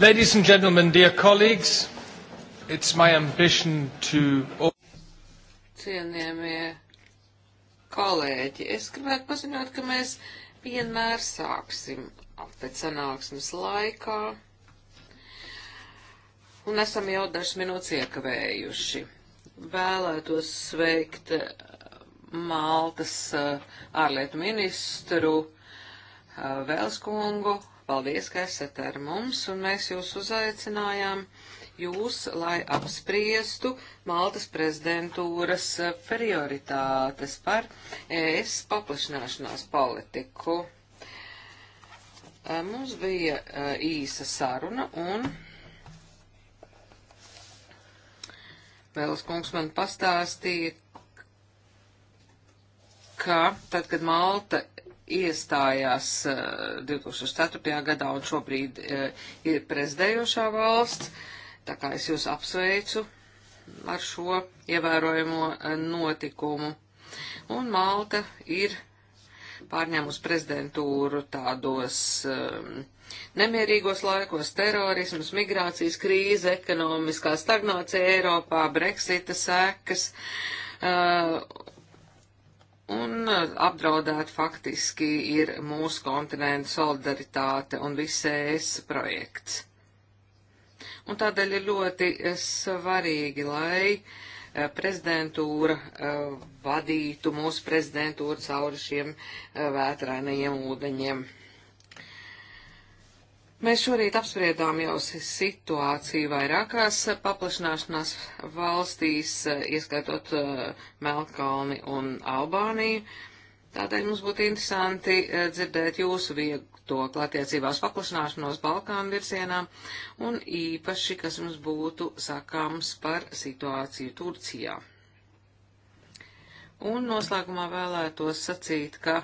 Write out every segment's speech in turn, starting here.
Ladies and gentlemen, dear colleagues, it's my ambition to. Cienījamie kolēģi, es gribētu paziņot, ka mēs vienmēr sāksim pēc sanāksmes laikā un esam jau dažas minūtes iekavējuši. Vēlētos sveikt eh, Maltas eh, ārlietu ministru eh, Vēlskungu Paldies, ka esat ar mums, un mēs jūs uzaicinājām jūs, lai apspriestu Maltas prezidentūras prioritātes par ES paplašināšanās politiku. Eh, mums bija eh, īsa saruna, un Vēlas kungs man pastāstīja, ka tad, kad Malta iestājās 2004. Eh, gadā un šobrīd eh, ir prezidējošā valsts. Tā kā es jūs apsveicu ar šo ievērojamo eh, notikumu. Un Malta ir pārņēmusi prezidentūru tādos um, nemierīgos laikos - terorisms, migrācijas krīze, ekonomiskā stagnācija Eiropā, Brexita sekas. Uh, Un e, apdraudēt faktiski ir mūsu kontinentu solidaritāte un visēs e projekts. Un tādēļ ir ļoti e, svarīgi, lai prezidentūra vadītu mūsu prezidentūru cauri šiem vētrainajiem ūdeņiem. Mēs šorīt apspriedām jau situāciju vairākās eh, paplašanāšanās valstīs, eh, ieskaitot eh, Melkalni un Albāniju. Tādēļ mums būtu interesanti dzirdēt jūsu viedokli attiecībās paplašanāšanos Balkānu virzienā un īpaši, kas mums būtu sakāms par situāciju Turcijā. Un noslēgumā vēlētos sacīt, ka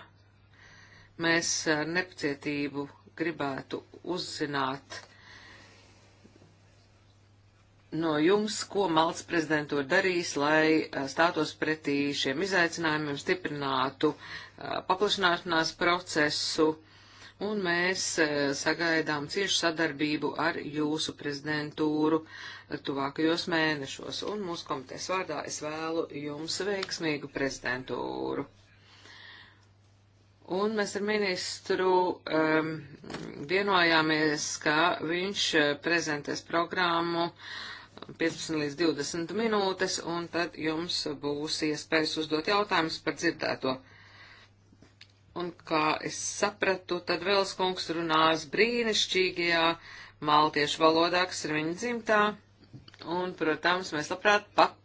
mēs ar nepacietību gribētu uzzināt no jums, ko Maltas prezidentūra darīs, lai stātos pretī šiem izaicinājumiem, stiprinātu paplašināšanās procesu, un mēs sagaidām ciešu sadarbību ar jūsu prezidentūru tuvākajos mēnešos, un mūsu komitejas vārdā es vēlu jums veiksmīgu prezidentūru. Un mēs ar ministru um, vienojāmies, ka viņš e, prezentēs programmu 15 līdz 20 minūtes, un tad jums būs iespējas uzdot jautājumus par dzirdēto. Un kā es sapratu, tad Vels kungs runās brīnišķīgajā maltiešu valodā, kas ir viņa dzimtā, un, protams, mēs labprāt pat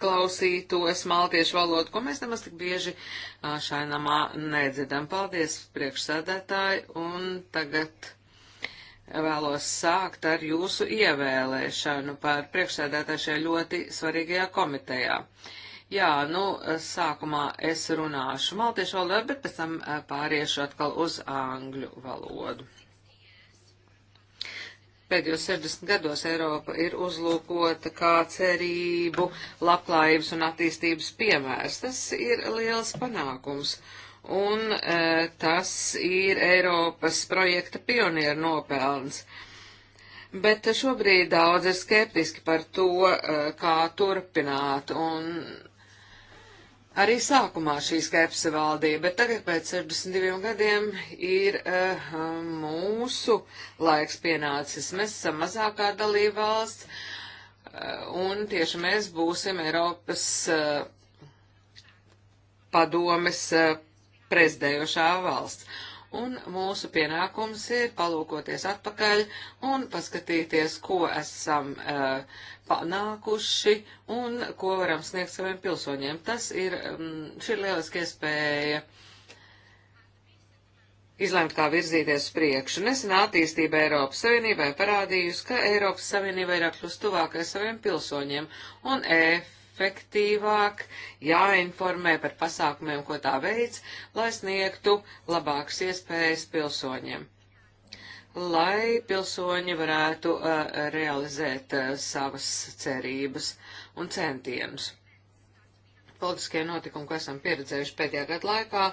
atklausītos maltiešu valodu, ko mēs nemaz tik bieži šai namā nedzirdam. Paldies, priekšsēdētāji, un tagad vēlos sākt ar jūsu ievēlēšanu par priekšsēdētāju šajā ļoti svarīgajā komitejā. Jā, nu, sākumā es runāšu maltiešu valodā, bet pēc tam pāriešu atkal uz angļu valodu. Pēdējos 60 gados Eiropa ir uzlūkota kā cerību, labklājības un attīstības piemērs. Tas ir liels panākums. Un e, tas ir Eiropas projekta pionieru nopelns. Bet šobrīd daudz ir skeptiski par to, e, kā turpināt, un Arī sākumā šī skepse valdīja, bet tagad pēc 62 gadiem ir uh, mūsu laiks pienācis. Mēs esam mazākā dalība valsts, uh, un tieši mēs būsim Eiropas uh, padomes uh, prezidējošā valsts. Un mūsu pienākums ir palūkoties atpakaļ un paskatīties, ko esam uh, panākuši un ko varam sniegt saviem pilsoņiem. Tas ir, mm, šī ir lieliski iespēja izlemt, kā virzīties uz priekšu. Nesenā attīstība Eiropas Savienībai parādījusi, ka Eiropas Savienība ir kļūst tuvākai saviem pilsoņiem un efektīvāk jāinformē par pasākumiem, ko tā veids, lai sniegtu labākas iespējas pilsoņiem lai pilsoņi varētu uh, realizēt uh, savas cerības un centienus. Politiskie notikumi, ko esam pieredzējuši pēdējā gada laikā,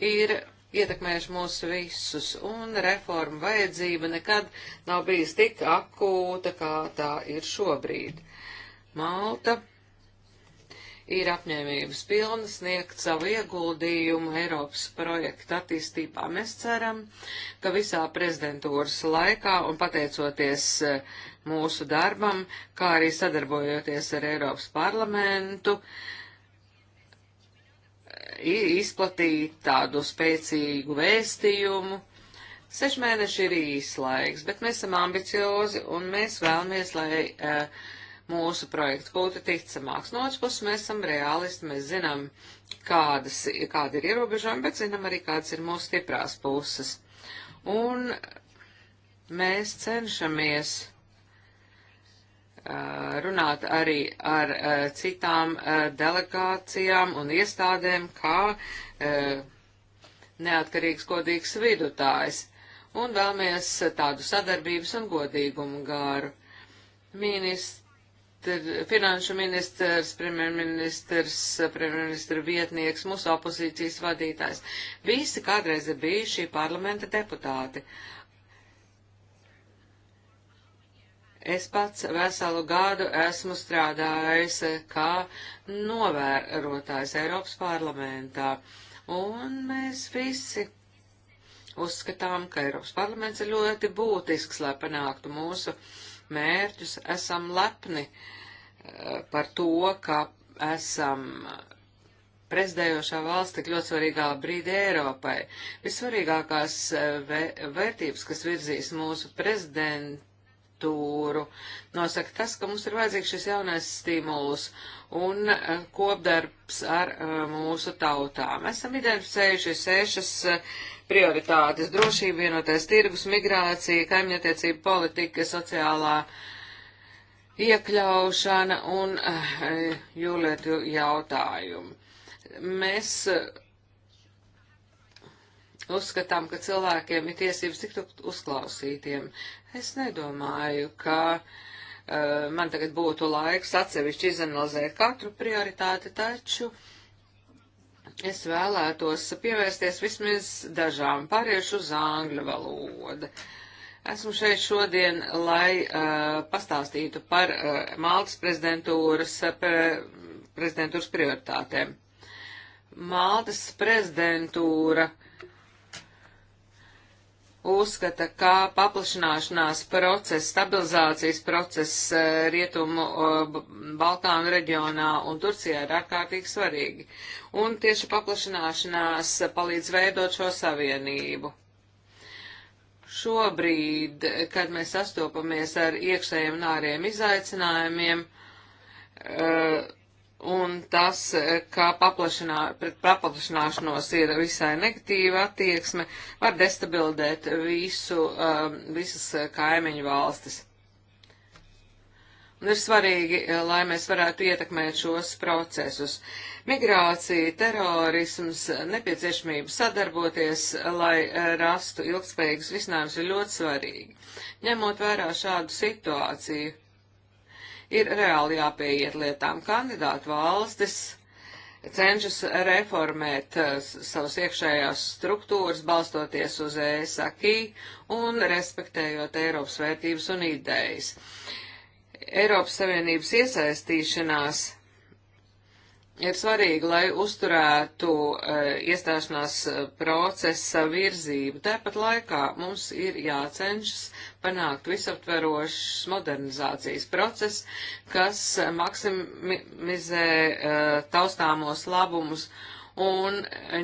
ir ietekmējuši mūs visus, un reforma vajadzība nekad nav bijis tik akūta, kā tā ir šobrīd. Malta ir apņēmības pilna sniegt savu ieguldījumu Eiropas projekta attīstībā. Mēs ceram, ka visā prezidentūras laikā un pateicoties eh, mūsu darbam, kā arī sadarbojoties ar Eiropas parlamentu, izplatīt tādu spēcīgu vēstījumu. Seši mēneši ir īs laiks, bet mēs esam ambiciozi un mēs vēlamies, lai uh, mūsu projekts būtu ticamāks. No otras puses, mēs esam reālisti, mēs zinām, kādas, kāda ir ierobežojumi, bet zinām arī, kādas ir mūsu stiprās puses. Un mēs cenšamies runāt arī ar citām delegācijām un iestādēm, kā neatkarīgs godīgs vidutājs, un vēlamies tādu sadarbības un godīgumu gāru. Ministrs finanšu ministrs, premjerministrs, premjerministra vietnieks, mūsu opozīcijas vadītājs. Visi kādreiz ir bijuši parlamenta deputāti. Es pats veselu gadu esmu strādājis kā novērotājs Eiropas parlamentā. Un mēs visi uzskatām, ka Eiropas parlaments ir ļoti būtisks, lai panāktu mūsu uh, mērķus, esam lepni eh, par to, ka esam prezidējošā valsts tik ļoti svarīgā brīdī Eiropai. Vissvarīgākās eh, vērtības, kas virzīs mūsu prezidentūru, nosaka tas, ka mums ir vajadzīgs šis jaunais stimulus un eh, kopdarbs ar mūsu tautām. Esam identificējuši sešas prioritātes - drošība, vienotais tirgus, migrācija, kaimiņattiecība politika, sociālā iekļaušana un eh, jūlietu jautājumu. Mēs eh, uzskatām, ka cilvēkiem ir tiesības tikt uzklausītiem. Es nedomāju, ka uh, man tagad būtu laiks atsevišķi izanalizēt katru prioritāti, taču uh, Es vēlētos pievērsties vismaz dažām, pāriešu uz angļu valodu. Esmu šeit šodien, lai uh, pastāstītu par uh, Maltas prezidentūras, uh, pre, prezidentūras prioritātēm. Maltas prezidentūra uh, uzskata, ka paplašanāšanās process, stabilizācijas process e, Rietumu e, Balkānu reģionā un Turcijā ir ārkārtīgi svarīgi. Un tieši paplašanāšanās palīdz veidot šo savienību. Šobrīd, kad mēs sastopamies ar iekšējiem un ārējiem izaicinājumiem, uh, un tas, eh, ka paplašanā, pret paplašanāšanos ir visai negatīva attieksme, var destabilizēt visu, eh, visas eh, kaimiņu valstis. Un ir svarīgi, lai mēs varētu ietekmēt šos procesus. Migrācija, terorisms, nepieciešamība sadarboties, lai rastu ilgspējīgus risinājumus ir ļoti svarīgi. Ņemot vērā šādu situāciju, ir reāli jāpieiet lietām. Kandidātu valstis cenšas reformēt uh, savas iekšējās struktūras, balstoties uz ESAKI un respektējot Eiropas vērtības un idejas. Eiropas Savienības iesaistīšanās ir svarīgi, lai uzturētu uh, iestāšanās e, procesa virzību. Tāpat laikā mums ir jācenšas panākt visaptverošs modernizācijas process, kas maksimizē uh, taustāmos labumus un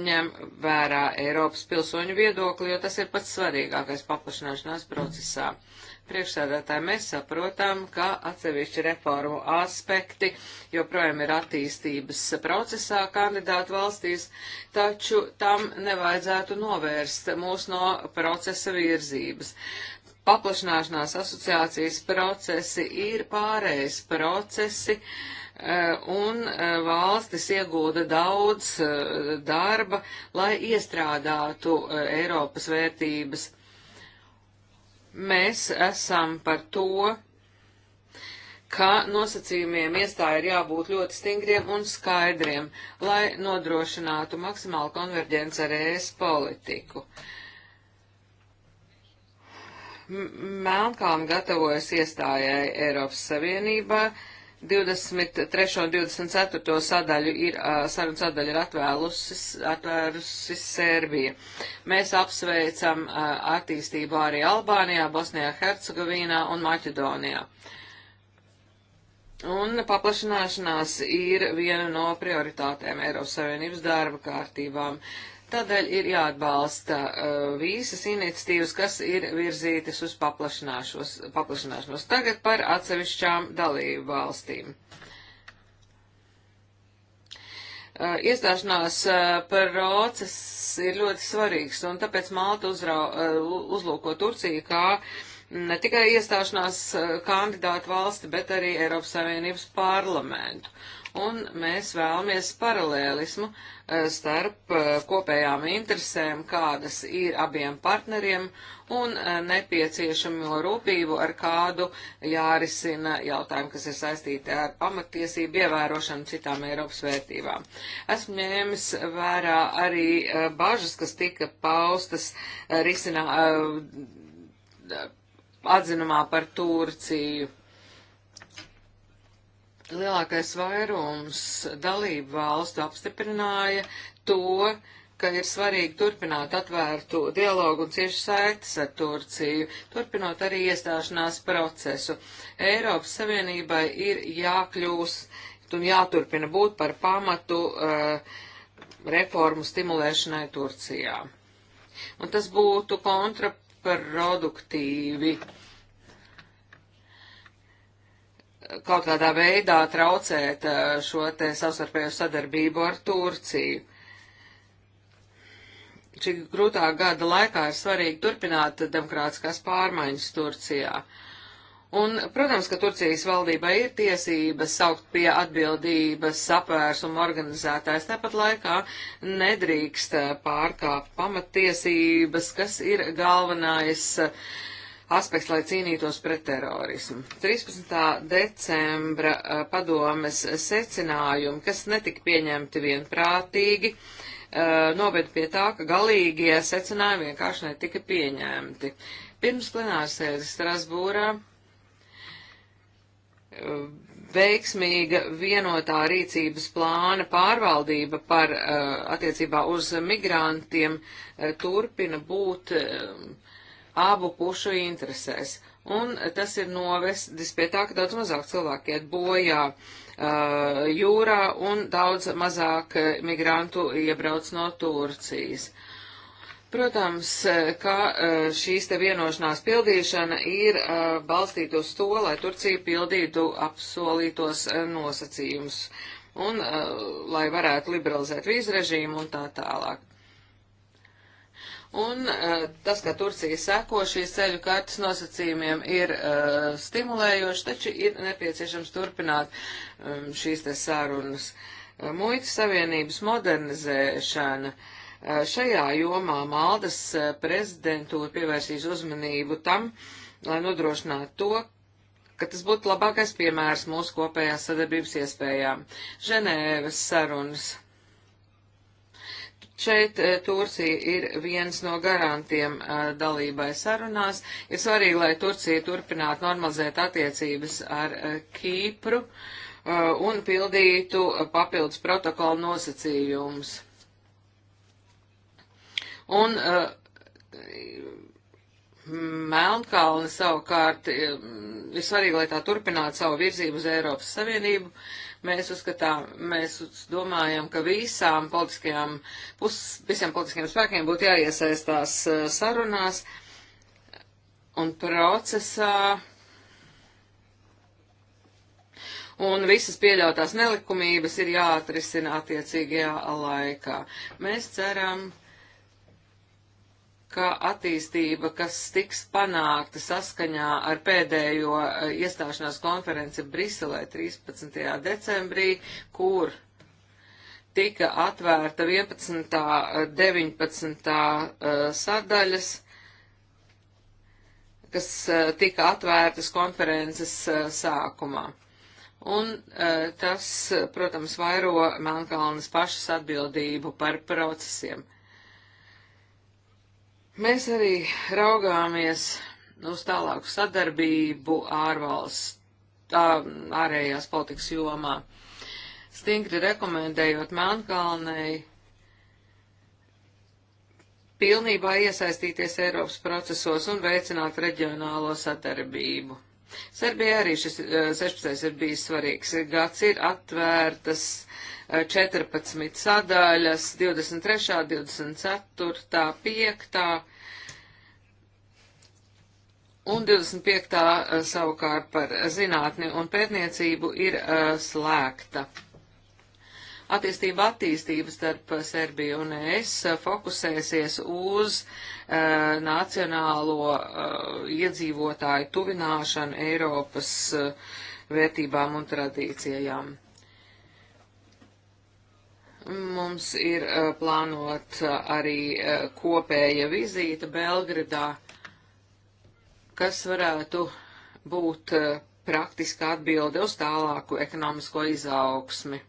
ņem vērā Eiropas pilsoņu viedokli, jo tas ir pats svarīgākais paplašanāšanās procesā. Uh, Priekšsēdētāji, mēs saprotam, ka atsevišķi reformu aspekti joprojām ir attīstības procesā kandidātu valstīs, taču tam nevajadzētu novērst mūs no procesa virzības. Paplašanāšanās asociācijas procesi ir pārējais procesi, eh, un eh, valstis iegūda daudz eh, darba, lai iestrādātu Eiropas vērtības mēs esam par to, ka nosacījumiem iestāja ir jābūt ļoti stingriem un skaidriem, lai nodrošinātu maksimālu konverģenci ar ES politiku. Melnkalna gatavojas iestājai Eiropas Savienībā, 23. un 24. sadaļu ir, sarunu sadaļu ir atvēlusis, atvērusi Serbija. Mēs apsveicam attīstību arī Albānijā, Bosnijā, Hercegovīnā un Maķedonijā. Un paplašanāšanās ir viena no prioritātēm Eiropas Savienības darba kārtībām. Uh, Tādēļ ir jāatbalsta uh, visas iniciatīvas, kas ir virzītas uz paplašināšanos. Tagad par atsevišķām dalību valstīm. Uh, iestāšanās uh, process ir ļoti svarīgs, un tāpēc Malta uzrau, uh, uzlūko Turciju kā mm, ne tikai iestāšanās uh, kandidātu valsti, bet arī Eiropas Savienības parlamentu. Uh, un mēs vēlamies paralēlismu eh, starp eh, kopējām interesēm, kādas ir abiem partneriem, un eh, nepieciešamo rūpību, ar kādu jārisina jautājumi, kas ir saistīti ar pamatiesību ievērošanu citām Eiropas vērtībām. Esmu ņēmis vērā arī bažas, kas tika paustas risinā atzinumā par Turciju lielākais vairums dalību valstu apstiprināja to, ka ir svarīgi turpināt atvērtu dialogu un cieši saites ar Turciju, turpinot arī iestāšanās procesu. Eiropas Savienībai ir jākļūst un jāturpina būt par pamatu uh, reformu stimulēšanai Turcijā. Un tas būtu kontraproduktīvi. Uh, kaut kādā veidā traucēt uh, šo te savstarpēju sadarbību ar Turciju. Šī grūtā gada laikā ir svarīgi turpināt demokrātiskās pārmaiņas Turcijā. Un, protams, ka Turcijas valdībai ir tiesības saukt pie atbildības sapvērsuma organizētājs, tāpat laikā nedrīkst pārkāpt pamattiesības, kas ir galvenais uh, aspekts, lai cīnītos pret terorismu. 13. decembra uh, padomes secinājumi, kas netika pieņemti vienprātīgi, uh, noved pie tā, ka galīgie secinājumi vienkārši netika pieņemti. Pirms plenārsēdes Strasbūrā uh, veiksmīga vienotā rīcības plāna pārvaldība par attiecībā uz migrantiem turpina būt uh, abu pušu interesēs. Un tas ir novestis pie tā, ka daudz mazāk cilvēki iet bojā uh, jūrā un daudz mazāk migrantu iebrauc no Turcijas. Protams, ka uh, šīs te vienošanās pildīšana ir uh, balstīta uz to, lai Turcija pildītu apsolītos uh, nosacījumus un lai varētu liberalizēt vīzu režīmu un tā tālāk. Un eh, tas, ka Turcija seko šīs ceļu kartas nosacījumiem, ir uh, stimulējoši, taču ir nepieciešams turpināt um, šīs te sarunas. Eh, muitas savienības modernizēšana. Uh, šajā jomā Maldas prezidentūra pievērsīs uzmanību tam, lai nodrošinātu to, ka tas būtu labākais piemērs mūsu kopējās sadarbības iespējām. Ženēvas sarunas Šeit eh, Turcija ir viens no garantiem eh, dalībai sarunās. Ir svarīgi, lai Turcija turpinātu normalizēt attiecības ar eh, Kīpru un pildītu papildus protokolu nosacījumus. Un Melnkalni savukārt ir svarīgi, lai tā turpinātu savu virzību uz Eiropas Savienību, Mēs uzskatām, mēs domājam, ka visām politiskajām, pus, visiem politiskajiem spēkiem būtu jāiesaistās eh, sarunās un procesā. Un visas pieļautās nelikumības ir jāatrisina attiecīgajā laikā. Mēs ceram, ka attīstība, kas tiks panākta saskaņā ar pēdējo eh, iestāšanās konferenci Briselē 13. decembrī, kur tika atvērta 11. 19. Eh, eh, sadaļas, kas tika atvērtas konferences sākumā. Un tas, protams, vairo Melnkalnes pašas atbildību par procesiem. Mēs arī raugāmies uz tālāku sadarbību ārvalsts, ārējās politikas jomā, stingri rekomendējot Melnkalnei pilnībā iesaistīties Eiropas procesos un veicināt reģionālo sadarbību. Serbijai arī šis 16. ir bijis svarīgs gads, ir atvērtas uh, 14 sadaļas, 23, 24, 5 un 25 eh, savukārt par zinātni un pētniecību ir eh, slēgta. Attīstība attīstības starp Serbiju un ES fokusēsies uz uh, nacionālo uh, iedzīvotāju tuvināšanu Eiropas uh, vērtībām un tradīcijām. Mums ir eh, plānot eh, arī eh, kopēja vizīte Belgradā, kas varētu būt praktiska atbilde uz tālāku ekonomisko izaugsmi.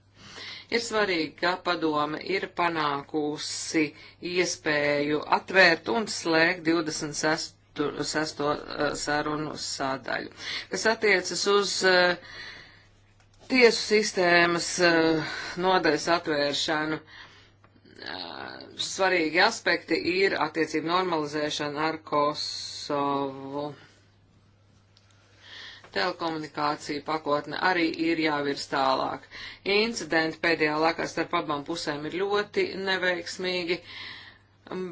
Ir svarīgi, ka padome ir panākusi iespēju atvērt un slēgt 26. sarunu sādaļu, kas attiecas uz uh, tiesu sistēmas eh, nodaļas atvēršanu. Eh, svarīgi aspekti ir attiecību normalizēšana ar Kosovu. Telekomunikācija pakotne arī ir jāvirs tālāk. Incidenti pēdējā laikā starp abām pusēm ir ļoti neveiksmīgi,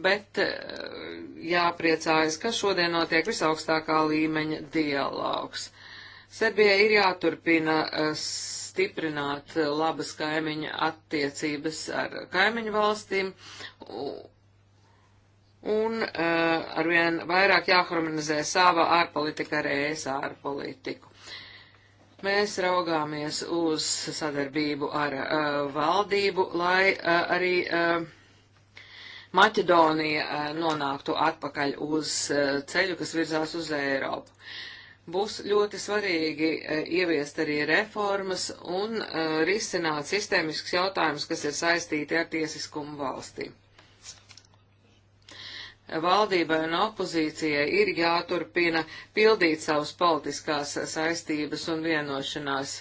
bet eh, jāpriecājas, ka šodien notiek visaugstākā līmeņa dialogs. Serbijai ir jāturpina eh, stiprināt eh, labas kaimiņa attiecības ar kaimiņu valstīm un eh, arvien vairāk jāharmonizē sava ārpolitika ar ES ārpolitiku. Mēs raugāmies uz sadarbību ar uh, valdību, lai uh, arī uh, Maķedonija uh, nonāktu atpakaļ uz uh, ceļu, kas virzās uz Eiropu. Būs ļoti svarīgi e, ieviest arī reformas un e, risināt sistēmisks jautājums, kas ir saistīti ar tiesiskumu valstī. Valdībai un opozīcijai ir jāturpina pildīt savas politiskās saistības un vienošanās,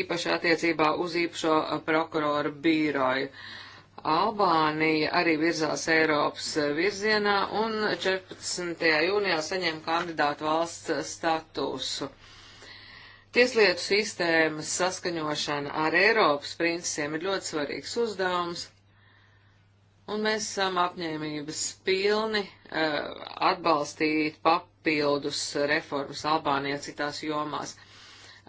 īpaši attiecībā uz īpašo e, prokuroru bīroju. Uh, Albānija arī virzās Eiropas virzienā un 14. jūnijā saņēma kandidātu valsts statusu. Tieslietu sistēmas saskaņošana ar Eiropas principiem ir ļoti svarīgs uzdevums, un mēs esam apņēmības pilni uh, atbalstīt papildus reformas Albānijā citās jomās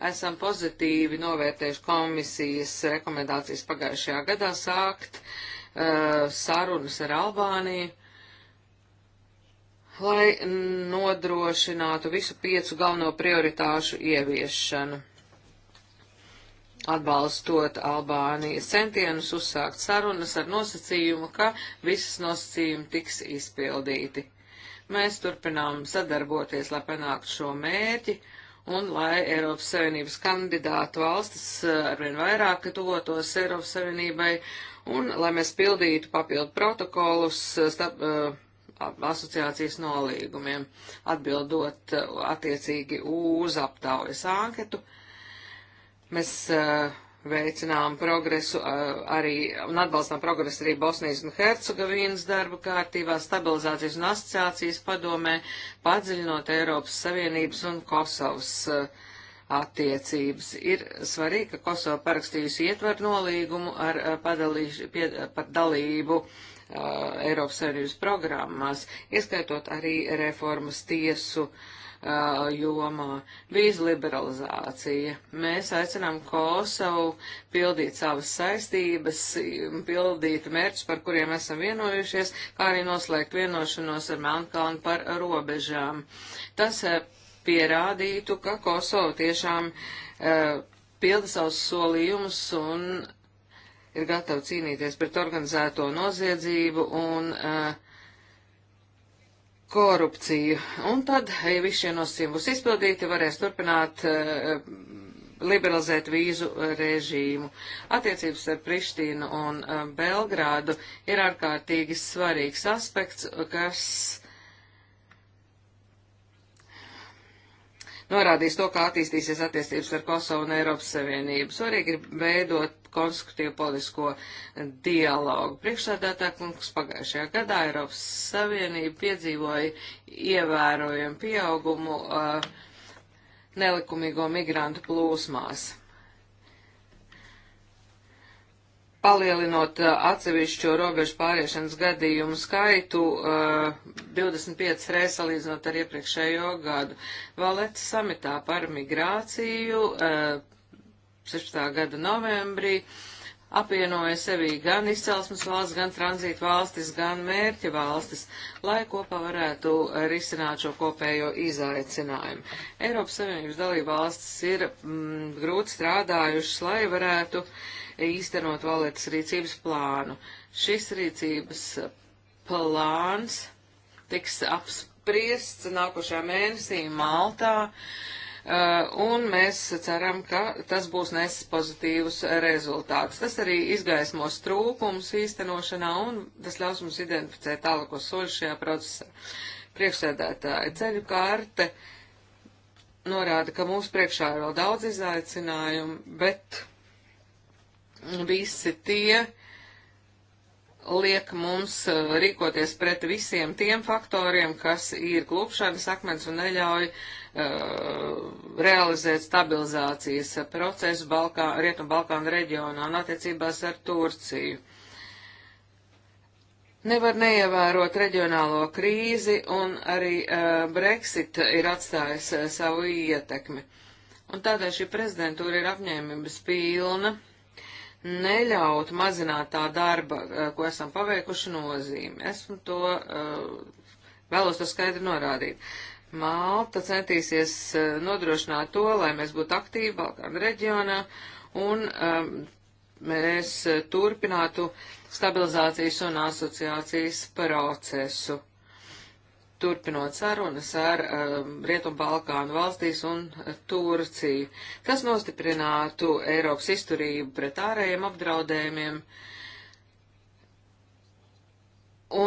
esam pozitīvi novērtējuši komisijas rekomendācijas pagājušajā gadā sākt uh, sarunas ar Albāniju, lai nodrošinātu visu piecu galveno prioritāšu ieviešanu, atbalstot Albānijas centienus uzsākt sarunas ar nosacījumu, ka visas nosacījumi tiks izpildīti. Mēs turpinām sadarboties, lai panāktu šo mērķi, uh, un lai Eiropas Savienības kandidātu valstis eh, arvien vairāk tuvotos Eiropas Savienībai un lai mēs pildītu papildu protokolus eh, starp uh, eh, asociācijas nolīgumiem, atbildot uh, attiecīgi uz aptaujas anketu. Mēs uh, veicinām progresu eh, arī un atbalstām progresu arī Bosnijas un Hercegovīnas darba kārtībā, stabilizācijas un asociācijas padomē, padziļinot Eiropas Savienības un Kosovas eh, attiecības. Ir svarīgi, ka Kosova parakstījusi ietvaru nolīgumu ar eh, padalīž, pie, par dalību uh, Eiropas Savienības programmās, ieskaitot arī reformas tiesu uh, uh, jomā. Vīzu liberalizācija. Mēs aicinām Kosovu pildīt savas saistības, pildīt mērķus, par kuriem esam vienojušies, kā arī noslēgt vienošanos ar Melnkalnu par robežām. Tas uh, pierādītu, ka Kosova tiešām uh, pilda savus solījumus un ir gatava cīnīties pret organizēto noziedzību un uh, korupciju. Un tad, ja visi šie nosacījumi būs izpildīti, varēs turpināt uh, liberalizēt vīzu eh, režīmu. Attiecības ar Prištīnu un uh, Belgrādu ir ārkārtīgi svarīgs aspekts, kas norādīs to, kā attīstīsies attiecības ar Kosovu un Eiropas Savienību. Svarīgi ir veidot konstruktīvu politisko dialogu. Priekšsēdētā kungs pagājušajā gadā Eiropas Savienība piedzīvoja ievērojumu pieaugumu uh, nelikumīgo migrantu plūsmās. Palielinot uh, atsevišķo robežu pāriešanas gadījumu skaitu uh, 25 reizes salīdzinot ar iepriekšējo gadu. Valets samitā par migrāciju uh, 16. gada novembrī apvienoja sevī gan izcelsmes valsts, gan tranzītu valstis, gan mērķa valstis, lai kopā varētu risināt šo kopējo izaicinājumu. Eiropas Savienības dalība valstis ir mm, grūti strādājušas, lai varētu īstenot valietas rīcības plānu. Šis rīcības plāns tiks apspriests nākošajā mēnesī Maltā. Uh, Eh, un mēs ceram, ka tas būs nesis pozitīvus rezultātus. Tas arī izgaismos trūkums īstenošanā, un tas ļaus mums identificēt tālākos soļus šajā procesā. Priekšsēdētāja ceļu kārte norāda, ka mūsu priekšā ir vēl daudz izaicinājumu, bet visi tie, liek mums eh, rīkoties pret visiem tiem faktoriem, kas ir klupšanas akmens un neļauj uh, realizēt stabilizācijas procesu Balkā, Rietumbalkānu reģionā un attiecībās ar Turciju. Nevar neievērot reģionālo krīzi un arī uh, Brexit ir atstājis uh, savu ietekmi. Un tādēļ šī prezidentūra ir apņēmības pilna neļaut mazināt tā darba, eh, ko esam paveikuši nozīmi. Esmu to, eh, vēlos to skaidri norādīt. Malta centīsies eh, nodrošināt to, lai mēs būtu aktīvi Balkānu reģionā un mēs turpinātu stabilizācijas un asociācijas procesu turpinot sarunas ar um, Rietumbalkānu valstīs un uh, Turciju. Tas nostiprinātu Eiropas izturību pret ārējiem apdraudējumiem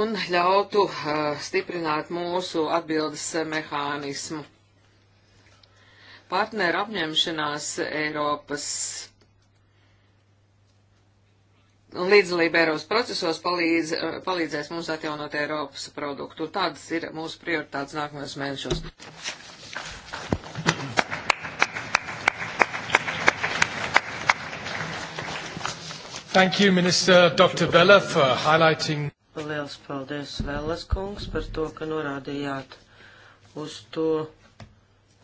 un ļautu uh, stiprināt mūsu atbildes mehānismu. Partneru apņemšanās Eiropas Un līdzdalība Eiropas procesos palīdz, eh, palīdzēs mums atjaunot Eiropas produktu. Tādas ir mūsu prioritātes nākamajos mēnešos. Thank you, Minister Dr. Vela, for highlighting. Liels paldies, Velas kungs, par to, ka norādījāt uz to,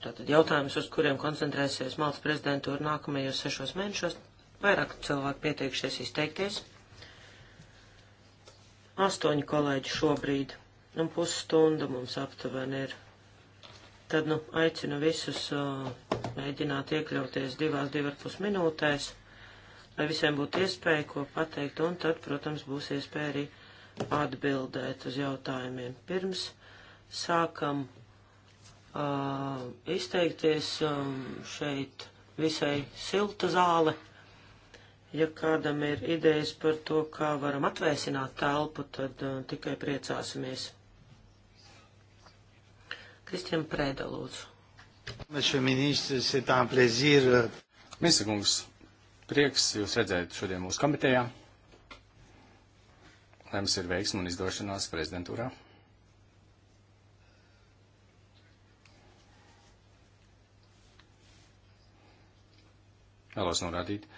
tātad jautājumus, uz kuriem koncentrēsies Maltas prezidentūra nākamajos sešos mēnešos. Vairāk cilvēku pieteikšies izteikties. Astoņi kolēģi šobrīd, un nu, pusstunda mums aptuveni ir. Tad, nu, aicinu visus uh, mēģināt iekļauties divās, divarpus minūtēs, lai visiem būtu iespēja ko pateikt, un tad, protams, būs iespēja arī atbildēt uz jautājumiem. Pirms sākam uh, izteikties um, šeit visai silta zāle. Ja kādam ir idejas par to, kā varam atvēsināt telpu, tad uh, tikai priecāsimies. Kristian Prēda, lūdzu. Euh, Ministra kungs, prieks jūs redzēt šodien mūsu komitejā. Lai mums ir veiksmi un izdošanās prezidentūrā. Vēlos norādīt. Uh,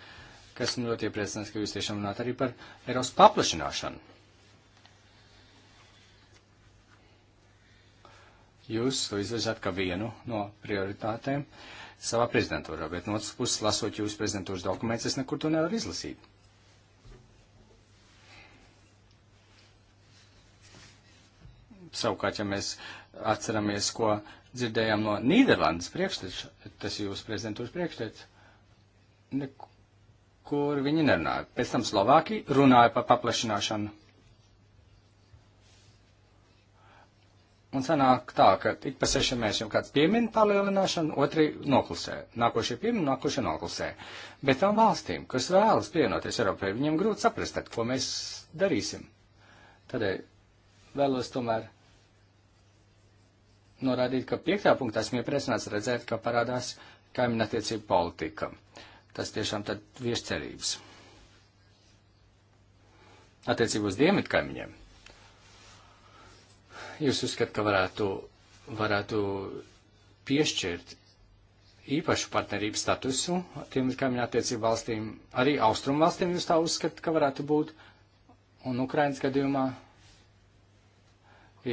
kas nu ļoti iepriecināts, ka jūs tiešām runāt arī par Eiropas paplašināšanu. Jūs to izvirzāt kā vienu no prioritātēm savā prezidentūrā, bet no otras puses, lasot jūsu prezidentūras dokumentus, es nekur to nevaru izlasīt. Savukārt, ja mēs atceramies, ko dzirdējām no Nīderlandes priekšstats, tas ir jūsu prezidentūras priekšstats, neko kur viņi nerunāja. Pēc tam Slovāki runāja par paplašināšanu. Un sanāk tā, ka ik pa sešiem mēs jau kāds piemin palielināšanu, otri noklusē. Nākošie piemin, nākošie noklusē. Bet tām valstīm, kas vēlas pienoties Eiropai, viņiem grūti saprast, tad, ko mēs darīsim. Tādēļ eh, vēlos tomēr norādīt, ka piektā punktā esmu iepriecināts redzēt, ka parādās kaimiņattiecību politika. Tas tiešām tad vieš cerības. Attiecībā uz dienvidkaimiņiem. Jūs uzskatāt, ka varētu, varētu piešķirt īpašu partnerību statusu tiem kaimiņu attiecību valstīm, arī austrumu valstīm jūs tā uzskatāt, ka varētu būt, un Ukrainas gadījumā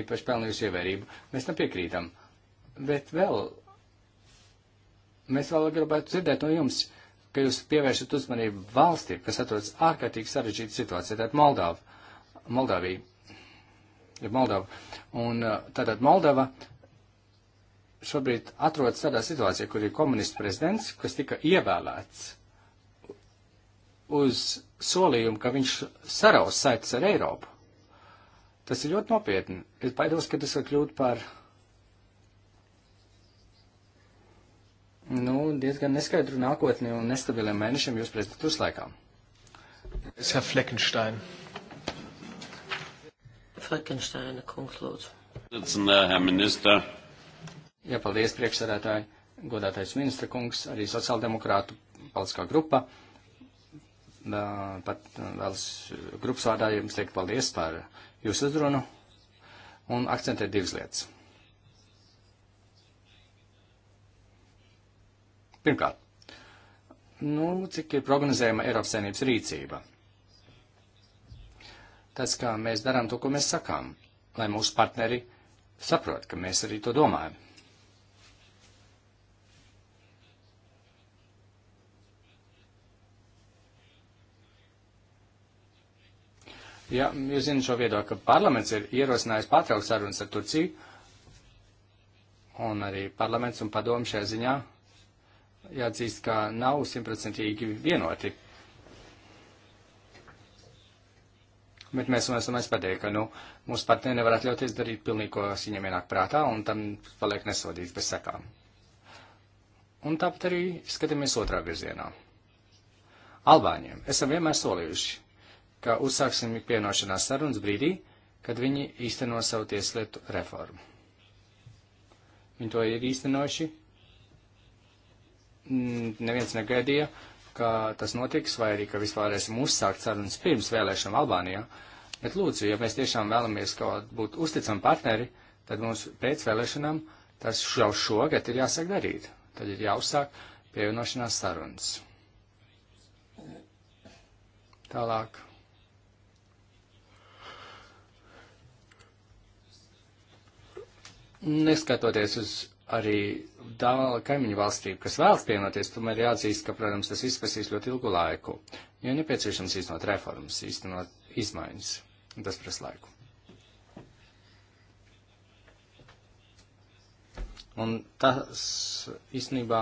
īpaši pelnījusi ievērību. Mēs tam piekrītam, bet vēl mēs vēl gribētu dzirdēt no jums, ka jūs pievēršat uzmanību valstī, kas atrodas ārkārtīgi sarežģīta situācija, tātad Moldāva, Moldāvija, ir Moldāva. Un uh, tātad Moldāva šobrīd atrodas tādā situācijā, kur ir komunists prezidents, kas tika ievēlēts uz solījumu, ka viņš saraus saites ar Eiropu. Tas ir ļoti nopietni. Es baidos, ka tas var kļūt par nu, diezgan neskaidru nākotni un nestabiliem mēnešiem jūs prezidentūras laikā. Es kā Fleckenstein. Fleckensteina kungs lūdzu. Uh, Herr minister. Jā, paldies priekšsēdētāji, godātais ministra kungs, arī sociāldemokrātu politiskā grupa. Pat uh, vēlas uh, grupas vārdā jums teikt paldies par jūsu uzrunu un akcentēt divas lietas. Pirmkārt, nu, cik ir prognozējama Eiropas saimnības rīcība? Tas, kā mēs darām to, ko mēs sakām, lai mūsu partneri saprot, ka mēs arī to domājam. Ja, jūs zināt šo viedokli, ka parlaments ir ierosinājis pārtraukt sarunas ar Turciju, un arī parlaments un padomu šajā ziņā jāatzīst, ka nav simtprocentīgi vienoti. Bet mēs esam aizpadēju, ka, nu, mūsu partneri nevar atļauties darīt pilnīgi, ko viņam ienāk prātā, un tam paliek nesodīts bez sekām. Un tāpat arī skatāmies otrā virzienā. Albāņiem esam vienmēr solījuši, ka uzsāksim pienošanās sarunas brīdī, kad viņi īsteno savu tieslietu reformu. Viņi to ir īstenojuši neviens negaidīja, ka tas notiks, vai arī, ka vispār esam uzsākt sarunas pirms vēlēšanām Albānijā. Bet lūdzu, ja mēs tiešām vēlamies kaut būt uzticami partneri, tad mums pēc vēlēšanām tas jau šogad ir jāsāk darīt. Tad ir jāuzsāk pievienošanās sarunas. Tālāk. Neskatoties uz arī tāla kaimiņu valstība, kas vēlas pienoties, tomēr jāatzīst, ka, protams, tas izprasīs ļoti ilgu laiku, jo nepieciešams īstenot reformas, īstenot izmaiņas, un tas prasa laiku. Un tas īstenībā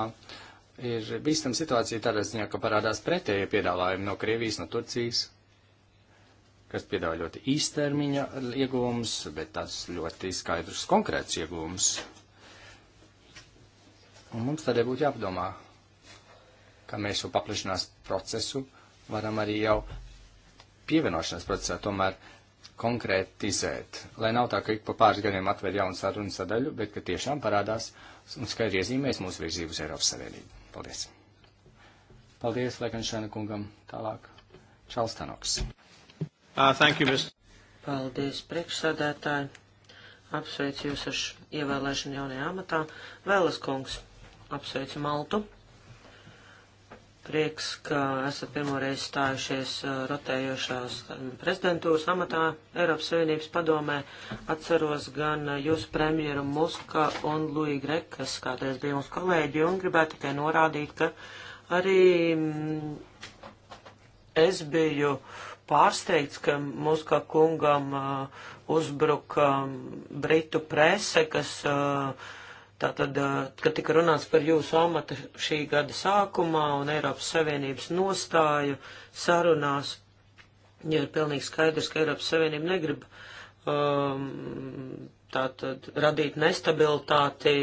ir bīstama situācija tādā ziņā, ka parādās pretējie piedāvājumi no Krievijas, no Turcijas, kas piedāvā ļoti īstermiņa ieguvumus, bet tas ļoti skaidrs konkrēts ieguvums Un mums tādēļ būtu jāpadomā, kā mēs šo paplašanās procesu varam arī jau pievienošanās procesā tomēr konkrētizēt, lai nav tā, ka ik pa pāris gadiem atver jaunu sarunu sadaļu, bet ka tiešām parādās un skaidri iezīmēs mūsu virzību uz Eiropas Savienību. Paldies! Paldies, Lekanšana kungam. Tālāk, Čāls Tanoks. Uh, thank you, Mr. Paldies, priekšsādētāji. Apsveicu jūs ar ievēlēšanu jaunajā amatā. Vēlas kungs apsveicu Maltu. Prieks, ka esat pirmoreiz stājušies uh, rotējošās um, prezidentūras amatā Eiropas Savienības padomē. Atceros gan uh, jūsu premjeru Muska un Lui Grek, kas kādreiz bija mūsu kolēģi, un gribētu tikai norādīt, ka arī mm, es biju pārsteigts, ka Muska kungam uh, uzbruka mm, Britu prese, kas uh, Tātad, kad tika runāts par jūsu amatu šī gada sākumā un Eiropas Savienības nostāju sarunās, jo ir pilnīgi skaidrs, ka Eiropas Savienība negrib um, tātad radīt nestabilitāti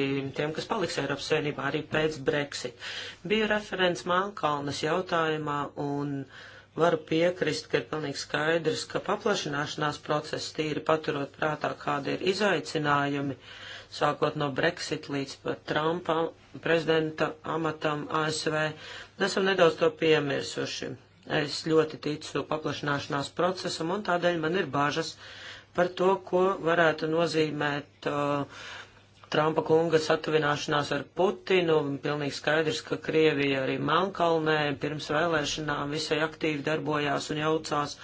tiem, kas paliks Eiropas Savienībā arī pēc Brexit. Bija referents Mānkalnes jautājumā un varu piekrist, ka ir pilnīgi skaidrs, ka paplašināšanās process tīri paturot prātā, kāda ir izaicinājumi. Uh, sākot no Brexit līdz pat Trumpa prezidenta amatam ASV, esam nedaudz to piemirsuši. Es ļoti ticu paplašināšanās procesam, un tādēļ man ir bažas par to, ko varētu nozīmēt uh, Trumpa kunga satuvināšanās ar Putinu. Pilnīgi skaidrs, ka Krievija arī Melnkalnē pirms vēlēšanām visai aktīvi darbojās un jaucās,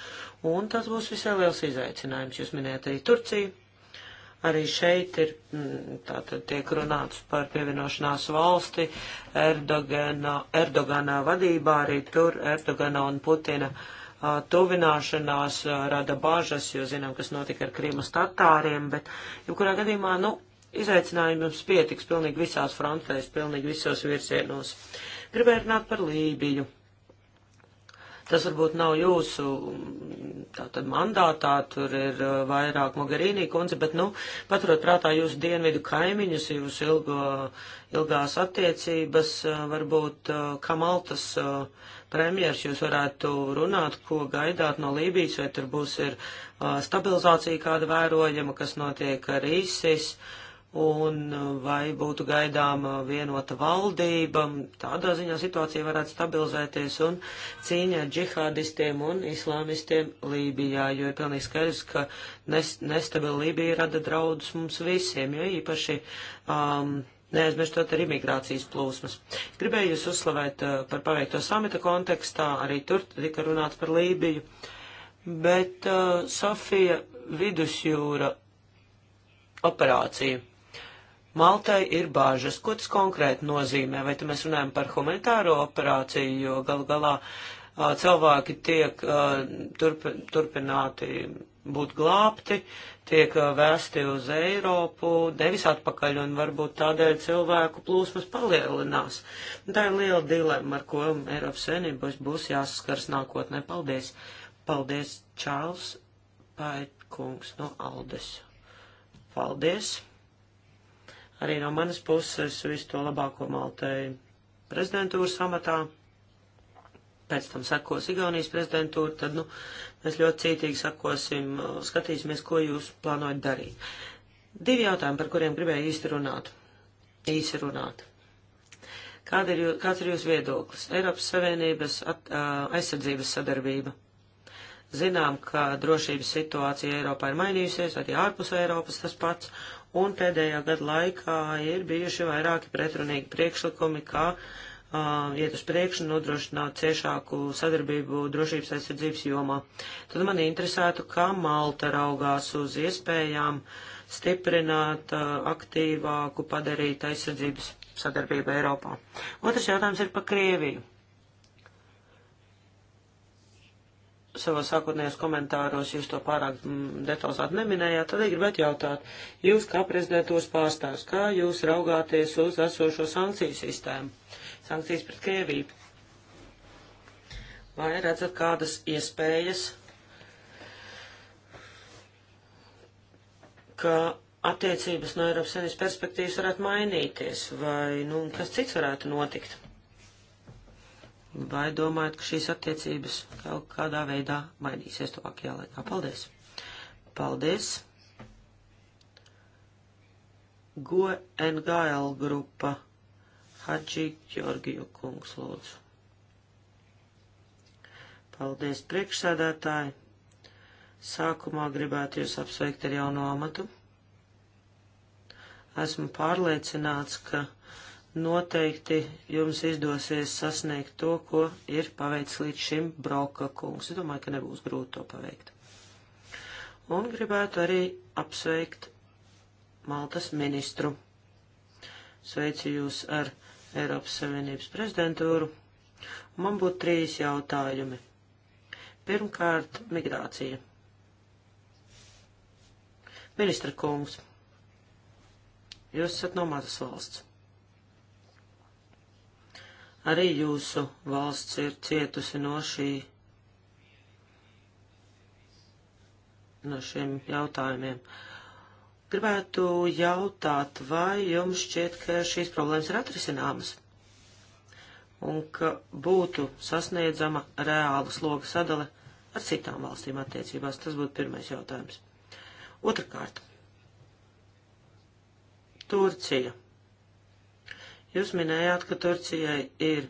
un tas būs visai liels izaicinājums. Jūs minējat arī Turciju. Arī šeit ir, mm, tātad tiek runāts par pievienošanās valsti Erdogana, Erdogana vadībā, arī tur Erdogana un Putina a, tuvināšanās a, rada bažas, jo zinām, kas notika ar Krīmas tatāriem, bet jebkurā gadījumā, nu, izaicinājumi mums pietiks pilnīgi visās frontēs, pilnīgi visos virsienos. Gribēju runāt par Lībiju. Tas varbūt nav jūsu mm, tātad mandātā, tur ir uh, vairāk Mogherīnī kundze, bet, nu, paturot prātā jūsu dienvidu kaimiņus, jūsu ilgo, ilgās attiecības, uh, varbūt uh, Kamaltas premjers jūs varētu runāt, ko gaidāt no Lībijas, vai tur būs ir stabilizācija kāda vērojama, kas notiek ar ISIS. Uh, un uh, vai būtu gaidāma vienota valdība. Tādā ziņā situācija varētu stabilizēties un cīņa ar džihādistiem un islāmistiem Lībijā, jo ir pilnīgi skaidrs, ka nes nestabila Lībija rada draudus mums visiem, jo īpaši. Um, Neaizmirstot arī migrācijas plūsmas. Gribēju jūs uzslavēt uh, par paveikto samita kontekstā, arī tur tika runāts par Lībiju, bet uh, Sofija vidusjūra operācija Maltai ir bāžas. Ko tas konkrēti nozīmē? Vai te mēs runājam par humanitāro operāciju, jo galu galā a, cilvēki tiek a, turp, turpināti būt glābti, tiek a, vēsti uz Eiropu, nevis atpakaļ, un varbūt tādēļ cilvēku plūsmas palielinās. Tā ir liela dilema, ar ko Eiropas Savienības būs jāsaskars nākotnē. Paldies! Paldies, Čārls Paitkungs no Aldes. Paldies! Arī no manas puses visu to labāko Maltai prezidentūras amatā. Pēc tam sekos Igaunijas prezidentūra, tad, nu, mēs ļoti cītīgi sakosim, skatīsimies, ko jūs plānojat darīt. Divi jautājumi, par kuriem gribēju īsti runāt. Īsi runāt. Kāda ir, jūs, kāds ir jūsu viedoklis? Eiropas Savienības at, aizsardzības sadarbība. Zinām, ka drošības situācija Eiropā ir mainījusies, arī ārpus Eiropas tas pats, un pēdējā gada laikā ir bijuši vairāki pretrunīgi priekšlikumi, kā uh, iet uz priekšu un nodrošināt ciešāku sadarbību drošības aizsardzības jomā. Tad man interesētu, kā Malta raugās uz iespējām stiprināt uh, aktīvāku, padarīt aizsardzības sadarbību Eiropā. Otrs jautājums ir par Krieviju. savos sākotnējos komentāros jūs to pārāk m, mm, detalizēti neminējāt, tad gribētu jautāt, jūs kā prezidentūras pārstāvs, kā jūs raugāties uz esošo sankciju sistēmu, sankcijas pret Krieviju? Vai redzat kādas iespējas, ka attiecības no Eiropas Savienības perspektīvas varētu mainīties, vai, nu, kas cits varētu notikt? Vai domājat, ka šīs attiecības kaut kādā veidā mainīsies tuvākajā laikā? Paldies! Paldies! Go NGL grupa Hadži Georgiju kungs lūdzu. Paldies priekšsēdētāji! Sākumā gribētu jūs apsveikt ar jauno amatu. Esmu pārliecināts, ka noteikti jums izdosies sasniegt to, ko ir paveicis līdz šim Broka kungs. Es domāju, ka nebūs grūti to paveikt. Un gribētu arī apsveikt Maltas ministru. Sveicu jūs ar Eiropas Savienības prezidentūru. Man būtu trīs jautājumi. Pirmkārt, migrācija. Ministra kungs, jūs esat no mazas valsts. Arī jūsu valsts ir cietusi no šī, no šiem jautājumiem. Gribētu jautāt, vai jums šķiet, ka šīs problēmas ir atrisināmas un ka būtu sasniedzama reāla sloga sadale ar citām valstīm attiecībās? Tas būtu pirmais jautājums. Otrakārt. Turcija. Jūs minējāt, ka Turcijai ir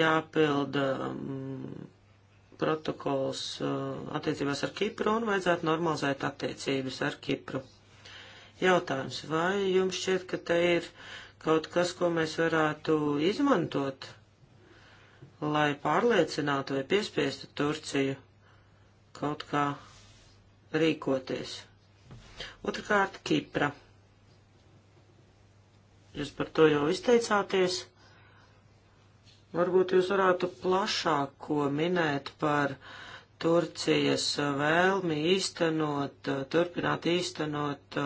jāpilda um, protokols uh, attiecībās ar Kipru un vajadzētu normalizēt attiecības ar Kipru. Jautājums, vai jums šķiet, ka te ir kaut kas, ko mēs varētu izmantot, lai pārliecinātu vai piespiestu Turciju kaut kā rīkoties? Otrakārt, Kipra. Jūs par to jau izteicāties. Varbūt jūs varētu plašāk ko minēt par Turcijas vēlmi īstenot, turpināt īstenot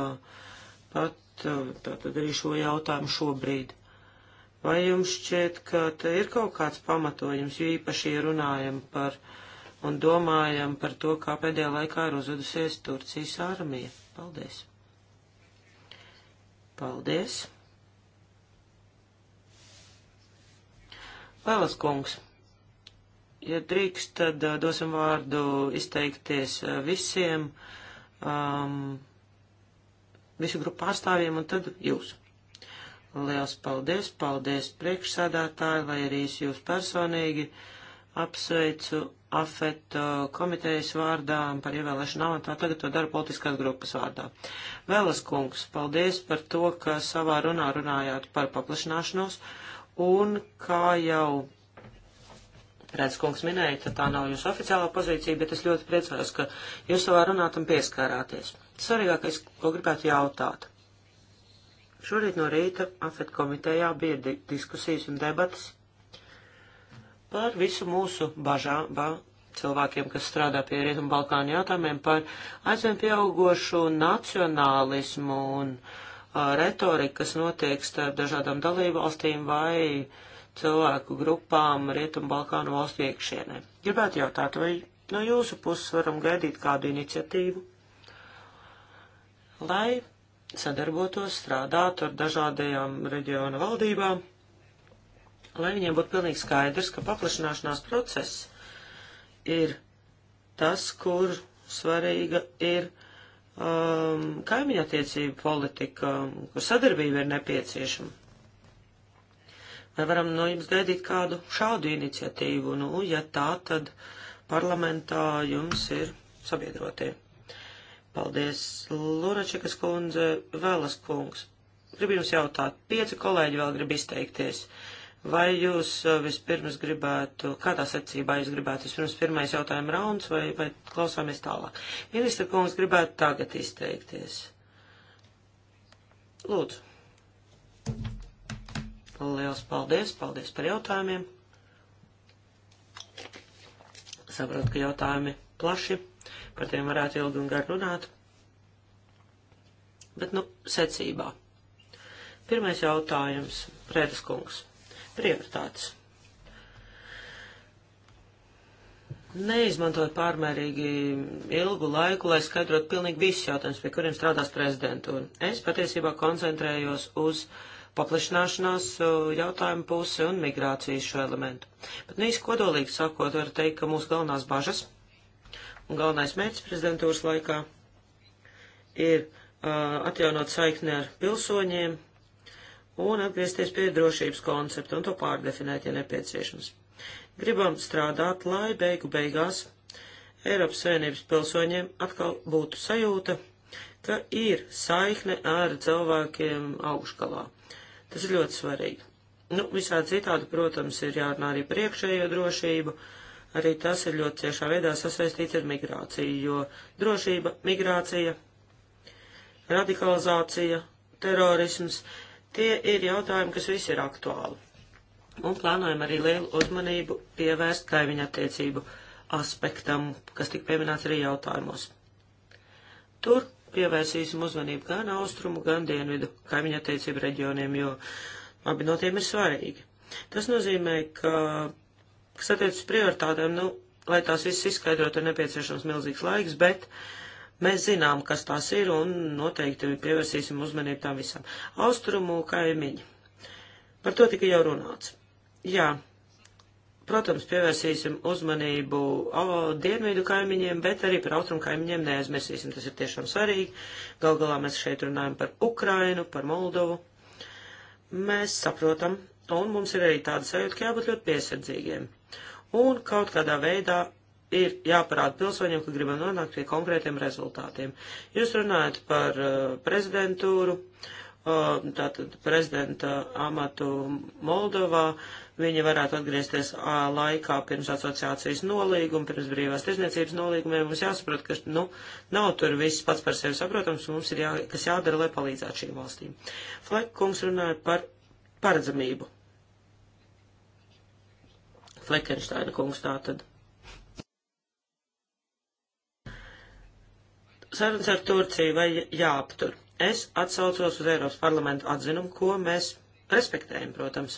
pat tātad arī šo jautājumu šobrīd. Vai jums šķiet, ka te ir kaut kāds pamatojums, jo īpaši runājam par un domājam par to, kā pēdējā laikā ir uzvedusies Turcijas armija? Paldies! Paldies! Pēlas kungs, ja drīkst, tad uh, dosim vārdu izteikties uh, visiem, um, visu grupu pārstāvjiem un tad jūs. Liels paldies, paldies priekšsādātāji, lai arī es jūs personīgi apsveicu AFET uh, komitejas vārdā par ievēlēšanu amatā, tagad to dara politiskās grupas vārdā. Vēlas kungs, paldies par to, ka savā runā runājāt par paplašināšanos. Uh, Un kā jau Redz, kungs minēja, ka tā nav jūsu oficiālā pozīcija, bet es ļoti priecājos, ka jūs savā runā tam pieskārāties. Svarīgākais, ko gribētu jautāt. Šorīt no rīta AFET komitejā bija di diskusijas un debatas par visu mūsu bažām, ba, cilvēkiem, kas strādā pie Rietumu Balkānu jautājumiem, par aizvien pieaugošu nacionālismu un uh, retorika, kas notiek starp dažādām dalību valstīm vai cilvēku grupām Rietumbalkānu valstu iekšienē. Gribētu jautāt, vai no jūsu puses varam gaidīt kādu iniciatīvu, lai sadarbotos, strādātu ar dažādajām reģiona valdībām, lai viņiem būtu pilnīgi skaidrs, ka paplašināšanās process ir tas, kur svarīga ir um, kaimiņattiecību politika, kur sadarbība ir nepieciešama. Vai varam no jums gaidīt kādu šādu iniciatīvu? Nu, ja tā, tad parlamentā jums ir sabiedrotie. Paldies, Luračikas kundze, Vēlas kungs. Gribu jums jautāt, pieci kolēģi vēl grib izteikties. Uh, Vai jūs uh, vispirms gribētu, kādā secībā jūs gribētu vispirms pirmais jautājuma rauns vai, vai klausāmies tālāk? Ministra kungs gribētu tagad izteikties. Lūdzu. Liels paldies, paldies par jautājumiem. Saprotu, ka jautājumi plaši, par tiem varētu ilgi un gar runāt. Bet, nu, secībā. Pirmais jautājums, Prēdas kungs prioritātes. Neizmantot pārmērīgi ilgu laiku, lai skaidrotu pilnīgi visus jautājumus, pie kuriem strādās prezidentūra. Es patiesībā koncentrējos uz paplašināšanās jautājumu pusi un migrācijas šo elementu. Bet nīs nu kodolīgi sakot, var teikt, ka mūsu galvenās bažas un galvenais mērķis prezidentūras laikā ir uh, atjaunot saikni ar pilsoņiem, un atgriezties pie drošības koncepta un to pārdefinēt, ja nepieciešams. Gribam strādāt, lai beigu beigās Eiropas Savienības pilsoņiem atkal būtu sajūta, ka ir saikne ar cilvēkiem augškalā. Tas ir ļoti svarīgi. Nu, visā citādi, protams, ir jārunā arī par iekšējo drošību. Arī tas ir ļoti ciešā veidā sasaistīts ar migrāciju, jo drošība, migrācija, radikalizācija, terorisms, Tie ir jautājumi, kas visi ir aktuāli. Un plānojam arī lielu uzmanību pievērst kaimiņa attiecību aspektam, kas tika pieminēts arī jautājumos. Tur pievērsīsim uzmanību gan austrumu, gan dienvidu kaimiņa attiecību reģioniem, jo abi no tiem ir svarīgi. Tas nozīmē, ka, kas attiec uz prioritātēm, nu, lai tās visas izskaidrotu, ir nepieciešams milzīgs laiks, bet uh, Mēs zinām, kas tās ir, un noteikti pievērsīsim uzmanību tam visam. Austrumu kaimiņi. Par to tika jau runāts. Jā, protams, pievērsīsim uzmanību o, dienvidu kaimiņiem, bet arī par austrumu kaimiņiem neaizmirsīsim. Tas ir tiešām svarīgi. Gal galā mēs šeit runājam par Ukrainu, par Moldovu. Mēs saprotam, un mums ir arī tāda sajūta, ka jābūt ļoti piesardzīgiem. Un kaut kādā veidā ir jāparāda pilsoņiem, ka gribam nonākt pie konkrētiem rezultātiem. Jūs runājat par uh, prezidentūru, uh, tātad prezidenta amatu Moldovā. Viņa varētu atgriezties uh, laikā pirms asociācijas nolīguma, pirms brīvās tirzniecības nolīgumiem. Mums jāsaprot, ka nu, nav tur viss pats par sevi saprotams, mums ir jā, kas jādara, lai palīdzētu šīm valstīm. Flek kungs runāja par paredzamību. Fleckensteina kungs tātad. Sarunas ar Turciju vai jāaptur? Es atsaucos uz Eiropas parlamentu atzinumu, ko mēs respektējam, protams.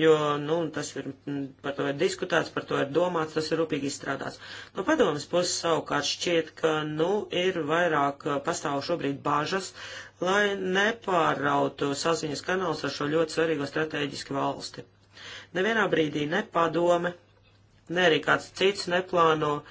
Jo, nu, tas ir, mm, par to ir diskutēts, par to ir domāts, tas ir rūpīgi izstrādāts. No padomas puses savukārt šķiet, ka, nu, ir vairāk eh, pastāv šobrīd bāžas, lai nepārrautu saziņas kanāls ar šo ļoti svarīgo strateģisku valsti. Nevienā brīdī ne padome, ne arī kāds cits neplāno uh,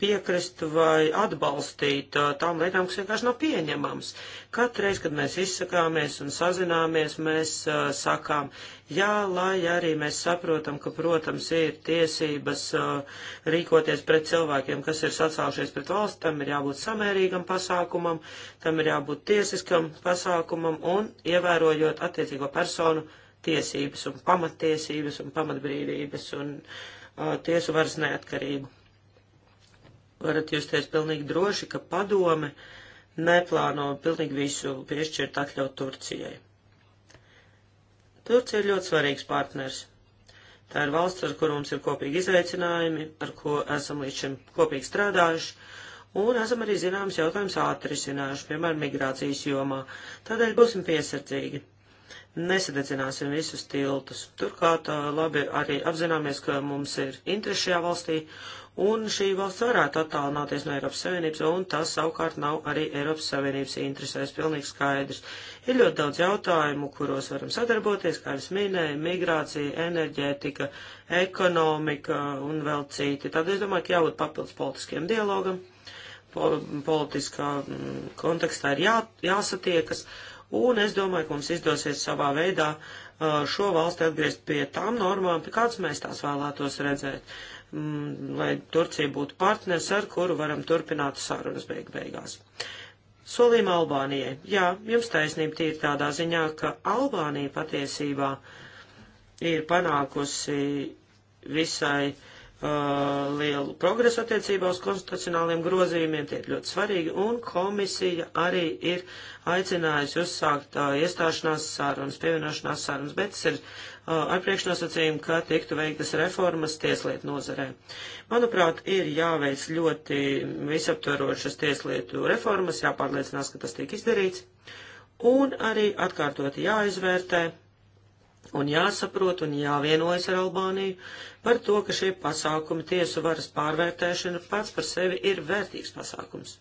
piekrist vai atbalstīt tām lietām, kas vienkārši nav pieņemams. Katreiz, kad mēs izsakāmies un sazināmies, mēs uh, sakām, jā, lai arī mēs saprotam, ka, protams, ir tiesības uh, rīkoties pret cilvēkiem, kas ir sacēlušies pret valsts, tam ir jābūt samērīgam pasākumam, tam ir jābūt tiesiskam pasākumam un ievērojot attiecīgo personu tiesības un pamattiesības un pamatbrīvības un uh, tiesu varas neatkarību varat justies pilnīgi droši, ka padome neplāno pilnīgi visu piešķirt atļaut Turcijai. Turcija ir ļoti svarīgs partners. Tā ir valsts, ar kuru mums ir kopīgi izaicinājumi, ar ko esam līdz šim kopīgi strādājuši, un esam arī zināmas jautājumas atrisinājuši, piemēram, migrācijas jomā. Tādēļ būsim piesardzīgi. Nesadedzināsim visus tiltus. Turklāt labi arī apzināmies, ka mums ir interesi šajā valstī, un šī valsts varētu attālināties no Eiropas Savienības, un tas savukārt nav arī Eiropas Savienības interesēs, pilnīgi skaidrs. Ir ļoti daudz jautājumu, kuros varam sadarboties, kā es minēju, migrācija, enerģētika, ekonomika un vēl citi. Tad es domāju, ka jābūt papildus politiskiem dialogam, po, politiskā mm, kontekstā ir jā, jāsatiekas, un es domāju, ka mums izdosies savā veidā uh, šo valsti atgriezt pie tām normām, pie kādas mēs tās vēlētos redzēt m, mm, lai Turcija būtu partners, ar kuru varam turpināt sarunas beig beigās. Solījuma Albānijai. Jā, jums taisnība tīri tādā ziņā, ka Albānija patiesībā ir panākusi visai uh, lielu progresu attiecībā uz konstitucionāliem grozījumiem, tie ir ļoti svarīgi, un komisija arī ir aicinājusi uzsākt uh, iestāšanās sarunas, pievienošanās sarunas, bet tas ir uh, ar priekšnosacījumu, ka tiktu veiktas reformas tieslietu nozarē. Manuprāt, ir jāveic ļoti visaptvarošas tieslietu reformas, jāpārliecinās, ka tas tiek izdarīts, un arī atkārtoti jāizvērtē Un jāsaprot un jāvienojas ar Albāniju par to, ka šie pasākumi tiesu varas pārvērtēšana pats par sevi ir vērtīgs pasākums.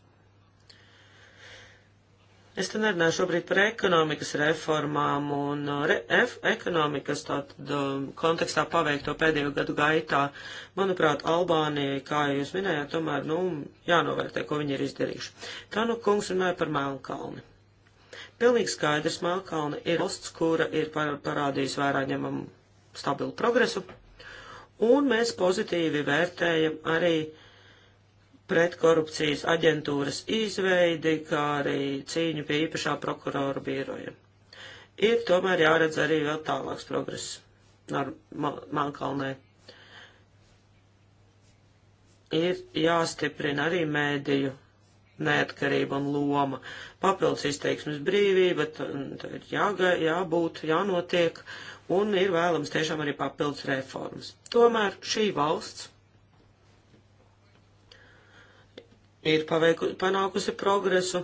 Es te nerunāju šobrīd par ekonomikas reformām un uh, re, F, ekonomikas tātad um, kontekstā paveikto pēdējo gadu gaitā. Manuprāt, Albānija, kā jūs minējāt, tomēr, nu, jānovērtē, ko viņi ir izdarījuši. Tā nu kungs runāja par Melnkalni. Pilnīgi skaidrs, Melkalna ir valsts, kura ir parādījusi vērā ņemam stabilu progresu, un mēs pozitīvi vērtējam arī pretkorupcijas aģentūras izveidi, kā arī cīņu pie īpašā prokurora biroja. Ir tomēr jāredz arī vēl tālāks progress Melkalnē. Ir jāstiprina arī mēdīju neatkarība un loma. Papildus izteiksmes brīvība, tā ir jāga, jābūt, jānotiek, un ir vēlams tiešām arī papildus reformas. Tomēr šī valsts ir paveiku, panākusi progresu.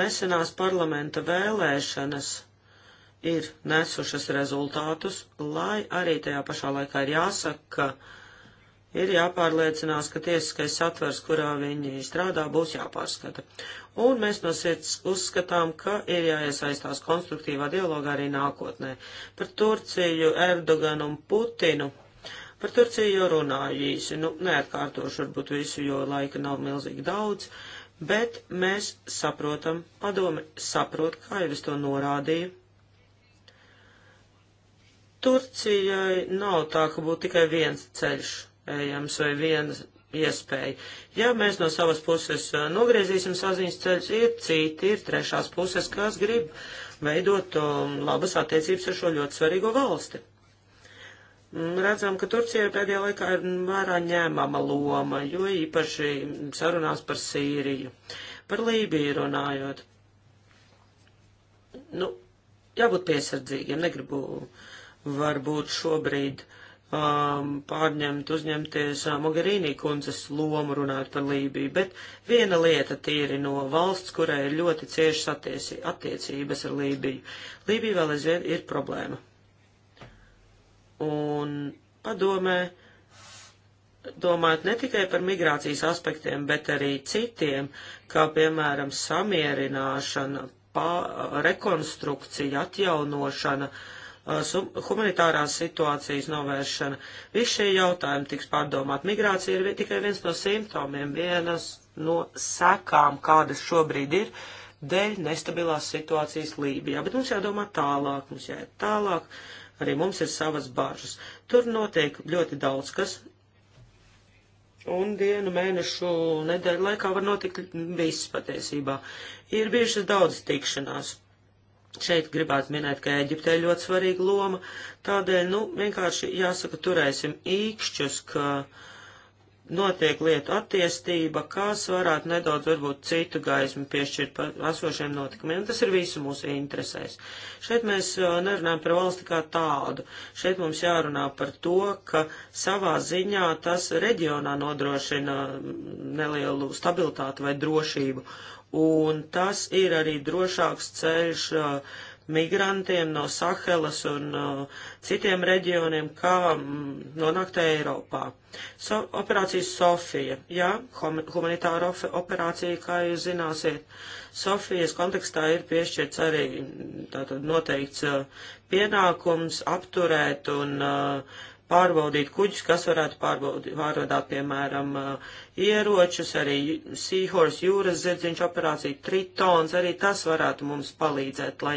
Nesenās parlamenta vēlēšanas ir nesušas rezultātus, lai arī tajā pašā laikā ir jāsaka, ka ir jāpārliecinās, ka tiesiskais satvers, kurā viņi strādā, būs jāpārskata. Un mēs no sirds uzskatām, ka ir jāiesaistās konstruktīvā dialogā arī nākotnē. Par Turciju, Erdoganu un Putinu. Par Turciju jau runāju īsi, nu, neatkārtošu varbūt visu, jo laika nav milzīgi daudz, bet mēs saprotam, padome saprot, kā jau es to norādīju, Turcijai nav tā, ka būtu tikai viens ceļš ejams vai viena iespēja. Ja mēs no savas puses eh, nogriezīsim saziņas ceļus, ir citi, ir trešās puses, kas grib veidot um, labas attiecības ar šo ļoti svarīgo valsti. Mm, redzam, ka Turcija pēdējā laikā ir vērā ņēmama loma, jo īpaši sarunās par Sīriju, par Lībiju runājot. Nu, jābūt piesardzīgiem, negribu varbūt šobrīd um, pārņemt, uzņemties uh, Mogherīnī kundzes lomu runāt par Lībiju, bet viena lieta tīri no valsts, kurai ir ļoti ciešas attieci, attiecības ar Lībiju. Lībija vēl aizvien ir problēma. Un padomē, domājot ne tikai par migrācijas aspektiem, bet arī citiem, kā piemēram samierināšana, pā, rekonstrukcija, atjaunošana, uh, Uh, humanitārās situācijas novēršana. Visi šie jautājumi tiks pārdomāt. Migrācija ir tikai viens no simptomiem, vienas no sekām, kādas šobrīd ir dēļ nestabilās situācijas Lībijā. Bet mums jādomā tālāk, mums jāiet tālāk, arī mums ir savas bažas. Tur notiek ļoti daudz kas, Un dienu, mēnešu, nedēļu laikā var notikt viss patiesībā. Ir bijušas daudz tikšanās, Šeit gribētu minēt, ka Eģiptē ļoti svarīga loma, tādēļ, nu, vienkārši jāsaka, turēsim īkšķus, ka notiek lietu attiestība, kas varētu nedaudz, varbūt, citu gaismu piešķirt esošiem notikumiem. Tas ir visu mūsu interesēs. Šeit mēs nerunājam par valsti kā tādu. Šeit mums jārunā par to, ka savā ziņā tas reģionā nodrošina nelielu stabilitāti vai drošību. Uh, un tas ir arī drošāks ceļš uh, migrantiem no Sahelas un uh, citiem reģioniem, kā mm, nonākt Eiropā. So, operācija Sofija, jā, humanitāra operācija, kā jūs zināsiet, Sofijas kontekstā ir piešķirts arī mm, tātad noteikts uh, pienākums apturēt un uh, pārbaudīt kuģus, kas varētu pārvadāt, piemēram, ieročus, arī Seahorse jūras zirdziņš operācija Tritons, arī tas varētu mums palīdzēt, lai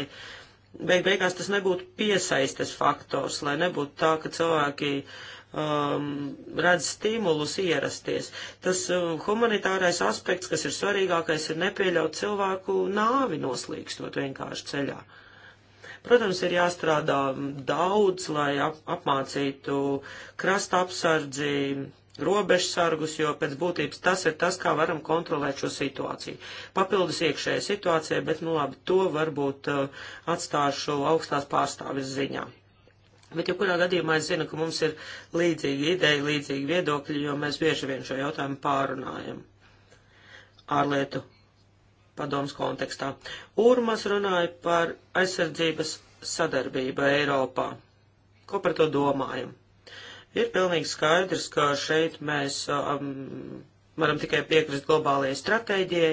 beig beigās tas nebūtu piesaistes faktors, lai nebūtu tā, ka cilvēki um, redz stimulus ierasties. Tas um, humanitārais aspekts, kas ir svarīgākais, ir nepieļaut cilvēku nāvi noslīkstot vienkārši ceļā. Protams, ir jāstrādā daudz, lai ap apmācītu krasta apsardzi, robežsargus, jo pēc būtības tas ir tas, kā varam kontrolēt šo situāciju. Papildus iekšējai situācijai, bet, nu labi, to varbūt uh, atstāšu augstās pārstāvis ziņā. Bet, ja kurā gadījumā es zinu, ka mums ir līdzīga ideja, līdzīga viedokļa, jo mēs bieži vien šo jautājumu pārunājam. Ārlietu padomas kontekstā. Urmas runāja par aizsardzības sadarbību Eiropā. Ko par to domājam? Ir pilnīgi skaidrs, ka šeit mēs uh, um, varam tikai piekrist globālajai stratēģijai,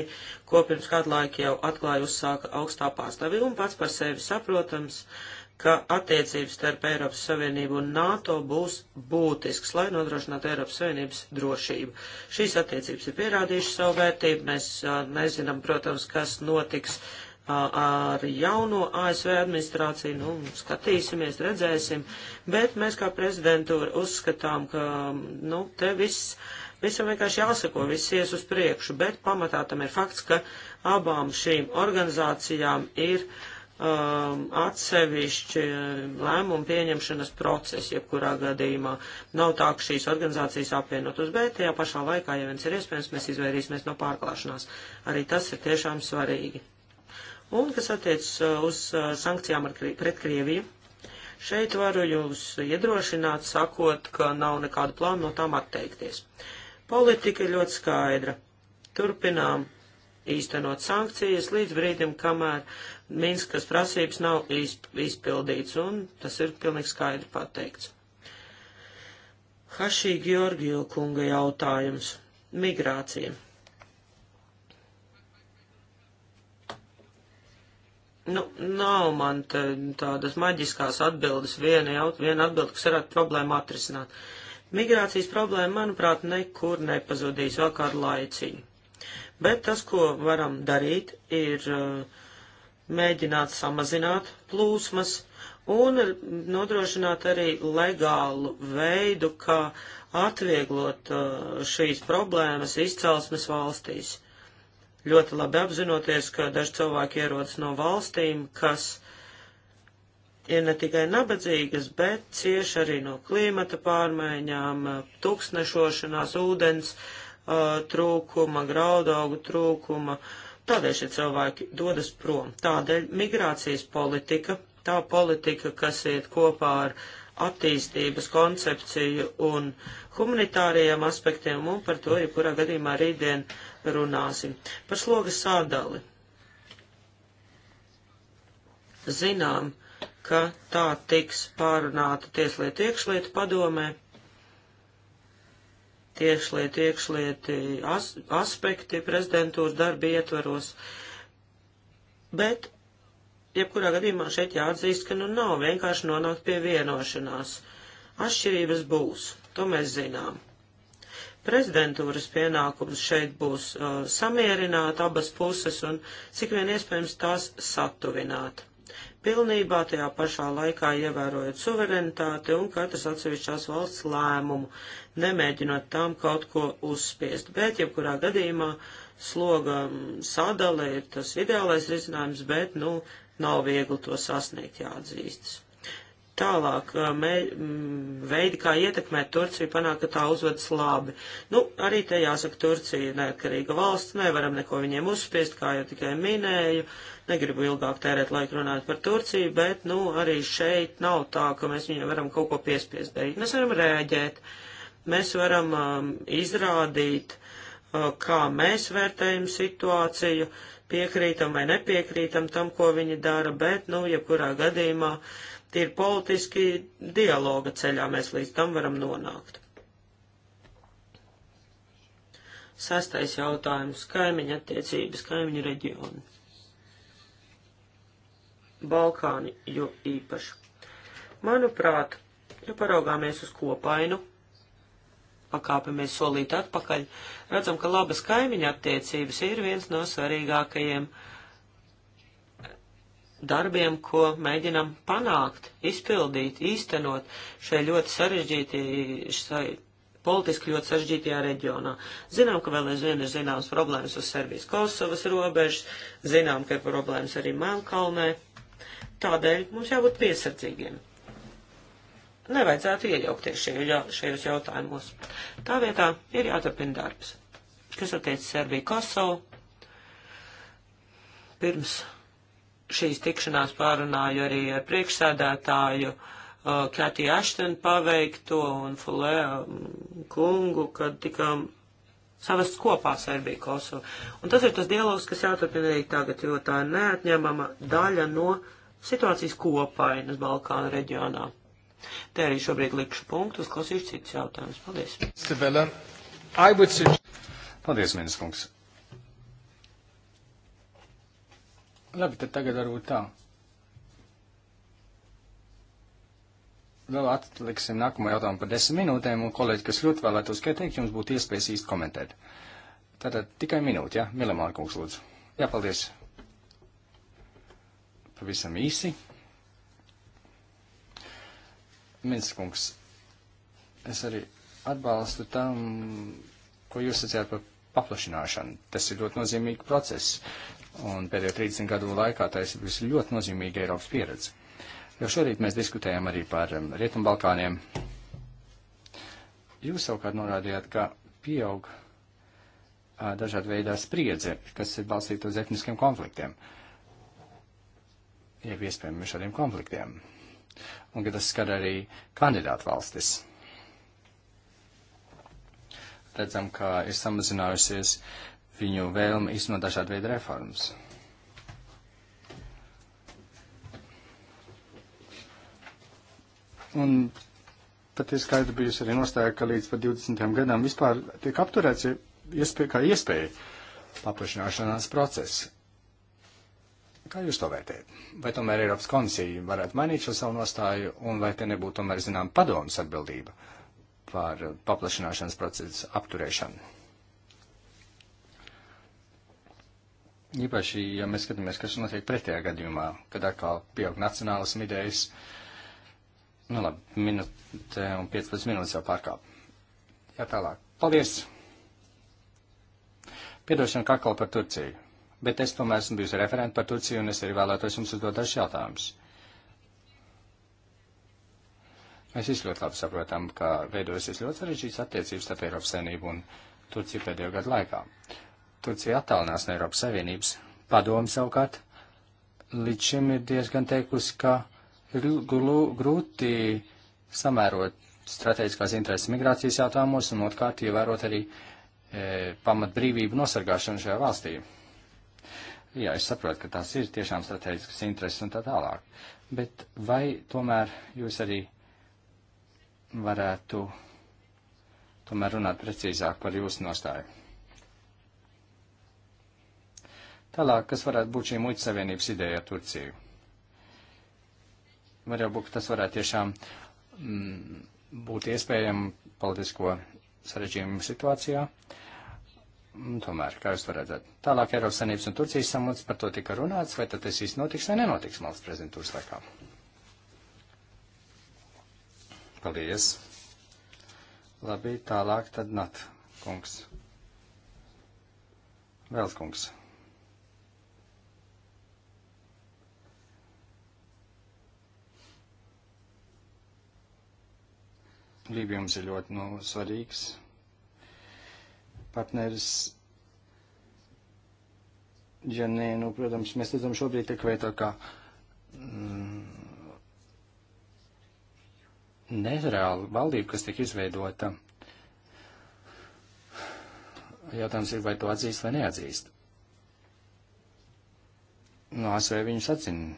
ko pirms kādu laiku jau atklāja uzsāka augstā pārstāvī un pats par sevi saprotams. Uh, ka attiecības starp Eiropas Savienību un NATO būs būtisks, lai nodrošinātu Eiropas Savienības drošību. Šīs attiecības ir pierādījušas savu vērtību. Mēs nezinām, protams, kas notiks ar jauno ASV administrāciju. Nu, skatīsimies, redzēsim. Bet mēs kā prezidentūra uzskatām, ka nu, te viss. Visam vienkārši jāsako, viss ies uz priekšu, bet pamatā tam ir fakts, ka abām šīm organizācijām ir uh, um, atsevišķi um, lēmumu pieņemšanas procesi, jebkurā gadījumā. Nav tā, ka šīs organizācijas apvienotas, bet tajā pašā laikā, ja viens ir iespējams, mēs izvairīsimies no pārklāšanās. Arī tas ir tiešām svarīgi. Un kas attiec uh, uz uh, sankcijām ar, pret Krieviju, šeit varu jūs iedrošināt, sakot, ka nav nekādu plānu no tām atteikties. Politika ir ļoti skaidra. Turpinām īstenot sankcijas līdz brīdim, kamēr Minskas prasības nav izpildīts, un tas ir pilnīgi skaidri pateikts. Hašī Georgiju kunga jautājums - migrācija. Nu, nav man tādas maģiskās atbildes, viena, jaut, viena atbilde, kas varētu problēmu atrisināt. Migrācijas problēma, manuprāt, nekur nepazudīs vēl kādu laiciņu Bet tas, ko varam darīt, ir uh, mēģināt samazināt plūsmas un nodrošināt arī legālu veidu, kā atvieglot uh, šīs problēmas izcelsmes valstīs. Ļoti labi apzinoties, ka daži cilvēki ierodas no valstīm, kas ir ne tikai nabadzīgas, bet cieši arī no klimata pārmaiņām, tūkstnešošanās, ūdens, uh, Uh, trūkuma, graudaugu trūkuma. Tādēļ šie cilvēki dodas prom. Tādēļ migrācijas politika, tā politika, kas iet kopā ar attīstības koncepciju un humanitārajiem aspektiem, un par to, ja kurā gadījumā rītdien runāsim. Par slogas sādali. Zinām, ka tā tiks pārunāta tieslietu iekšlietu padomē tiešlietu, iekšlietu as, aspekti prezidentūras darba ietvaros. Bet, jebkurā gadījumā šeit jāatzīst, ka nu nav vienkārši nonākt pie vienošanās. Atšķirības būs, to mēs zinām. Prezidentūras pienākums šeit būs uh, samierināt abas puses un cik vien iespējams tās satuvināt pilnībā tajā pašā laikā ievērojot suverenitāti un katras atsevišķās valsts lēmumu, nemēģinot tām kaut ko uzspiest. Bet, jebkurā gadījumā, sloga mm, sadale ir tas ideālais risinājums, bet, nu, nav viegli to sasniegt, jāatzīstas. Tālāk, mē, veidi, kā ietekmēt Turciju, panāk, ka tā uzvedas labi. Nu, arī te jāsaka, Turcija ir neatkarīga valsts, nevaram neko viņiem uzspiest, kā jau tikai minēju. Negribu ilgāk tērēt laiku runāt par Turciju, bet, nu, arī šeit nav tā, ka mēs viņiem varam kaut ko piespiest darīt. Mēs varam rēģēt, mēs varam um, izrādīt, uh, kā mēs vērtējam situāciju, piekrītam vai nepiekrītam tam, ko viņi dara, bet, nu, jebkurā gadījumā. Uh, Tie ir politiski dialoga ceļā mēs līdz tam varam nonākt. Sastais jautājums - kaimiņa attiecības, kaimiņu reģioni. Balkāni jo īpaši. Manuprāt, ja paraugāmies uz kopainu, pakāpamies solīt atpakaļ, redzam, ka labas kaimiņa attiecības ir viens no svarīgākajiem darbiem, ko mēģinam panākt, izpildīt, īstenot šai ļoti sarežģītajai, politiski ļoti sarežģītajā reģionā. Zinām, ka vēl aizvien ir zināmas problēmas uz Serbijas Kosovas robežas, zinām, ka ir problēmas arī Melnkalnē. Tādēļ mums jābūt piesardzīgiem. Nevajadzētu iejaukties šajā, šajos jautājumos. Tā vietā ir jāturpina darbs. Kas attiec Serbiju Kosovu? Pirms šīs tikšanās pārunāju arī ar priekšsēdētāju uh, Katiju Aštenu paveikto un Fulē um, kungu, kad tikām savest kopā Serbiju Kosovu. Un tas ir tas dialogs, kas jāturpina arī tagad, jo tā ir neatņemama daļa no situācijas kopainas Balkāna reģionā. Te arī šobrīd likšu punktu, uzklausīšu citus jautājumus. Paldies. Paldies, ministrs kungs. Labi, tad tagad varbūt tā. Vēl atliksim nākamo jautājumu par desmit minūtēm, un kolēģi, kas ļoti vēlētos, ka teikt, jums būtu iespējas īsti komentēt. Tātad tikai minūte, jā, ja? Milamāra kungs, lūdzu. Jā, paldies. Pavisam īsi. Ministrs kungs, es arī atbalstu tam, ko jūs sacījāt par paplašināšanu. Tas ir ļoti nozīmīgi process. Un pēdējo 30 gadu laikā tā ir bijusi ļoti nozīmīga Eiropas pieredze. Jo šorīt mēs diskutējam arī par um, Rietumbalkāniem. Jūs savukārt norādījāt, ka pieaug dažāda veidā spriedze, kas ir balstīta uz etniskiem konfliktiem, jeb iespējami šādiem konfliktiem, un ka tas skar arī kandidātu valstis. Redzam, ka ir samazinājusies viņu vēlmi iznot dažādu veidu reformas. Un pat ir skaidri bijusi arī nostāja, ka līdz pat 20. gadam vispār tiek apturēts iespēja, kā iespēja paplašināšanās process. Kā jūs to vērtējat? Vai tomēr Eiropas komisija varētu mainīt šo savu nostāju, un vai te nebūtu tomēr, zinām, padomas atbildība par paplašināšanas procesu apturēšanu? Īpaši, ja mēs skatāmies, kas notiek pretējā gadījumā, kad atkal pieaug nacionālas idejas, nu labi, minūte un 15 minūtes jau pārkāp. Jā, tālāk. Paldies! Piedošana atkal par Turciju, bet es tomēr esmu bijusi referenta par Turciju un es arī vēlētos jums uzdot dažus jautājumus. Mēs visi ļoti labi saprotam, ka veidojasies ļoti sarežģītas attiecības starp Eiropas Savienību un Turciju pēdējo gadu laikā. Uh, Turcija attālinās no Eiropas Savienības. Padomi savukārt līdz šim ir diezgan teikusi, ka ir grūti samērot strateģiskās intereses migrācijas jautājumos un otrkārt ievērot arī e, pamat brīvību nosargāšanu šajā valstī. Jā, es saprotu, ka tās ir tiešām strateģiskas intereses un tā tālāk. Bet vai tomēr jūs arī varētu tomēr runāt precīzāk par jūsu nostāju? Tālāk, kas varētu būt šī muitas savienības ideja ar Turciju? Var jau būt, ka tas varētu tiešām mm, būt iespējami politisko sarežģījumu situācijā. Mm, tomēr, kā jūs varat redzēt, tālāk Eiropas Sanības un Turcijas samuts par to tika runāts, vai tad tas īsti notiks vai nenotiks malas prezidentūras laikā. Paldies. Labi, tālāk tad Nat kungs. Vēls kungs. Lībijums ir ļoti nu, svarīgs partneris. Ja nē, nu, protams, mēs redzam šobrīd tik vai tā kā mm, nereāla valdība, kas tiek izveidota. Jautājums ir, vai to atzīst vai neatzīst. No nu, ASV viņus atzina,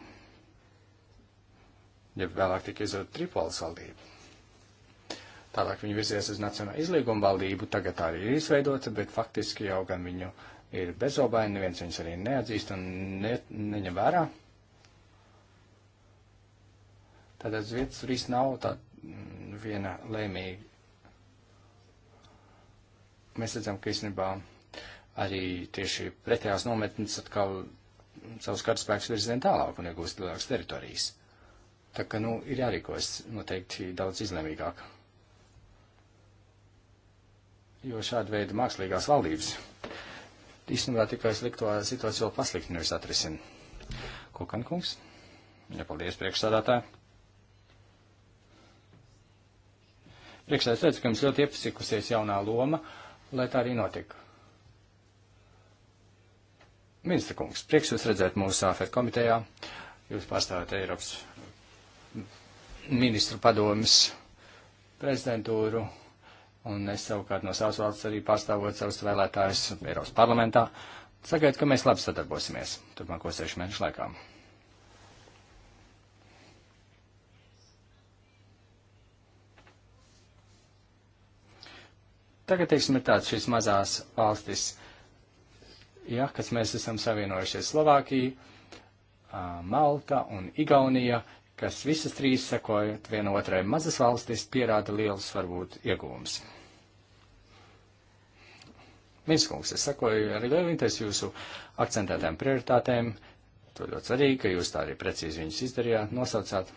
ja vēlāk tika izveidota Tripolis valdība. Tālāk viņi virzies uz Nacionālo izlīgumu valdību, tagad tā arī ir izveidota, bet faktiski jau gan viņu ir bezobaini, neviens viņus arī neatzīst un ne, neņem vērā. Tātad vietas viss nav tā mm, viena lēmīga. Mēs redzam, ka īstenībā arī tieši pretējās nometnes atkal savus karaspēkus virzien tālāk un iegūst lielākas teritorijas. Tā ka, nu, ir jārīkojas noteikti daudz izlēmīgāk jo šāda veida mākslīgās valdības īstenībā tikai slikto situāciju vēl paslikt nevis atrisina. Kukankungs, ja paldies priekšsādātāji. Priekšsēdētājs teica, ka jums ļoti iepasikusies jaunā loma, lai tā arī notika. Ministra kungs, prieks jūs redzēt mūsu AFET komitejā. Jūs pārstāvjat Eiropas ministru padomis prezidentūru un es savukārt no savas valsts arī pārstāvot savus vēlētājus Eiropas parlamentā, sagaidu, ka mēs labi sadarbosimies turpmāko sešu mēnešu laikā. Tagad, teiksim, ir tāds šīs mazās valstis, ja, kas mēs esam savienojušies Slovākiju, Malta un Igaunija kas visas trīs sekojot vienotrai mazas valstis pierāda liels varbūt iegūms. Minskungs, es sakoju ar lielu interesi jūsu akcentētām prioritātēm. To ļoti svarīgi, ka jūs tā arī precīzi viņus izdarījāt, nosaucāt.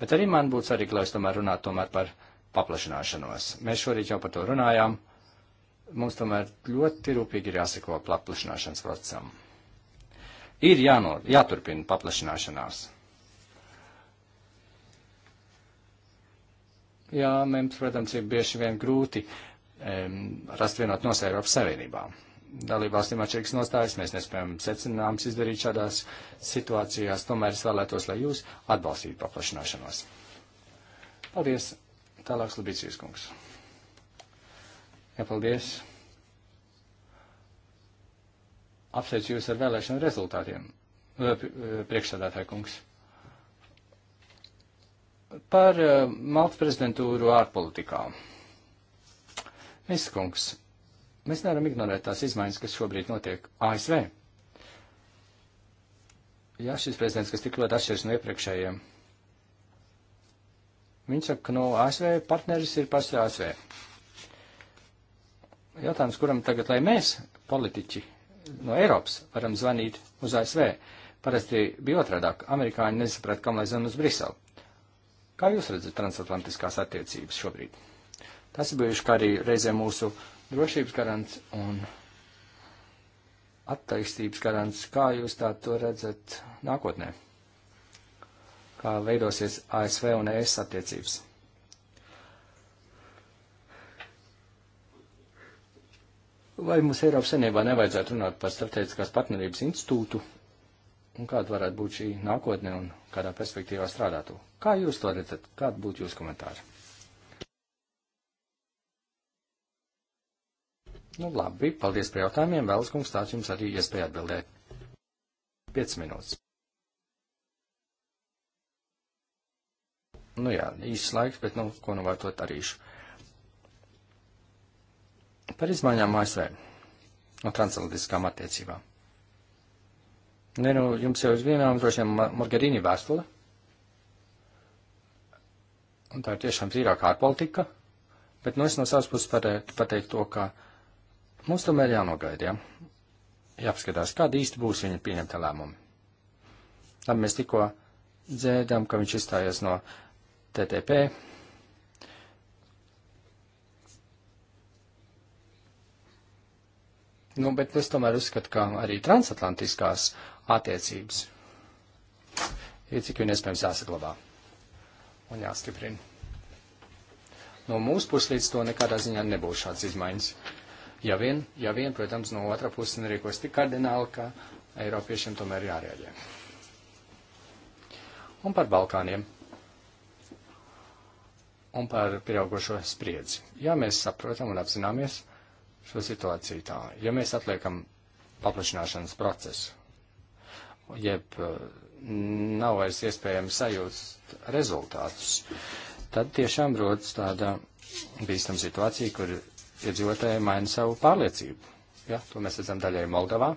Bet arī man būtu svarīgi, lai es tomēr runātu tomēr par paplašināšanos. Mēs šorīt jau par to runājām. Mums tomēr ļoti rūpīgi ir jāseko paplašināšanas procesam. Ir jāno, jāturpina paplašināšanās. jā, mums, protams, ir bieži vien grūti um, rast vienot nosēju Eiropas Savienībā. Dalībvalstīm atšķirīgs nostājas, mēs nespējam secinājums izdarīt šādās situācijās, tomēr es vēlētos, lai jūs atbalstītu paplašināšanos. Paldies! Tālāk Slabīcijas kungs. Jā, paldies! Apsveicu jūs ar vēlēšanu rezultātiem, priekšsādātāja kungs. Par eh, Maltas prezidentūru ārpolitikā. Miskungs, mēs nevaram ignorēt tās izmaiņas, kas šobrīd notiek ASV. Jā, šis prezidents, kas tik ļoti atšķiras no iepriekšējiem, viņš saka, ka no ASV partneris ir paši ASV. Jautājums, kuram tagad, lai mēs, politiķi no Eiropas, varam zvanīt uz ASV, parasti bija otrādāk. Amerikāņi nesaprata, kam lai zvan uz Briselu. Kā jūs redzat transatlantiskās attiecības šobrīd? Tas ir bijuši kā arī reizē mūsu drošības garants un attaistības garants. Kā jūs tā to redzat nākotnē? Kā veidosies ASV un ES attiecības? Vai mums Eiropas Savienībā nevajadzētu runāt par strateģiskās partnerības institūtu un kāda varētu būt šī nākotne un kādā perspektīvā strādātu. Kā jūs to redzat? Kāda būtu jūsu komentāri? Nu, labi, paldies par jautājumiem. Vēlas kungs, tāds jums arī iespēja atbildēt. 5 minūtes. Nu jā, īsts laiks, bet, nu, ko nu vai to darīšu. Par izmaiņām ASV no transatlantiskām attiecībām. Nē, nu, jums jau ir vienām droši vien margarīni vēstule. Un tā ir tiešām tīrāka ārpolitika. Bet, nu, es no savas puses pateiktu to, ka mums tomēr jānogaida, ja? Jāpaskatās, kāda īsti būs viņa pieņemta lēmuma. Labi, mēs tikko dzirdam, ka viņš izstājies no TTP. Nu, bet es tomēr uzskatu, ka arī transatlantiskās attiecības ir cik vien iespējams jāsaglabā un jāstiprina. No mūsu puses līdz to nekādā ziņā nebūs šāds izmaiņas. Ja vien, ja vien, protams, no otra puses nerīkos tik kardināli, ka Eiropiešiem tomēr jārēģē. Un par Balkāniem. Un par pieaugušo spriedzi. Ja mēs saprotam un apzināmies šo situāciju tā, ja mēs atliekam paplašināšanas procesu, jeb eh, nav vairs iespējams sajūst rezultātus, tad tiešām rodas tāda bīstama situācija, kur iedzīvotāji maina savu pārliecību. Ja, to mēs redzam daļai Moldavā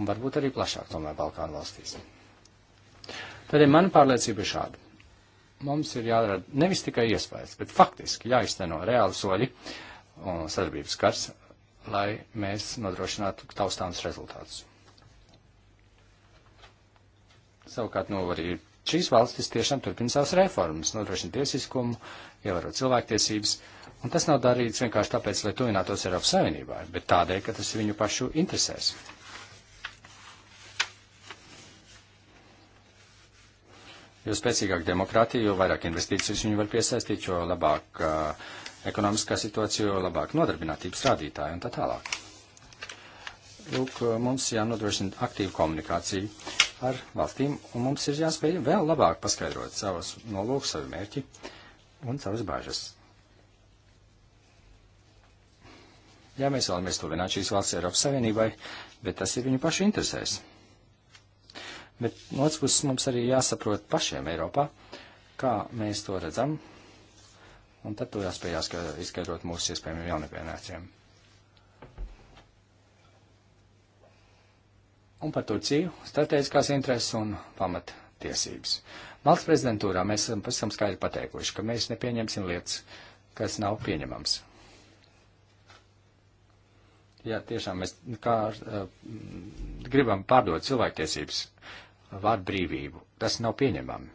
un varbūt arī plašāk tomēr Balkānu valstīs. Tādēļ mana pārliecība ir šāda. Mums ir jārada nevis tikai iespējas, bet faktiski jāizteno reāli soļi un sadarbības kars, lai mēs nodrošinātu taustāms rezultātus. Savukārt, nu, arī šīs valstis tiešām turpina savas reformas, nodrošina tiesiskumu, ievēro cilvēktiesības, un tas nav darīts vienkārši tāpēc, lai tuvinātos Eiropas Savienībai, bet tādēļ, ka tas viņu pašu interesēs. Jo spēcīgāk demokrātija, jo vairāk investīcijas viņi var piesaistīt, jo labāk uh, ekonomiskā situācija, jo labāk nodarbinātības rādītāji un tā tālāk. Lūk, eh, mums jānodrošina aktīva komunikācija ar valstīm, un mums ir jāspēj vēl labāk paskaidrot savus nolūkus, savu mērķi un savas bāžas. Jā, mēs vēlamies tuvināt šīs valsts Eiropas Savienībai, bet tas ir viņu pašu interesēs. Bet no otras puses mums arī jāsaprot pašiem Eiropā, kā mēs to redzam, un tad to jāspēj izskaidrot mūsu iespējamiem jaunipienācējiem. un par Turciju strateģiskās intereses un pamattiesības. Maltas prezidentūrā mēs esam, esam skaidri pateikuši, ka mēs nepieņemsim lietas, kas nav pieņemams. Jā, tiešām mēs kā, uh, gribam pārdot cilvēktiesības, vārdu brīvību. Tas nav pieņemami.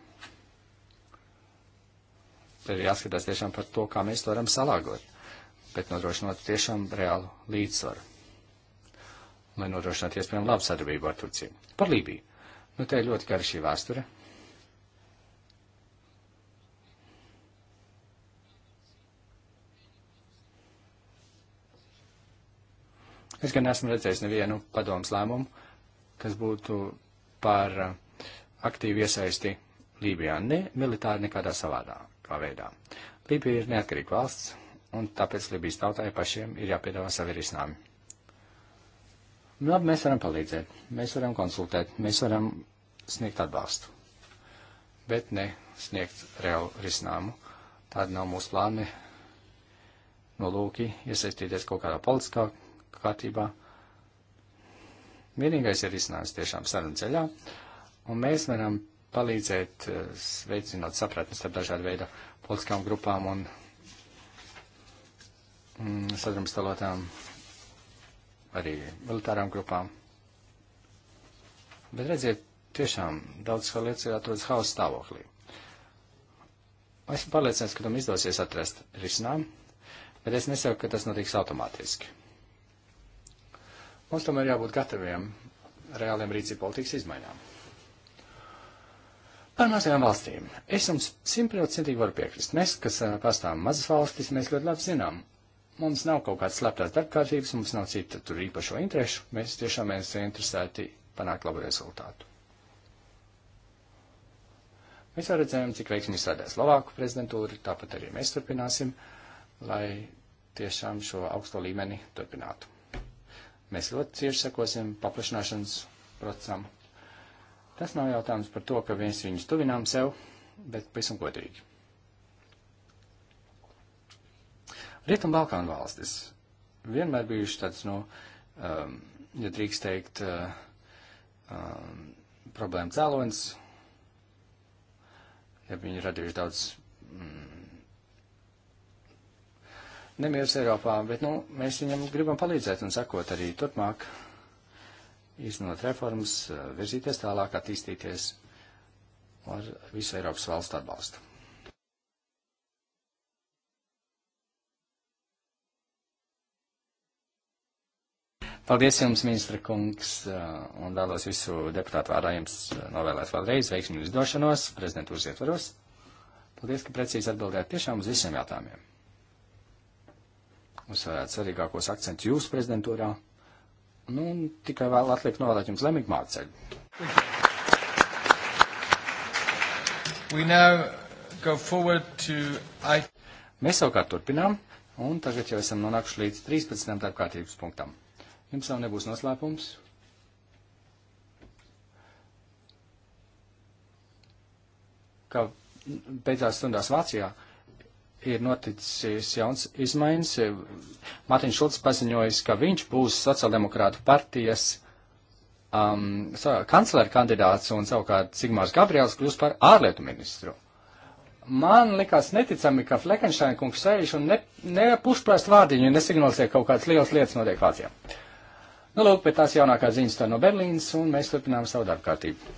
Tad ir jāskatās tiešām par to, kā mēs to varam salāgot, bet nodrošinot tiešām reālu līdzsvaru lai nodrošinātu iespējami labu sadarbību ar Turciju. Par Lībiju. Nu, te ir ļoti gara šī vēsture. Es gan esmu redzējis nevienu padomus lēmumu, kas būtu par uh, aktīvu iesaisti Lībijā, ne militāri nekādā savādā kā veidā. Lībija ir neatkarīga valsts, un tāpēc Lībijas tautai pašiem ir jāpiedāvā savi risinājumi. Nu, labi, mēs varam palīdzēt, mēs varam konsultēt, mēs varam sniegt atbalstu, bet ne sniegt reālu risinājumu. Tāda nav mūsu plāni, nolūki nu, iesaistīties kaut kādā politiskā kārtībā. Vienīgais ir risinājums tiešām sarunu ceļā, un mēs varam palīdzēt eh, veicināt sapratni starp dažādu veidu politiskām grupām un mm, sadrumstalotām arī militārām grupām. Bet redziet, tiešām daudz kā lietas ir atrodas hausa stāvoklī. Esmu pārliecināts, ka tam izdosies atrast risinājumu, bet es nesaku, ka tas notiks automātiski. Mums tomēr jābūt gataviem reāliem rīcību politikas izmaiņām. Par mazajām valstīm. Es jums simtprocentīgi varu piekrist. Mēs, kas pastāvam mazas valstis, mēs ļoti labi zinām, Mums nav kaut kādas slēptās darbkārtības, mums nav cita tur īpašo interešu, mēs tiešām esam interesēti panākt labu rezultātu. Mēs jau redzējām, cik veiksmīgi strādāja Slovāku prezidentūra, tāpat arī mēs turpināsim, lai tiešām šo augsto līmeni turpinātu. Mēs ļoti cieši sekosim paplašināšanas procesam. Tas nav jautājums par to, ka viens viņus tuvinām sev, bet pavisam godīgi. Rietum Balkānu valstis vienmēr bijuši tāds, nu, um, ja drīkst teikt, uh, um, problēma cēlonis, ja viņi radījuši daudz mm, nemieris Eiropā, bet, nu, mēs viņam gribam palīdzēt un sakot arī turpmāk, iznot reformas, uh, virzīties tālāk, attīstīties ar visu Eiropas valstu atbalstu. Paldies jums, ministra kungs, uh, un vēlos visu deputātu vārdā jums uh, novēlēt vēlreiz veiksmīgu izdošanos prezidentūras ietvaros. Paldies, ka precīzi atbildējāt tiešām uz visiem jautājumiem. Uzsvērāt svarīgākos akcentus jūsu prezidentūrā. Nu, un tikai vēl atliek novēlēt jums lemīgu māceļu. We now go forward to I... Mēs savukārt turpinām, un tagad jau esam nonākuši līdz 13. darbkārtības punktam. Jums nav nebūs noslēpums. Ka beidzās stundās Vācijā ir noticis jauns izmaiņas. Mārtiņš Šulcs paziņojis, ka viņš būs sociāldemokrātu partijas um, kanclera kandidāts un savukārt Sigmārs Gabriels kļūs par ārlietu ministru. Man likās neticami, ka Fleckensteina kungs sēž un ne, ne pušprāst vārdiņu un nesignalizē kaut kādas lielas lietas notiek Vācijā. Uh, Nu, lūk, pēc tās jaunākās ziņas tā no Berlīnas, un mēs turpinām savu darbu kārtību.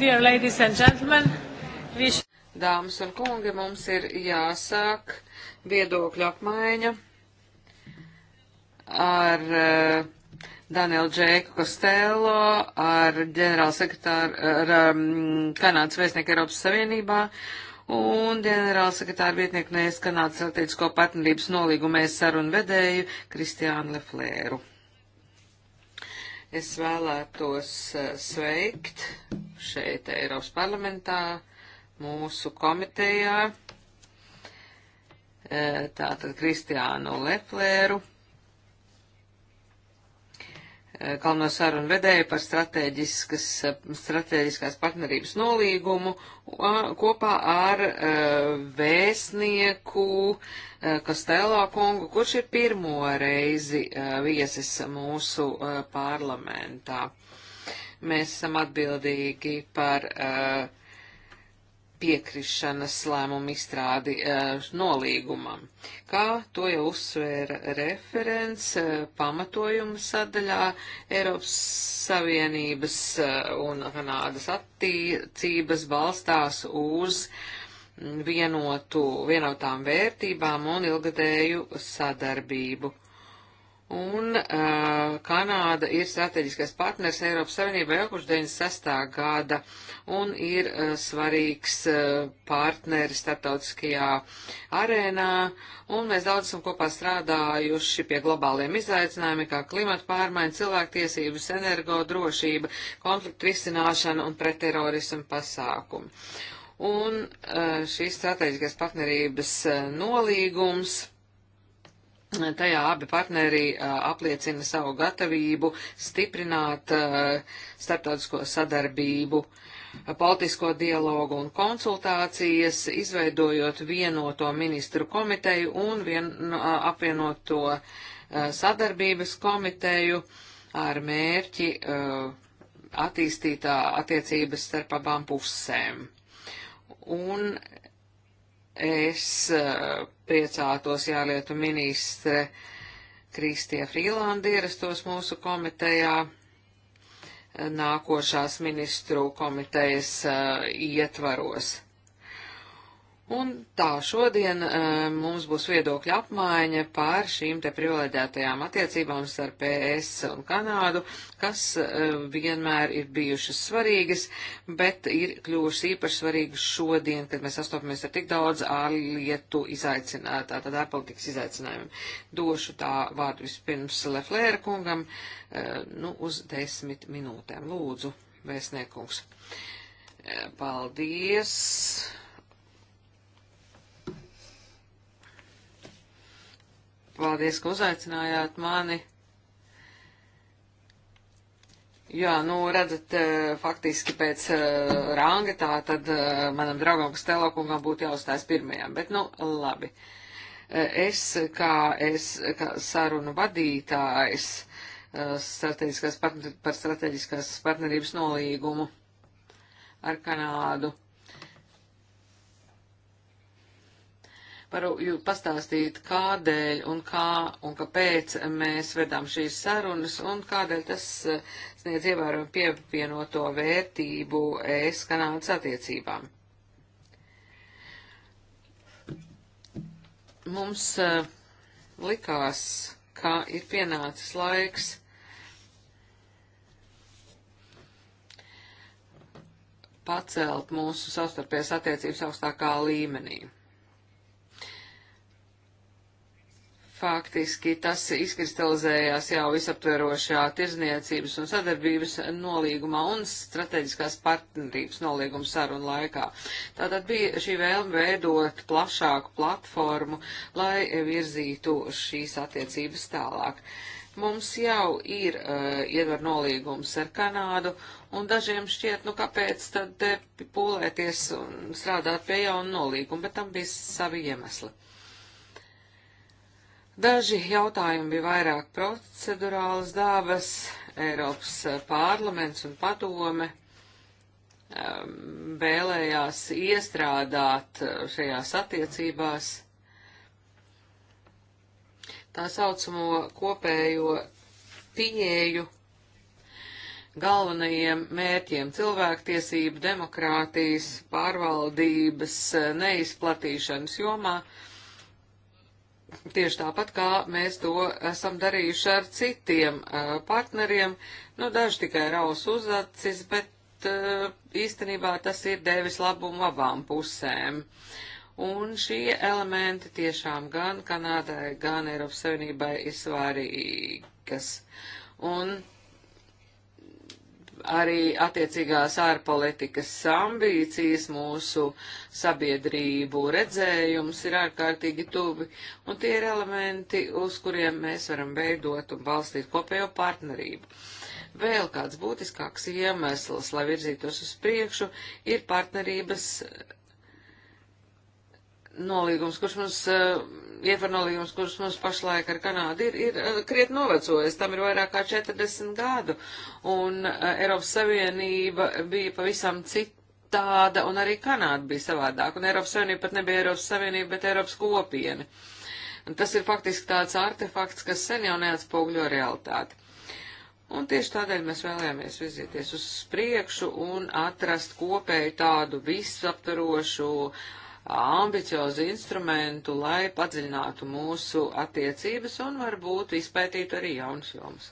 Dear ladies and gentlemen, we... Dāmas un kungi, mums ir jāsāk viedokļu apmaiņa ar uh, Danielu Džēku Kostēlo, ar ģenerālsekretāru, ar um, Kanādas vēstnieku Eiropas Savienībā un ģenerālsekretāru vietnieku Nēs Kanādas strateģisko partnerības nolīgumēs sarunu vedēju Kristiānu Leflēru. Es vēlētos eh, sveikt šeit Eiropas parlamentā, mūsu komitejā, eh, tātad Kristiānu Leplēru. Eh, galveno sarunu vedēju par eh, strateģiskās partnerības nolīgumu kopā ar eh, vēstnieku Kostēlā kungu, kurš ir pirmo reizi viesis mūsu parlamentā. Mēs esam atbildīgi par uh, piekrišanas lēmumu izstrādi e, nolīgumam. Kā to jau uzsvēra referents e, pamatojuma sadaļā Eiropas Savienības e, un Kanādas attiecības balstās uz vienotu, vienotām vērtībām un ilgadēju sadarbību. Un uh, Kanāda ir strateģiskais partners Eiropas Savienībā jau kopš 96. gada un ir uh, svarīgs uh, partneri starptautiskajā arēnā. Un mēs daudz esam kopā strādājuši pie globāliem izaicinājumiem, kā klimata pārmaiņa, cilvēktiesības, energo drošība, konfliktu risināšana un pretterorismu pasākumi. Un uh, šīs strateģiskās partnerības uh, nolīgums Tajā abi partneri apliecina savu gatavību stiprināt starptautisko sadarbību, politisko dialogu un konsultācijas, izveidojot vienoto ministru komiteju un vien, apvienoto sadarbības komiteju ar mērķi attīstītā attiecības starp abām pusēm. Un es priecātos, ja lietu ministre Kristija Frīlanda ierastos mūsu komitejā nākošās ministru komitejas uh, ietvaros. Un tā, šodien e, mums būs viedokļa apmaiņa pār šīm te privileģētajām attiecībām starp PS un Kanādu, kas e, vienmēr ir bijušas svarīgas, bet ir kļuvušas īpaši svarīgas šodien, kad mēs sastopamies ar tik daudz ārlietu izaicinājumiem, tātad ārpolitikas izaicinājumiem. Došu tā vārdu vispirms Leflēra kungam, e, nu, uz desmit minūtēm. Lūdzu, vēstniekungs. Paldies! Paldies, ka uzaicinājāt mani. Jā, nu, redzat, eh, faktiski pēc uh, ranga tā tad uh, manam draugam Stelokungam būtu jāuzstājas pirmajam, bet nu, labi. Es, kā, es, kā sarunu vadītājs uh, strateģiskās partner, par strateģiskās partnerības nolīgumu ar Kanādu par pastāstīt, kādēļ un kā un kāpēc mēs vedām šīs sarunas un kādēļ tas eh, sniedz ievērojumu pievienoto vērtību ES Kanādas attiecībām. Mums eh, likās, ka ir pienācis laiks pacelt mūsu savstarpējās attiecības augstākā līmenī. Faktiski tas izkristalizējās jau visaptverošā tirzniecības un sadarbības nolīgumā un strateģiskās partnerības nolīguma sarunu laikā. Tātad bija šī vēlme veidot plašāku platformu, lai virzītu šīs attiecības tālāk. Mums jau ir uh, eh, iedver nolīgums ar Kanādu, un dažiem šķiet, nu kāpēc tad pūlēties un strādāt pie jaunu nolīgumu, bet tam bija savi iemesli. Daži jautājumi bija vairāk procedurālas dāvas, Eiropas eh, parlaments un padome ehm, vēlējās iestrādāt eh, šajās attiecībās tā saucamo kopējo pieeju galvenajiem mērķiem - cilvēktiesību, demokrātijas, pārvaldības, eh, neizplatīšanas jomā. Uh, Tieši tāpat kā mēs to esam darījuši ar citiem uh, partneriem, nu daži tikai raus uz acis, bet uh, īstenībā tas ir devis labumu abām pusēm. Un šie elementi tiešām gan Kanādai, gan Eiropas Savienībai ir svarīgas. Un arī attiecīgās ārpolitikas ambīcijas, mūsu sabiedrību redzējums ir ārkārtīgi tuvi, un tie ir elementi, uz kuriem mēs varam veidot un balstīt kopējo partnerību. Vēl kāds būtiskāks iemesls, lai virzītos uz priekšu, ir partnerības nolīgums, kurš mums, eh, ietver nolīgums, kurš mums pašlaik ar Kanādu ir, ir eh, krietni novecojis, tam ir vairāk kā 40 gadu, un eh, Eiropas Savienība bija pavisam citāda, un arī Kanāda bija savādāk, un Eiropas Savienība pat nebija Eiropas Savienība, bet Eiropas kopiena. Un tas ir faktiski tāds artefakts, kas sen jau neatspoguļo realitāti. Un tieši tādēļ mēs vēlējāmies virzīties uz priekšu un atrast kopēju tādu visaptarošu uh, ambiciozu instrumentu, lai padziļinātu mūsu attiecības un varbūt izpētītu arī jaunas jomas.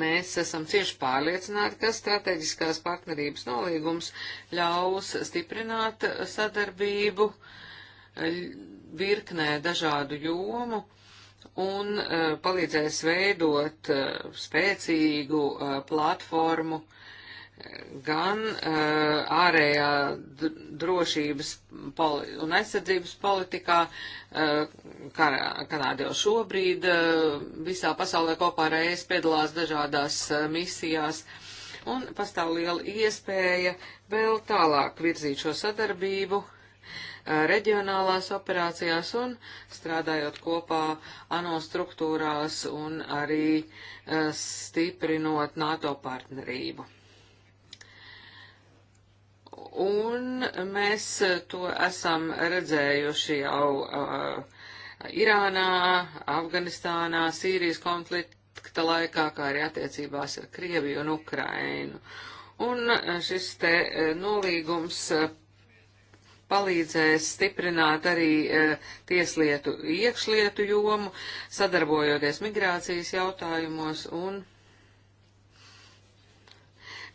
Mēs esam cieši pārliecināti, ka strateģiskās partnerības nolīgums ļaus stiprināt sadarbību virknē dažādu jomu un e, palīdzēs veidot e, spēcīgu e, platformu uh, gan uh, ārējā drošības poli un aizsardzības politikā, uh, Kanāda jau šobrīd uh, visā pasaulē kopā ar ES piedalās dažādās uh, misijās, un pastāv liela iespēja vēl tālāk virzīt šo sadarbību uh, reģionālās operācijās un strādājot kopā ANO struktūrās un arī uh, stiprinot NATO partnerību. Un mēs to esam redzējuši jau uh, Irānā, Afganistānā, Sīrijas konflikta laikā, kā arī attiecībās ar Krieviju un Ukrainu. Un šis te nolīgums palīdzēs stiprināt arī e, tieslietu iekšlietu jomu, sadarbojoties migrācijas jautājumos un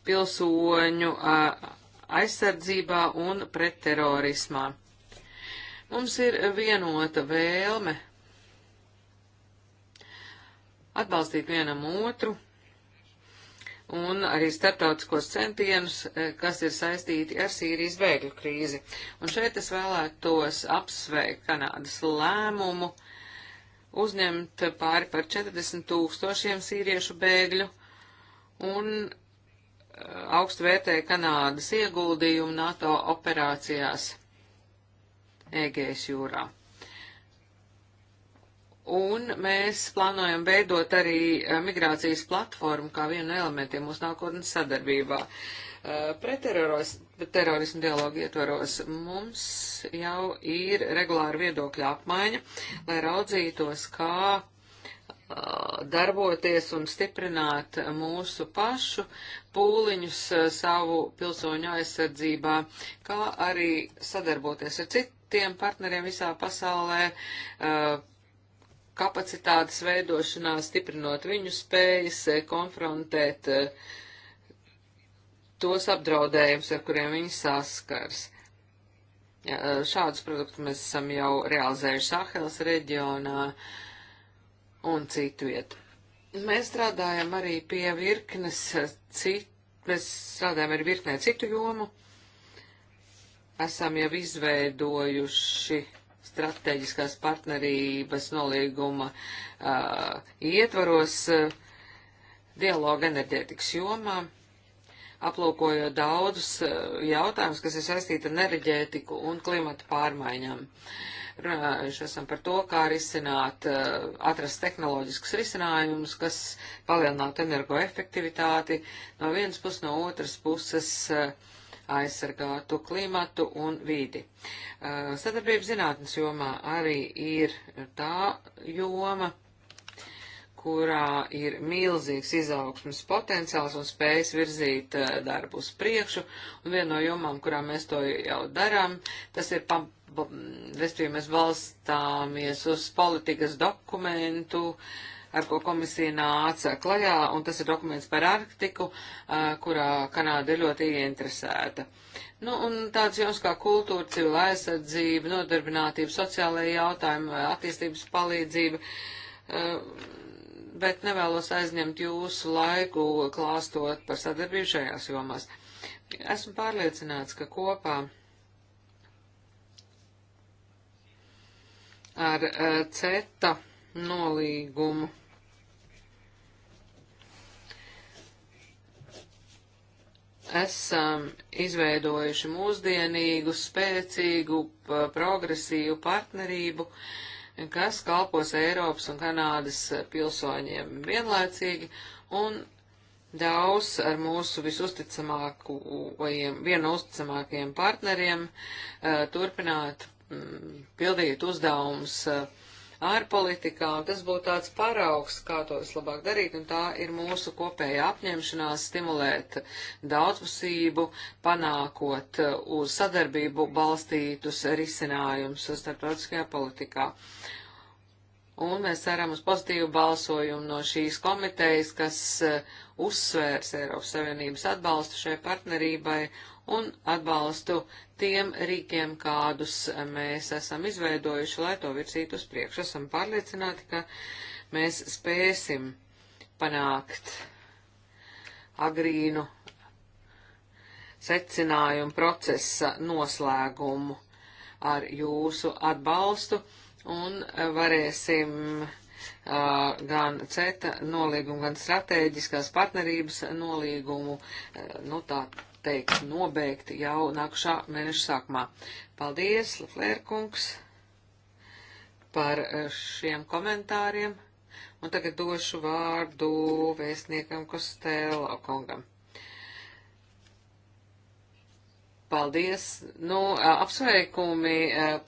pilsoņu a, aizsardzībā un pret terorismā. Mums ir vienota vēlme atbalstīt vienam otru un arī starptautiskos centienus, eh, kas ir saistīti ar Sīrijas bēgļu krīzi. Un šeit es vēlētos apsveikt Kanādas lēmumu uzņemt pāri par 40 tūkstošiem sīriešu bēgļu un augstu vērtēja Kanādas ieguldījumu NATO operācijās Ēgējas jūrā. Un mēs plānojam veidot arī eh, migrācijas platformu kā vienu no elementiem mūsu nākotnes sadarbībā. Eh, Pretterorismu dialogu ietvaros mums jau ir regulāra viedokļa apmaiņa, lai raudzītos, kā eh, darboties un stiprināt mūsu pašu pūliņus eh, savu pilsoņu aizsardzībā, kā arī sadarboties ar citiem partneriem visā pasaulē, eh, kapacitātes veidošanā, stiprinot viņu spējas eh, konfrontēt tos apdraudējumus, ar kuriem viņi saskars. Ja, šādus produktus mēs esam jau realizējuši Sahelas reģionā un citu vietu. Mēs strādājam arī pie virknes citu, mēs strādājam ar virknē citu jomu. Esam jau izveidojuši strateģiskās partnerības nolīguma uh, ietvaros uh, dialogu enerģētikas jomā, aplūkojot daudzus uh, jautājumus, kas ir saistīti ar enerģētiku un klimatu pārmaiņām. Uh, runājuši esam par to, kā risināt, eh, atrast tehnoloģiskus risinājumus, kas palielinātu energoefektivitāti no vienas puses, no otras puses eh, aizsargātu klimatu un vidi. Eh, Sadarbība zinātnes jomā arī ir tā joma, kurā ir milzīgs izaugsmas potenciāls un spējas virzīt eh, darbu uz priekšu, un viena no jomām, kurā mēs to jau darām, tas ir, mm, respektīvi, mēs balstāmies uz politikas dokumentu, ar ko komisija nāca klajā, un tas ir dokuments par Arktiku, eh, kurā Kanāda ir ļoti ieinteresēta. Nu, un tāds joms kā kultūra, civila aizsardzība, nodarbinātība, sociālajie jautājumi, attīstības palīdzība. Uh, bet nevēlos aizņemt jūsu laiku klāstot par sadarbību šajās jomās. Esmu pārliecināts, ka kopā ar e, CETA nolīgumu esam izveidojuši mūsdienīgu, spēcīgu, progresīvu partnerību, uh, kas kalpos Eiropas un Kanādas pilsoņiem vienlaicīgi un daudz ar mūsu visusticamākajiem, viena uzticamākajiem partneriem eh, turpināt mm, pildīt uzdevumus eh, ārpolitikām. Tas būtu tāds paraugs, kā to vislabāk darīt, un tā ir mūsu kopēja apņemšanās stimulēt daudzpusību, panākot uh, uz sadarbību balstītus risinājumus starptautiskajā politikā. Un mēs ceram uz pozitīvu balsojumu no šīs komitejas, kas uh, uzsvērs Eiropas Savienības atbalstu šai partnerībai un atbalstu tiem rīkiem, kādus mēs esam izveidojuši, lai to virzītu uz priekšu. Esam pārliecināti, ka mēs spēsim panākt agrīnu secinājumu procesa noslēgumu ar jūsu atbalstu un varēsim uh, gan CETA nolīgumu, gan strateģiskās partnerības nolīgumu, uh, nu tā teikt, nobeigti jau nākušā mēneša sākumā. Paldies, Laflērkungs, par eh, šiem komentāriem, un tagad došu vārdu vēstniekam Kostēlo kungam. Paldies! Nu, apsveikumi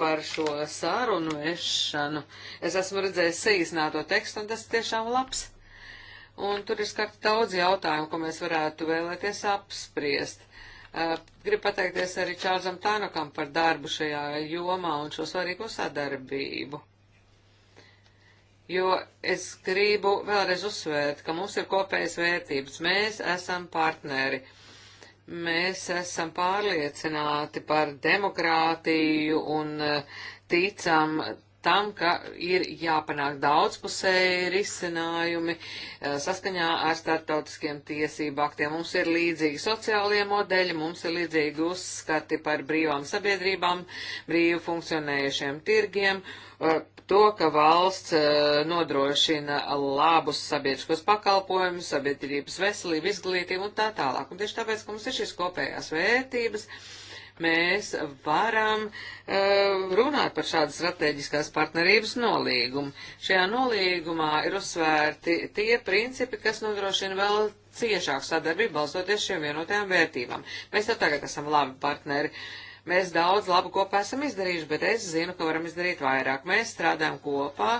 par šo sārunu vešanu. Es esmu redzējis saīsnāto tekstu, un tas tiešām labs. Un tur ir skarti daudz jautājumu, ko mēs varētu vēlēties apspriest. Eh, gribu pateikties arī Čārzam Tānokam par darbu šajā jomā un šo svarīgo sadarbību. Jo es gribu vēlreiz uzsvērt, ka mums ir kopējas vērtības. Mēs esam partneri. Mēs esam pārliecināti par demokrātiju un eh, ticam tam, ka ir jāpanāk daudzpusēji risinājumi eh, saskaņā ar startautiskiem tiesību aktiem. Mums ir līdzīgi sociālie modeļi, mums ir līdzīgi uzskati par brīvām sabiedrībām, brīvu funkcionējušiem tirgiem, eh, to, ka valsts eh, nodrošina labus sabiedriskos pakalpojumus, sabiedrības veselību, izglītību un tā tālāk. Un tieši tāpēc, ka mums ir šīs kopējās vērtības, mēs varam uh, runāt par šādu strateģiskās partnerības nolīgumu. Šajā nolīgumā ir uzsvērti tie principi, kas nodrošina vēl ciešāku sadarbību, balstoties šiem vienotajām vērtībām. Mēs jau tagad esam labi partneri. Uh, Mēs daudz labu kopā esam izdarījuši, bet es zinu, ka varam izdarīt vairāk. Mēs strādājam kopā,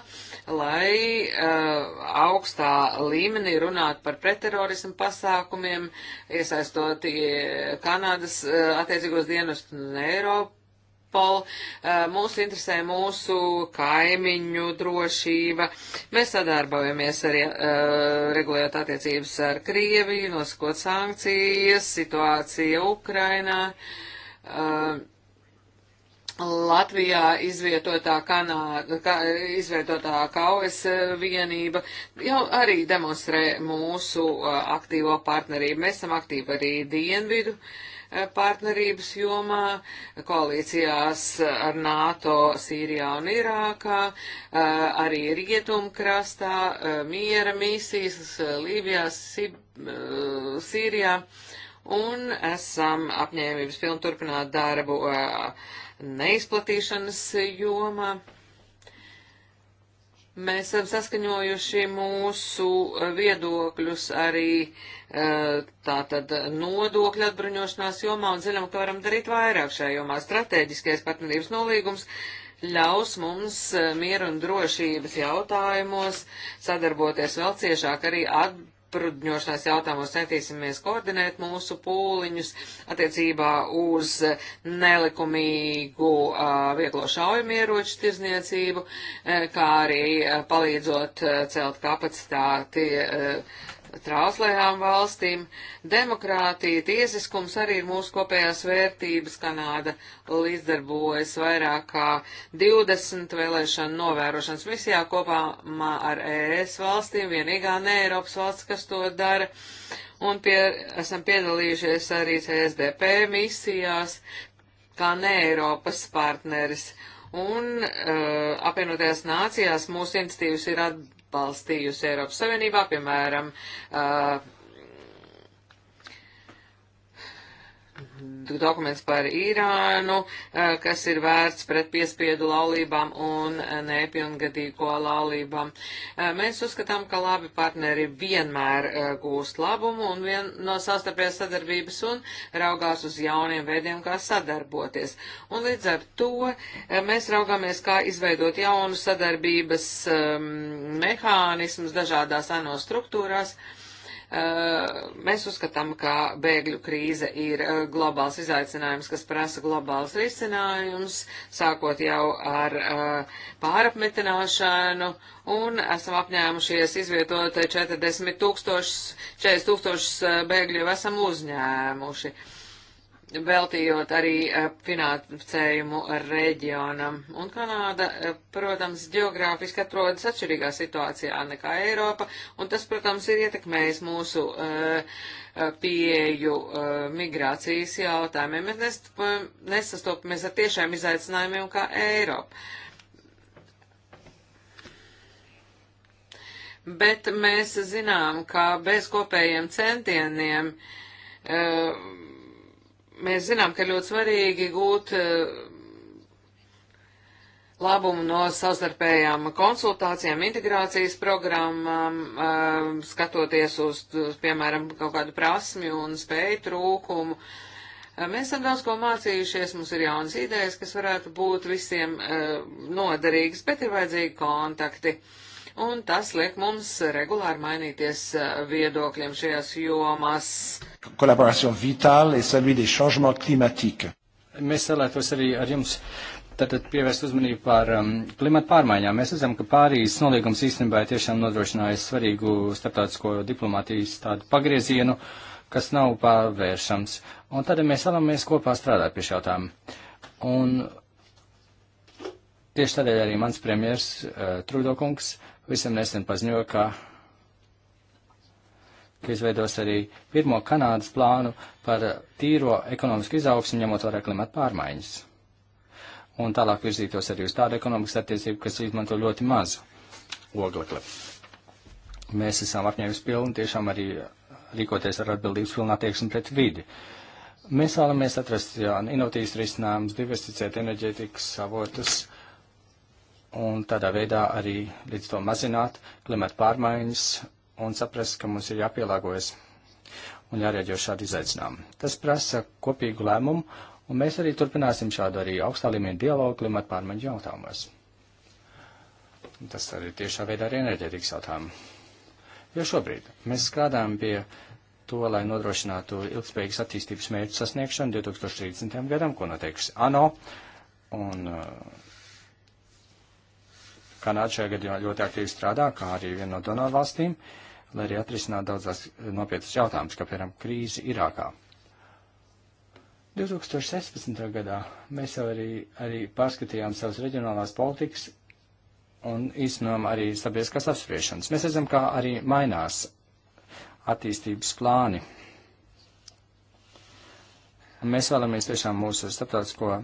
lai uh, augstā līmenī runātu par pretterorismu pasākumiem, iesaistot uh, Kanādas uh, attiecīgos dienas un Eiropu. Pol, uh, mūs interesē mūsu kaimiņu drošība. Mēs sadarbojamies arī uh, regulējot attiecības ar Krieviju, nosakot sankcijas, situācija Ukrainā. Uh, uh, Latvijā izvietotā, kanā, ka, izvietotā kaujas uh, vienība jau arī demonstrē mūsu uh, aktīvo partnerību. Mēs esam aktīvi arī dienvidu uh, partnerības jomā, koalīcijās ar NATO Sīrijā un Irākā, arī rietumkrastā, miera misijas Lībijā, Sib Sīrijā. Sib un esam apņēmības pilni turpināt darbu uh, neizplatīšanas jomā. Mēs esam saskaņojuši mūsu viedokļus arī uh, tātad nodokļu atbruņošanās jomā un zinām, ka varam darīt vairāk šajā jomā. Strateģiskais partnerības nolīgums ļaus mums uh, mieru un drošības jautājumos sadarboties vēl ciešāk arī atbruņošanās aprudņošanās jautājumos centīsimies koordinēt mūsu pūliņus attiecībā uz nelikumīgu vieglo šaujamieroču tirzniecību, kā arī palīdzot celt kapacitāti trauslējām valstīm. Demokrātija, tiesiskums arī ir mūsu kopējās vērtības. Kanāda līdzdarbojas vairāk kā 20 vēlēšanu novērošanas misijā kopā ar ES valstīm, vienīgā ne Eiropas valsts, kas to dara. Un pie, esam piedalījušies arī CSDP misijās, kā ne Eiropas partneris. Un uh, apvienotajās nācijās mūsu institīvas ir atbildīgas atbalstījusi Eiropas Savienībā, piemēram, uh, dokuments par Irānu, eh, kas ir vērts pret piespiedu laulībām un eh, nepilngadīgo laulībām. Eh, mēs uzskatām, ka labi partneri vienmēr gūst labumu un vien no savstarpējās sadarbības un raugās uz jauniem veidiem, kā sadarboties. Un līdz ar to mēs raugāmies, kā izveidot jaunu sadarbības um, mehānismus dažādās ANO struktūrās. Uh, Eh, mēs uzskatām, ka bēgļu krīze ir eh, globāls izaicinājums, kas prasa globāls risinājums, sākot jau ar eh, pārapmetināšanu, un esam apņēmušies izvietot 40 tūkstošus, 40 tūkstošus bēgļu jau esam uzņēmuši. Uh, veltījot arī eh, finansējumu reģionam. Un Kanāda, eh, protams, geogrāfiski atrodas atšķirīgā situācijā nekā Eiropa, un tas, protams, ir ietekmējis mūsu uh, pieeju uh, migrācijas jautājumiem. Mēs nesastopamies ar tiešām izaicinājumiem kā Eiropa. Bet mēs zinām, ka bez kopējiem centieniem uh, Mēs zinām, ka ļoti svarīgi gūt eh, labumu no savstarpējām konsultācijām, integrācijas programmām, eh, skatoties uz, piemēram, kaut kādu prasmju un spēju trūkumu. Eh, mēs esam daudz ko mācījušies, mums ir jaunas idejas, kas varētu būt visiem uh, noderīgas, bet ir vajadzīgi kontakti. Un tas liek mums regulāri mainīties viedokļiem šajās jomās collaboration vitale est celui des changements climatiques. Mēs vēlētos arī ar jums tātad pievērst uzmanību par um, klimatu pārmaiņām. Mēs redzam, ka Pārijas nolīgums īstenībā tiešām nodrošināja svarīgu starptautisko diplomātijas tādu pagriezienu, kas nav pārvēršams. Un tad mēs vēlamies kopā strādāt pie šā jautājuma. Un tieši tādēļ arī mans premjers uh, Trūdokungs visam nesen paziņoja, ka ka izveidos arī pirmo Kanādas plānu par tīro ekonomisku izaugsmu, ņemot vērā klimata pārmaiņas. Un tālāk virzītos arī uz tādu ekonomikas attiecību, kas izmanto ļoti mazu oglekli. Mēs esam apņēmis pilni tiešām arī rīkoties ar atbildības pilnā tieksmi pret vidi. Mēs vēlamies atrast inovatīvas risinājumus, diversificēt enerģētikas avotus un tādā veidā arī līdz to mazināt klimata pārmaiņas un saprast, ka mums ir jāpielāgojas un jārēģē uz šādu izaicinājumu. Tas prasa kopīgu lēmumu, un mēs arī turpināsim šādu arī augstā līmeņa dialogu klimata pārmaiņu jautājumos. Tas arī tiešā veidā arī enerģētikas jautājumu. Jo šobrīd mēs strādājam pie to, lai nodrošinātu ilgspējīgas attīstības mērķu sasniegšanu 2030. gadam, ko noteikusi ANO. Un uh, Kanāda šajā gadījumā ļoti aktīvi strādā, kā arī viena no donoru valstīm. Uh, lai arī atrisināt daudzās nopietnas jautājumas, kā piemēram krīze Irākā. 2016. gadā mēs jau arī, arī pārskatījām savas reģionālās politikas un īstenojām arī sabiedriskās apspriešanas. Mēs redzam, kā arī mainās attīstības plāni. Mēs vēlamies tiešām mūsu starptautisko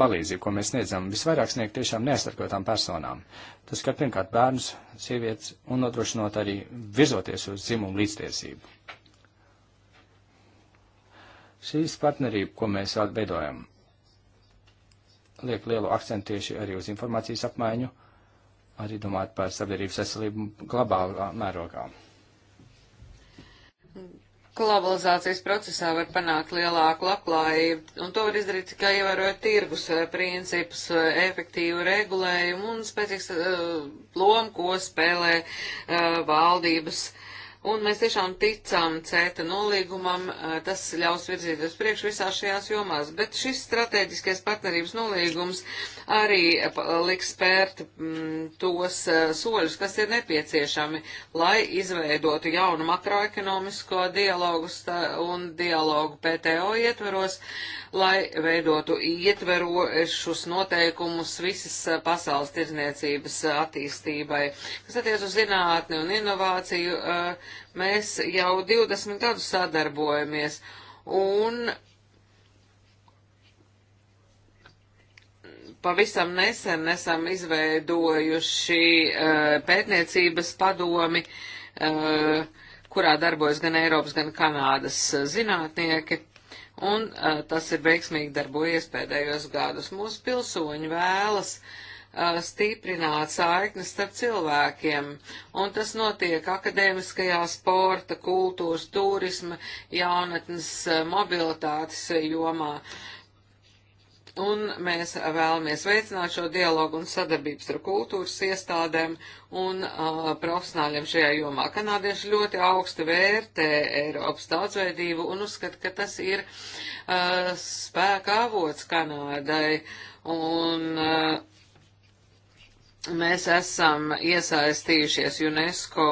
palīdzību, ko mēs sniedzam, visvairāk sniegt tiešām neaizsargotām personām. Tas, ka pirmkārt bērnus, sievietes un nodrošinot arī virzoties uz dzimumu līdztiesību. Šīs partnerība, ko mēs veidojam, liek lielu akcentu tieši arī uz informācijas apmaiņu, arī domāt par sabiedrības veselību globālā mērogā globalizācijas procesā var panākt lielāku labklājību, un to var izdarīt tikai ievērojot tirgus eh, principus, eh, efektīvu regulējumu un spēcīgs uh, lomu, ko spēlē uh, valdības uh, un mēs tiešām ticām CETA nolīgumam, eh, tas ļaus virzīties priekš visās šajās jomās, bet šis strateģiskais partnerības nolīgums arī eh, liks spērt m, mm, tos eh, soļus, kas ir nepieciešami, lai izveidotu jaunu makroekonomisko dialogu un dialogu PTO ietveros, lai veidotu ietverošus noteikumus visas pasaules tirzniecības attīstībai, kas attiec uz zinātni un inovāciju. Uh, Mēs jau 20 gadus sadarbojamies, un pavisam nesen esam izveidojuši uh, pētniecības padomi, uh, kurā darbojas gan Eiropas, gan Kanādas zinātnieki. Un uh, tas ir veiksmīgi darbojies pēdējos gadus. Mūsu pilsoņi vēlas uh, Uh, stiprināt saiknes starp cilvēkiem, un tas notiek akadēmiskajā sporta, kultūras, turisma, jaunatnes uh, mobilitātes uh, jomā. Un mēs vēlamies veicināt šo dialogu un sadarbību starp kultūras iestādēm un uh, profesionāļiem šajā jomā. Kanādieši ļoti augstu vērtē Eiropas daudzveidību un uzskata, ka tas ir uh, spēka avots Kanādai. Un, uh, mēs esam iesaistījušies UNESCO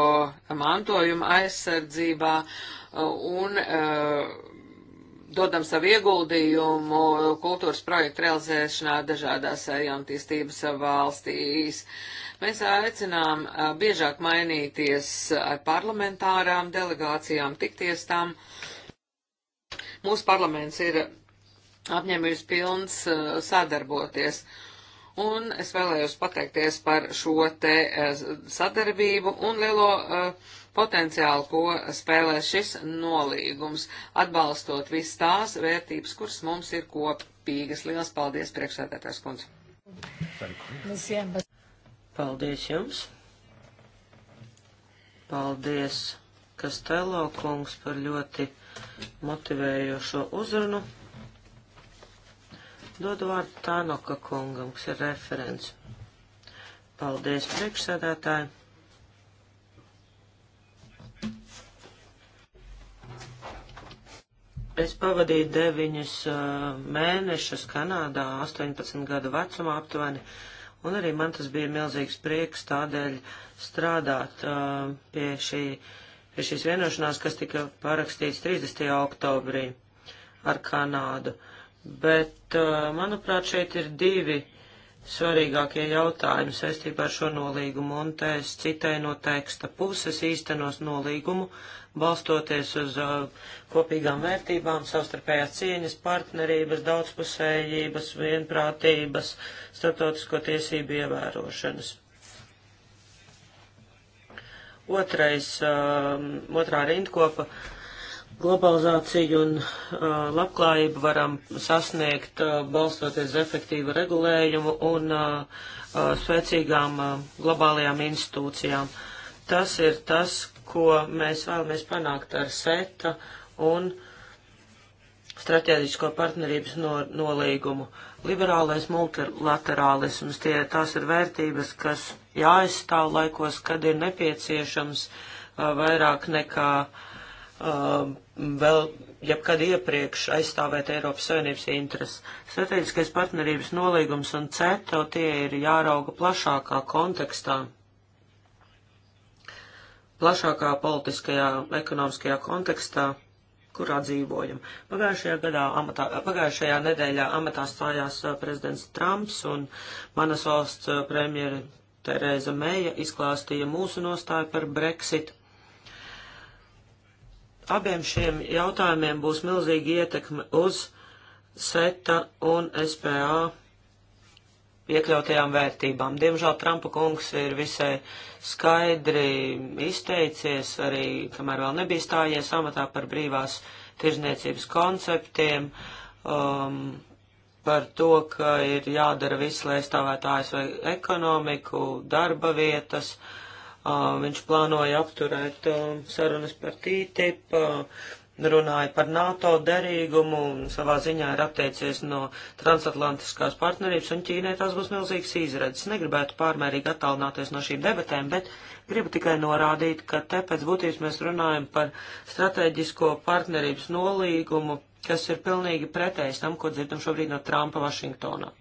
mantojuma aizsardzībā uh, un uh, dodam savu ieguldījumu kultūras projektu realizēšanā dažādās jaunatīstības valstīs. Mēs aicinām uh, biežāk mainīties ar parlamentārām delegācijām, tikties tam. Mūsu parlaments ir apņēmības pilns uh, sadarboties. Uh, Un es vēlējos pateikties par šo te eh, sadarbību un lielo uh, potenciālu, ko spēlē šis nolīgums, atbalstot visas tās vērtības, kuras mums ir kopīgas. Lielas paldies, priekšsēdētājs kundze. Paldies jums. Paldies, Kastelo kungs, par ļoti motivējošo uzrunu. Dodu vārdu Tānoka kungam, kas ir referents. Paldies, priekšsēdētāji. Es pavadīju deviņus uh, mēnešus Kanādā, 18 gadu vecumā aptuveni, un arī man tas bija milzīgs prieks tādēļ strādāt uh, pie, šī, pie šīs vienošanās, kas tika parakstīts 30. oktobrī ar Kanādu. Uh, bet, uh, manuprāt, šeit ir divi svarīgākie jautājumi saistībā ar šo nolīgumu, un te es citai no teksta puses īstenos nolīgumu, balstoties uz uh, kopīgām vērtībām, savstarpējās cieņas, partnerības, daudzpusējības, vienprātības, statotisko tiesību ievērošanas. Otrais, uh, otrā rindkopa. Uh, globalizāciju un uh, labklājību varam sasniegt uh, balstoties efektīvu regulējumu un uh, uh, spēcīgām uh, globālajām institūcijām. Tas ir tas, ko mēs vēlamies panākt ar SETA un strateģisko partnerības no, nolīgumu. Liberālais multilaterālisms, tie tās ir vērtības, kas jāaizstāv laikos, kad ir nepieciešams uh, vairāk nekā uh, um, vēl jebkad iepriekš aizstāvēt Eiropas Savienības intereses. Strateģiskais partnerības nolīgums un CETO tie ir jārauga plašākā kontekstā, plašākā politiskajā, ekonomiskajā kontekstā, kurā dzīvojam. Pagājušajā, gadā amatā, pagājušajā nedēļā amatā stājās uh, prezidents Trumps un manas valsts uh, premjera Tereza Meija izklāstīja mūsu nostāju par Brexitu Abiem šiem jautājumiem būs milzīga ietekme uz SETA un SPA iekļautajām vērtībām. Diemžēl Trumpa kungs ir visai skaidri izteicies, arī kamēr vēl nebija stājies amatā par brīvās tirzniecības konceptiem, um, par to, ka ir jādara viss, lai stāvētu ASV ekonomiku, darba vietas. Uh, Viņš plānoja apturēt sarunas par TTIP, runāja par NATO derīgumu, savā ziņā ir atteicies no transatlantiskās partnerības, un Ķīnai tas būs milzīgs izredzes. Negribētu pārmērīgi attālināties no šīm debatēm, bet gribu tikai norādīt, ka te pēc būtības mēs runājam par strateģisko partnerības nolīgumu, kas ir pilnīgi pretējs tam, ko dzirdam šobrīd no Trumpa Vašingtonā.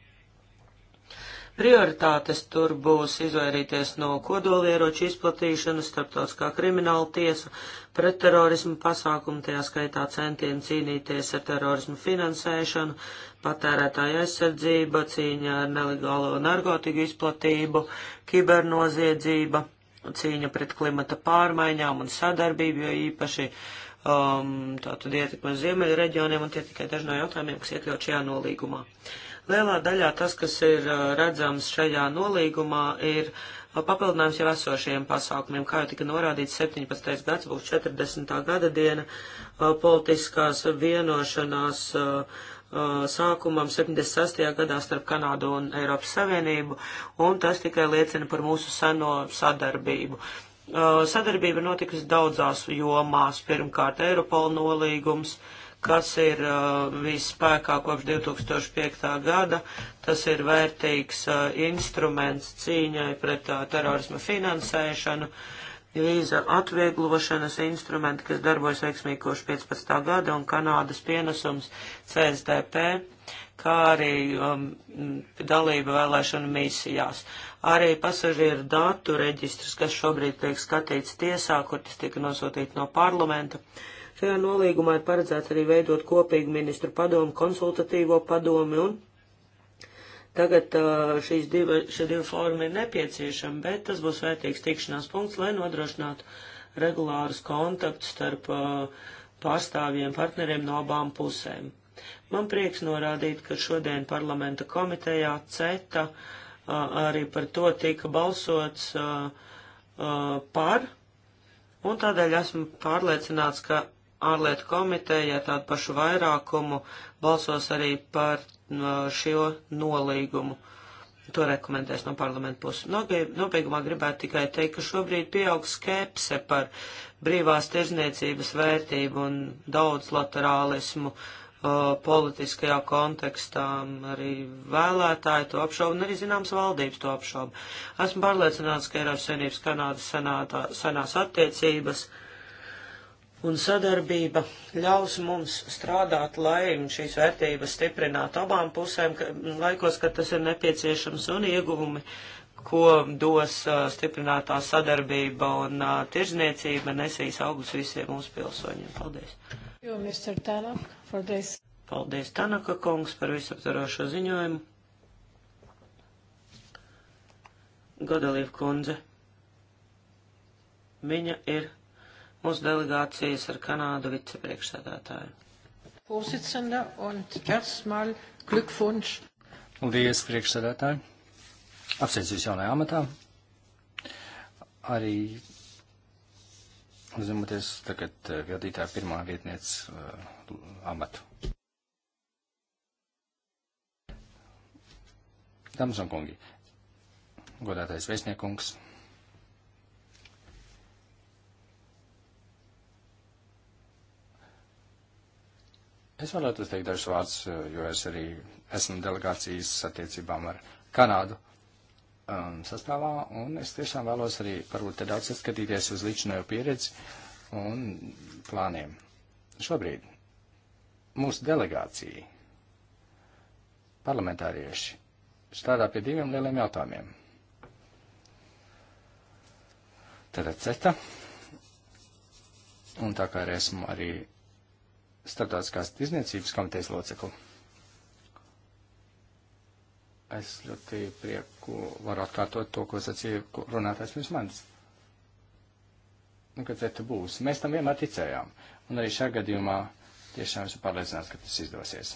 Prioritātes tur būs izvairīties no kodolieroču izplatīšanas, starptautiskā krimināla tiesa, pretterorismu pasākumu, tajā skaitā centieni cīnīties ar terorismu finansēšanu, patērētāja aizsardzība, cīņa ar nelegālo narkotiku izplatību, kibernoziedzība, cīņa pret klimata pārmaiņām un sadarbību, jo īpaši um, tātad ietekme uz ziemeļu reģioniem, un tie tikai daži no jautājumiem, kas iekļaut šajā nolīgumā. Uh, Lielā daļā tas, kas ir uh, redzams šajā nolīgumā, ir uh, papildinājums jau esošajiem pasākumiem. Kā jau tika norādīts, 17. gads būs 40. gada diena uh, politiskās vienošanās sākumam 76. gadā starp Kanādu un Eiropas Savienību, un tas tikai liecina par mūsu seno sadarbību. Sadarbība notikusi daudzās jomās, pirmkārt Eiropola nolīgums, uh, kas ir uh, visspēkā kopš 2005. gada. Tas ir vērtīgs uh, instruments cīņai pret uh, terorisma finansēšanu, vīza atvieglošanas instrumenti, kas darbojas veiksmīgi kopš 15. gada, un Kanādas pienesums CSDP, kā arī um, dalība vēlēšana misijās. Arī pasažieru datu reģistrs, kas šobrīd tiek skatīts tiesā, kur tas tika nosūtīts no parlamenta. Uh, Šajā nolīgumā ir paredzēts arī veidot kopīgu ministru padomu, konsultatīvo padomi un Tagad uh, šīs divi, šie divi fórumi ir nepieciešami, bet tas būs vērtīgs tikšanās punkts, lai nodrošinātu regulārus kontaktus starp uh, pārstāvjiem, partneriem no abām pusēm. Man prieks norādīt, ka šodien parlamenta komitejā CETA uh, arī par to tika balsots par, un tādēļ esmu pārliecināts, ka ārlietu komitejā tādu pašu vairākumu balsos arī par šo nolīgumu. To rekomendēs no parlamenta puses. Nobeigumā gribētu tikai teikt, ka šobrīd pieaug skepse par brīvās tirzniecības vērtību un daudz laterālismu uh, politiskajā kontekstā. Arī vēlētāji to apšauba un arī zināms valdības to apšauba. Esmu pārliecināts, ka Eiropas Savienības Kanādas senātā, senās attiecības uh, un sadarbība ļaus mums strādāt, lai šīs vērtības stiprinātu abām pusēm ka, laikos, kad tas ir nepieciešams un ieguvumi, ko dos uh, stiprinātā sadarbība un uh, tirzniecība nesīs augus visiem mūsu pilsoņiem. Paldies! You, Tanuk, Paldies, Tanaka kungs, par visaptarošo ziņojumu. Godalīva kundze. Viņa ir mūsu delegācijas ar Kanādu vicepriekšsēdētāju. Paldies, priekšsēdētāji. Apsveicu jūs jaunajā amatā. Arī uzņemoties tagad eh, vadītāja pirmā vietniece uh, amatu. Dāmas un kungi, godātais vēstniekungs. Es vēlētos teikt dažus vārdus, eh, jo es arī esmu delegācijas attiecībām ar Kanādu um, sastāvā, un es tiešām vēlos arī varbūt te daudz atskatīties uz līdzinājo pieredzi un plāniem. Šobrīd mūsu delegācija, parlamentārieši, strādā pie diviem lieliem jautājumiem. Tad ir ceta, un tā kā arī esmu arī starptautiskās tirzniecības komitejas locekli. Es ļoti prieku varu atkārtot to, ko sacīja runātājs pirms manis. Nu, kad te būs. Mēs tam vienmēr ticējām. Un arī šajā gadījumā tiešām esmu pārliecināts, ka tas izdosies.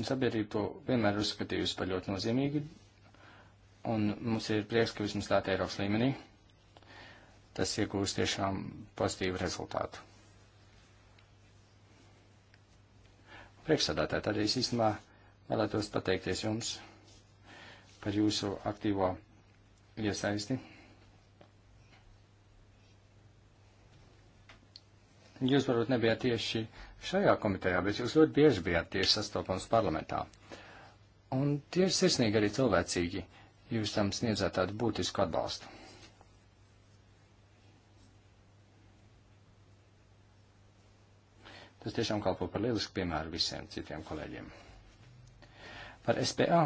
Un sabiedrība to vienmēr uzskatījusi par ļoti nozīmīgu Un mums ir prieks, ka vismaz tādā Eiropas līmenī tas iegūst tiešām pozitīvu rezultātu. Priekšsādātāji, tad es īstenībā vēlētos pateikties jums par jūsu aktīvo iesaisti. Jūs varbūt nebijāt tieši šajā komitejā, bet jūs ļoti bieži bijāt tieši sastopams parlamentā. Un tieši sirsnīgi arī cilvēcīgi jūs tam sniedzāt tādu būtisku atbalstu. Tas tiešām kalpo par lielisku piemēru visiem citiem kolēģiem. Par SPA.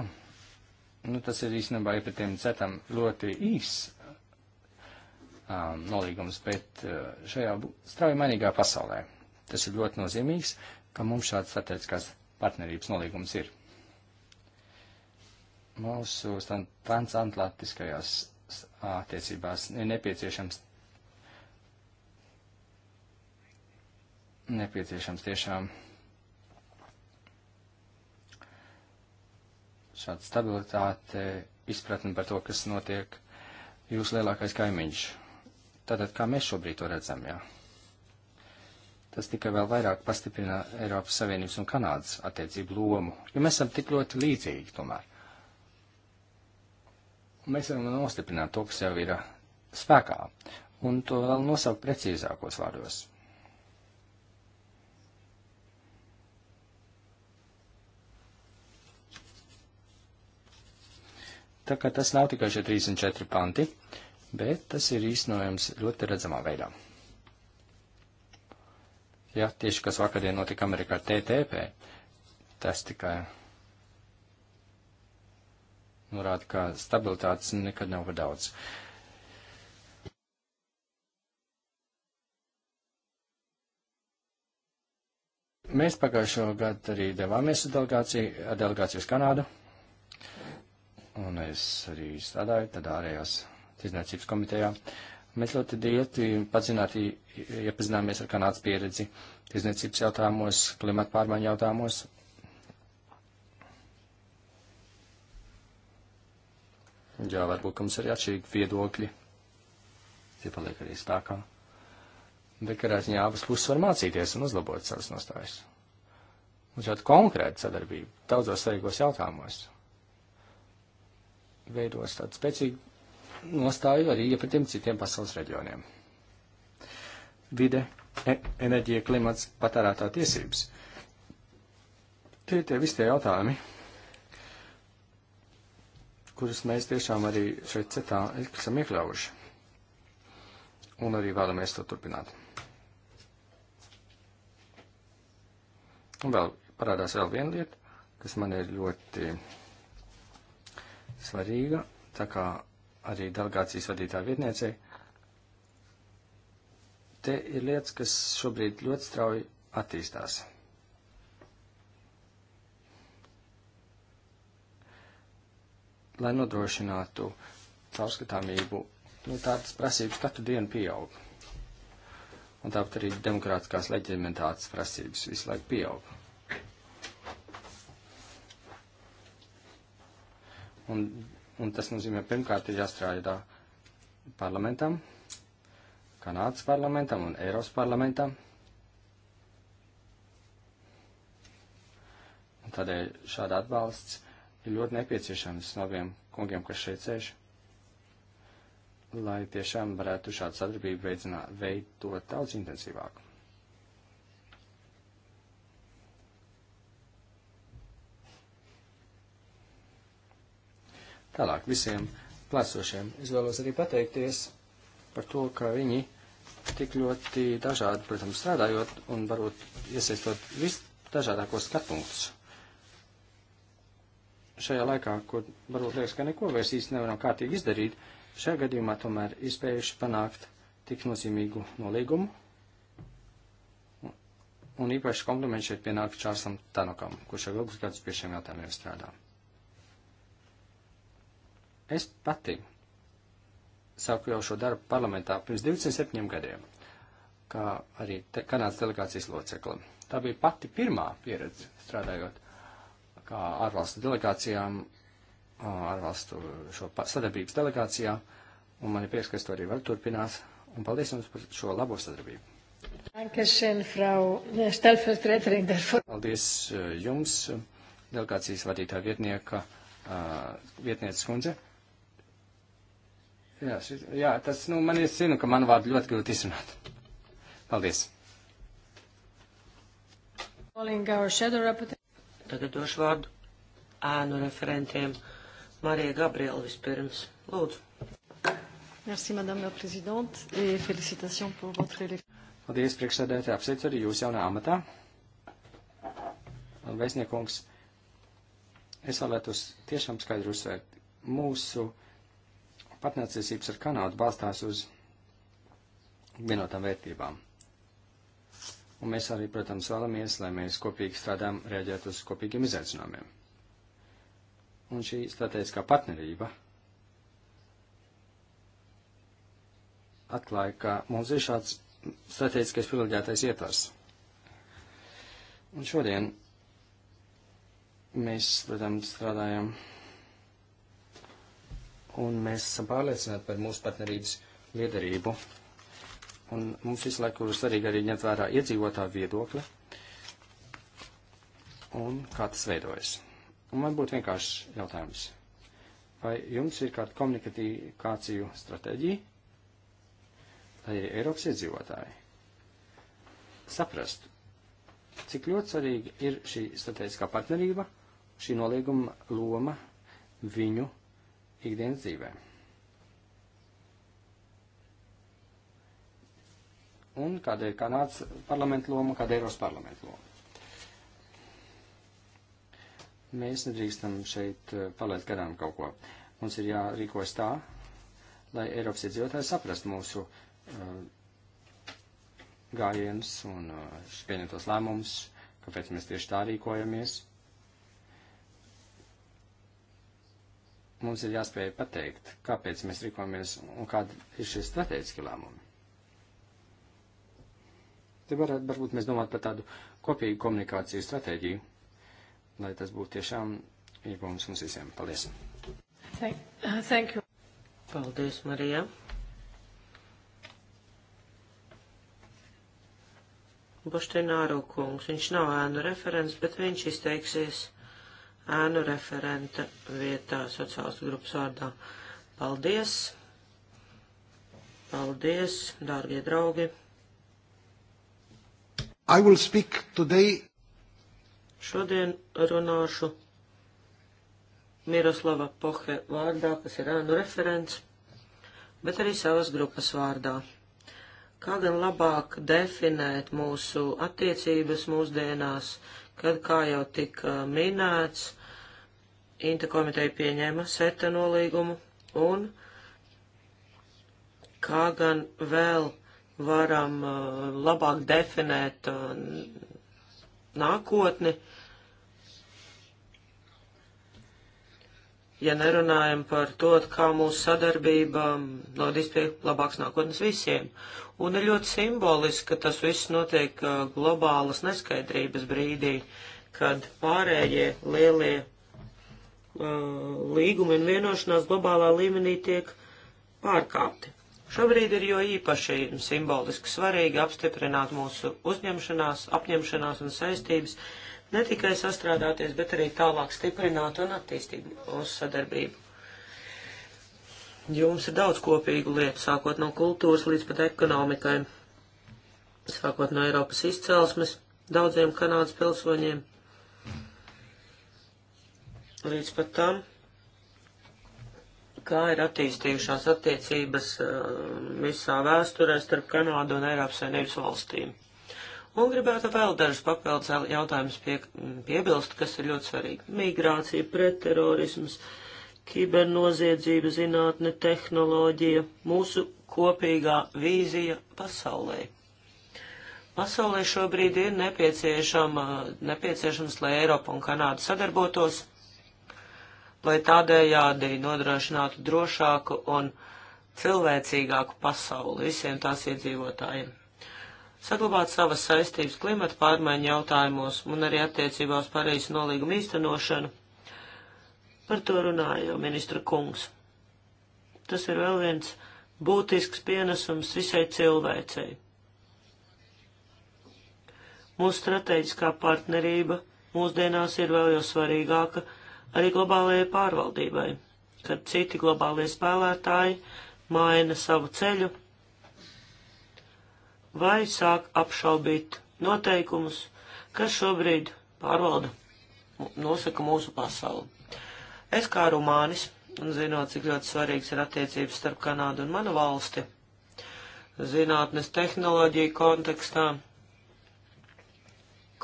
Nu, tas ir īstenībā ja par tiem cetam ļoti īs um, nolīgums, bet uh, šajā strauji mainīgā pasaulē tas ir ļoti nozīmīgs, ka mums šāds strateģiskās partnerības nolīgums ir mūsu transatlantiskajās attiecībās ir nepieciešams, nepieciešams tiešām šāda stabilitāte, izpratni par to, kas notiek jūsu lielākais kaimiņš. Tātad, kā mēs šobrīd to redzam, jā. Tas tikai vēl vairāk pastiprina Eiropas Savienības un Kanādas attiecību lomu, jo mēs esam tik ļoti līdzīgi tomēr mēs varam nostiprināt to, kas jau ir uh, spēkā, un to vēl nosaukt precīzākos vārdos. Tā kā tas nav tikai šie 34 panti, bet tas ir īstenojams ļoti redzamā veidā. Jā, tieši kas vakardien notika Amerikā ar TTP, tas tikai norāda, ka stabilitātes nekad nav par daudz. Mēs pagājušo gadu arī devāmies ar delegāciju, ar delegāciju uz Kanādu, un es arī strādāju tad ārējās tirdzniecības komitejā. Mēs ļoti dieti padzināti iepazināmies ar Kanādas pieredzi tirdzniecības jautājumos, klimata pārmaiņu jautājumos Jā, varbūt mums ir atšķirīgi viedokļi. Tie paliek arī spēkā. Bet, kā ziņā, abas puses var mācīties un uzlabot savas nostājas. Mums jau konkrēta sadarbība daudzos svarīgos jautājumos. Veidos tādu spēcīgu nostāju arī iepratiem citiem pasaules reģioniem. Vide, e enerģija, klimats, patērētā tiesības. Tie ir tie visi tie jautājumi kurus mēs tiešām arī šeit cetā esam iekļāvuši. Un arī vēlamies to turpināt. Un vēl parādās vēl viena lieta, kas man ir ļoti svarīga, tā kā arī delegācijas vadītāja vietniecei. Te ir lietas, kas šobrīd ļoti strauji attīstās. lai nodrošinātu caurskatāmību, nu, tādas prasības katru dienu pieaug. Un tāpat arī demokrātiskās leģimentācijas prasības visu laiku pieaug. Un, un tas nozīmē, pirmkārt, ir jāstrādā parlamentam, Kanādas parlamentam un Eiropas parlamentam. Un tādēļ šāda atbalsts ir ļoti nepieciešams abiem kungiem, kas šeit sēž, lai tiešām varētu šādu sadarbību veicināt, veidot daudz intensīvāk. Tālāk visiem klāsošiem es vēlos arī pateikties par to, ka viņi tik ļoti dažādi, protams, strādājot un varbūt iesaistot visdažādākos skatpunktus šajā laikā, kur varbūt liekas, ka neko vairs īsti nevaram kārtīgi izdarīt, šajā gadījumā tomēr ir spējuši panākt tik nozīmīgu nolīgumu. Un īpaši kompliments šeit pienāk Čārsam Tanokam, kurš jau ilgus gadus pie šiem jautājumiem strādā. Es pati sāku jau šo darbu parlamentā pirms 27 gadiem, kā arī te, Kanādas delegācijas locekla. Tā bija pati pirmā pieredze strādājot kā ārvalstu delegācijām, ārvalstu šo sadarbības delegācijā, un man ir prieks, ka es to arī vēl turpinās, un paldies jums par šo labo sadarbību. Dankeschön, Frau Stellvertreterin. Paldies jums, delegācijas vadītāja vietnieka, vietnieces kundze. Jā, šis, jā, tas, nu, man ir zinu, ka manu vārdu ļoti grūti izrunāt. Paldies. Tagad došu vārdu ēnu referentiem. Marija Gabriela vispirms. Lūdzu. Merci, madame la présidente, et félicitations pour votre élection. Paldies, priekšsēdētāji, apsveicu arī jūs jaunā amatā. Un, vēstniekungs, es vēlētos tiešām skaidri uzsvērt. Mūsu partnerciesības ar Kanādu balstās uz vienotām vērtībām. Un mēs arī, protams, vēlamies, lai mēs kopīgi strādājam, reaģēt uz kopīgiem izaicinājumiem. Un šī strateģiskā partnerība atklāja, ka mums ir šāds strateģiskais privileģētais ietvars. Un šodien mēs, protams, strādājam, un mēs esam pārliecināti par mūsu partnerības liederību Un mums visu laiku ir svarīgi arī ņemt vērā iedzīvotāju viedokli un kā tas veidojas. Un man būtu vienkārši jautājums. Vai jums ir kāda komunikāciju stratēģija, lai arī Eiropas iedzīvotāji saprastu, cik ļoti svarīga ir šī strateģiskā partnerība, šī nolieguma loma viņu ikdienas dzīvēm? un kāda ir Kanādas parlamenta loma, kāda ir Eiropas parlamenta loma. Mēs nedrīkstam šeit eh, palaist garām kaut ko. Mums ir jārīkojas tā, lai Eiropas iedzīvotāji saprast mūsu uh, gājienus un uh, pieņemtos lēmumus, kāpēc mēs tieši tā rīkojamies. Mums ir jāspēj pateikt, kāpēc mēs rīkojamies un kādi ir šie strateģiski lēmumi. Te varētu, varbūt mēs domāt par tādu kopīgu komunikāciju stratēģiju, lai tas būtu tiešām iegūms mums visiem. Paldies! Thank, uh, thank you. Paldies, Marija! Boštināru kungs, viņš nav ēnu referents, bet viņš izteiksies ēnu referenta vietā sociālas grupas vārdā. Paldies! Paldies, dārgie draugi! I will speak today. Šodien runāšu Miroslava Pohe vārdā, kas ir ēnu referents, bet arī savas grupas vārdā. Kā gan labāk definēt mūsu attiecības mūsdienās, kad, kā jau tika minēts, Interkomiteja pieņēma seta nolīgumu un kā gan vēl varam uh, labāk definēt uh, nākotni. Ja nerunājam par to, kā mūsu sadarbība nodīs pie labāks nākotnes visiem. Un ir ļoti simboliski, ka tas viss notiek uh, globālas neskaidrības brīdī, kad pārējie lielie uh, līgumi un vienošanās globālā līmenī tiek pārkāpti. Šobrīd ir jo īpaši simboliski svarīgi apstiprināt mūsu uzņemšanās, apņemšanās un saistības, ne tikai sastrādāties, bet arī tālāk stiprināt un attīstīt mūsu sadarbību. Jums ir daudz kopīgu lietu, sākot no kultūras līdz pat ekonomikai, sākot no Eiropas izcelsmes, daudziem Kanādas pilsoņiem, līdz pat tam, kā ir attīstījušās attiecības eh, visā vēsturē starp Kanādu un Eiropas Savienības valstīm. Un gribētu vēl dažus papildus jautājumus pie, piebilst, kas ir ļoti svarīgi. Migrācija, pretterorisms, kibernoziedzība, zinātne, tehnoloģija, mūsu kopīgā vīzija pasaulē. Pasaulē šobrīd ir nepieciešama, nepieciešams, lai Eiropa un Kanāda sadarbotos lai tādējādi nodrošinātu drošāku un cilvēcīgāku pasauli visiem tās iedzīvotājiem. Saglabāt savas saistības klimata pārmaiņu jautājumos un arī attiecībā uz Parīzes nolīgumu īstenošanu. Par to runāja jau ministra kungs. Tas ir vēl viens būtisks pienesums visai cilvēcei. Mūsu strateģiskā partnerība mūsdienās ir vēl jau svarīgāka arī globālajai pārvaldībai, kad citi globālie spēlētāji maina savu ceļu vai sāk apšaubīt noteikumus, kas šobrīd pārvalda, nosaka mūsu pasauli. Es kā rumānis, un zinot, cik ļoti svarīgs ir attiecības starp Kanādu un manu valsti, zinātnes tehnoloģiju kontekstā,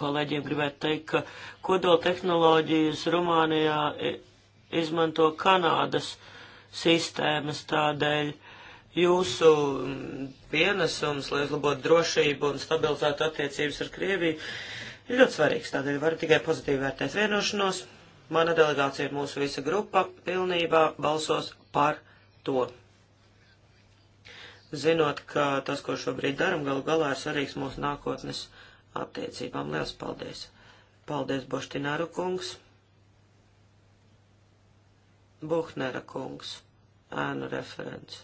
kolēģiem gribētu teikt, ka kodoltehnoloģijas Rumānijā izmanto Kanādas sistēmas tādēļ jūsu mm, pienesums, lai uzlabotu drošību un stabilizētu attiecības ar Krieviju, ir ļoti svarīgs. Tādēļ varu tikai pozitīvi vērtēt vienošanos. Mana delegācija ir mūsu visa grupa pilnībā balsos par to. Zinot, ka tas, ko šobrīd daram, galu galā ir svarīgs mūsu nākotnes attiecībām. Lielas paldies! Paldies, Boštināru kungs! Buhnera kungs, ēnu referents,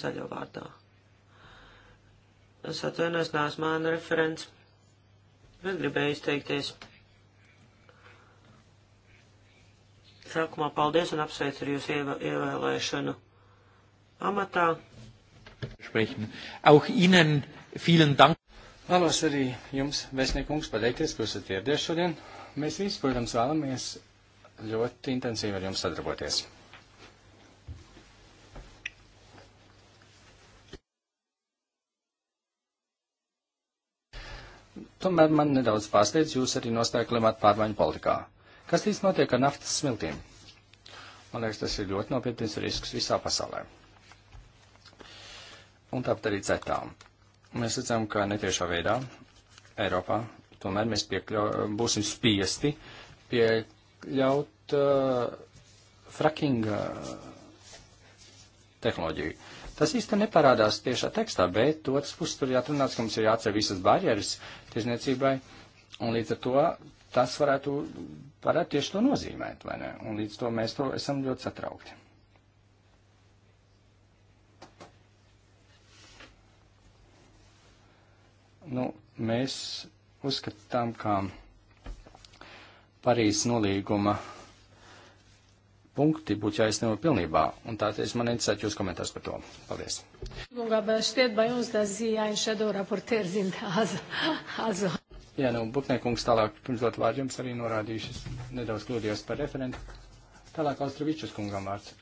zaļo vārdā. Es atvainojos, neesmu ēnu referents, bet gribēju izteikties. Sākumā paldies un apsveicu ar jūsu ievēlēšanu amatā. Sprechen. Auch Ihnen Vielen Dank! Vēlos arī jums, vēstniekungs, pateikties, ka esat ieradies šodien. Mēs visi, protams, vēlamies ļoti intensīvi ar jums sadarboties. Tomēr man nedaudz pārsteidz jūs arī nostāja klimata pārmaiņu politikā. Kas īsti notiek ar naftas smiltīm? Man liekas, tas ir ļoti nopietns risks visā pasaulē. Un tāpat arī cetām. Mēs redzam, ka netiešā veidā Eiropā tomēr mēs piekļau, būsim spiesti pieļaut uh, frakinga uh, tehnoloģiju. Tas īsti neparādās tiešā tekstā, bet otrs puses tur jāatrunāts, ka mums ir jāatcer visas barjeras tirzniecībai, un līdz ar to tas varētu, varētu tieši to nozīmēt, vai ne? Un līdz to mēs to esam ļoti satraukti. Nu, mēs uzskatām, ka Parīzes nolīguma punkti būtu jāizsniedz pilnībā, un tātad man interesētu jūs komentārs par to. Paldies. Jā, nu, Buknēkungs tālāk, pirms dot vārdu jums arī norādījušas, nedaudz kļūdījos par referentu. Tālāk Austravičus kungam vārds.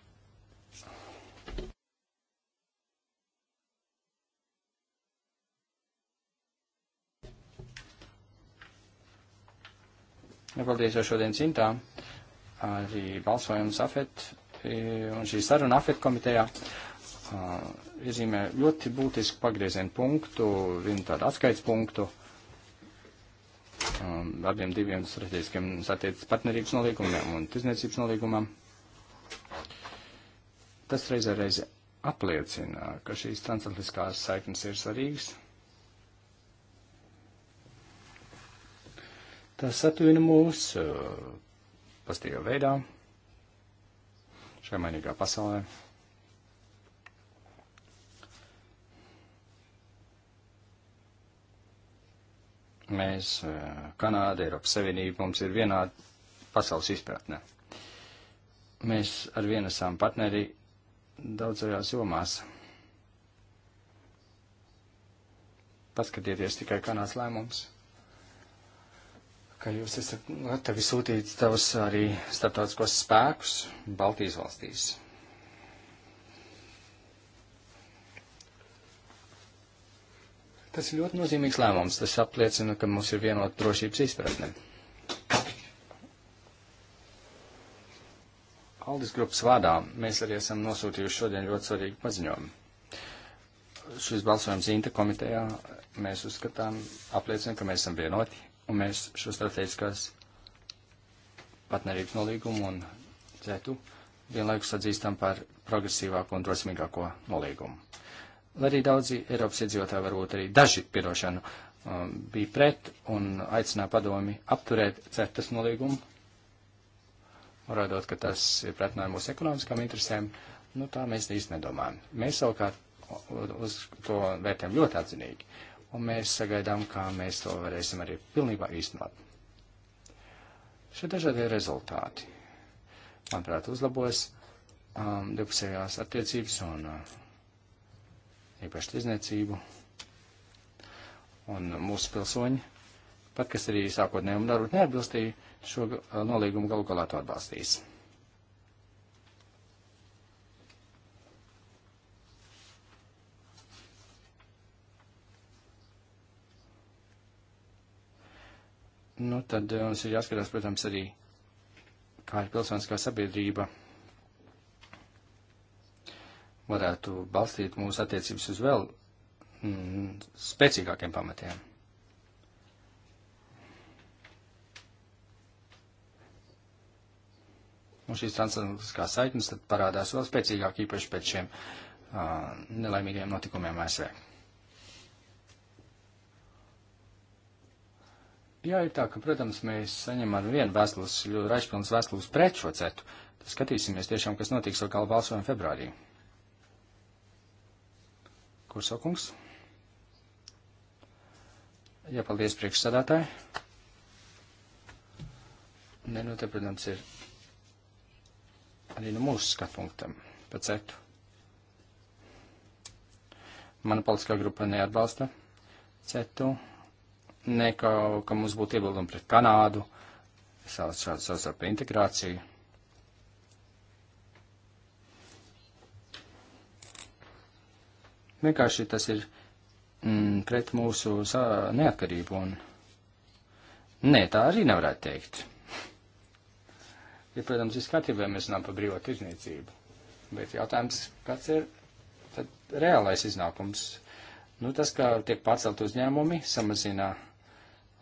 Nu, paldies jau šodien cintā. Arī balsojums AFET e, un šī saruna AFET komitejā iezīmē ļoti būtisku pagriezienu punktu, vienu tādu atskaits punktu um, abiem diviem strateģiskiem satiecas partnerības nolīgumiem un tirzniecības nolīgumam. Tas reizē reizi apliecina, ka šīs transatlantiskās saiknes ir svarīgas. Tas atvina mūs uh, pastīvā veidā šajā mainīgā pasaulē. Mēs, uh, Kanāda, Eiropas Savienība, mums ir vienāda pasaules izpratne. Mēs ar vienu esam partneri daudzajās jomās. Paskatieties tikai Kanādas lēmums ka jūs esat gatavi sūtīt savus arī starptautiskos spēkus Baltijas valstīs. Tas ir ļoti nozīmīgs lēmums. Tas apliecina, ka mums ir vienota drošības izpratne. Aldis grupas vārdā mēs arī esam nosūtījuši šodien ļoti svarīgu paziņojumu. Šis balsojums Inta komitejā mēs uzskatām apliecina, ka mēs esam vienoti Un mēs šo strateģiskās partnerības nolīgumu un CETU vienlaikus atzīstam par progresīvāko un drosmīgāko nolīgumu. Lai arī daudzi Eiropas iedzīvotāji, varbūt arī daži piedošanu, um, bija pret un aicināja padomi apturēt CETAS nolīgumu, norādot, ka tas ir pretināja mūsu ekonomiskām interesēm, nu tā mēs īsti nedomājam. Mēs savukārt uz to vērtējam ļoti atzinīgi. Uh, un mēs sagaidām, kā mēs to varēsim arī pilnībā īstenot. Šie dažādie rezultāti, manuprāt, uzlabos um, divpusējās attiecības un uh, īpaši tirzniecību un mūsu pilsoņi, pat kas arī sākotnējiem darbu neatbilstīja, šo uh, nolīgumu galu galā to atbalstīs. Nu, tad uh, mums ir jāskatās, protams, arī, kā ir pilsoniskā sabiedrība varētu balstīt mūsu attiecības uz vēl mm, spēcīgākiem pamatiem. Un šīs transatlantiskās saiknes tad parādās vēl spēcīgāk, īpaši pēc šiem uh, nelaimīgiem notikumiem ASV. Jā, ir tā, ka, protams, mēs saņemam ar vienu vēstules, ļoti raizpilnas vēstules pret šo cetu. Tad skatīsimies tiešām, kas notiks atkal balsojumu februārī. Kursokungs? Jā, paldies priekšsādātāji. Nē, nu te, protams, ir arī no mūsu skatpunktam par cetu. Mana politiskā grupa neatbalsta cetu nekā, ka mums būtu iebildumi pret Kanādu, šādu savstarpēju integrāciju. Vienkārši tas ir mm, pret mūsu neatkarību un. Nē, tā arī nevarētu teikt. Ja, protams, ir skatījumi, vai mēs runājam par brīvo tirzniecību. Bet jautājums, kāds ir tad reālais iznākums? Nu, tas, ka tiek pacelt uzņēmumi, samazina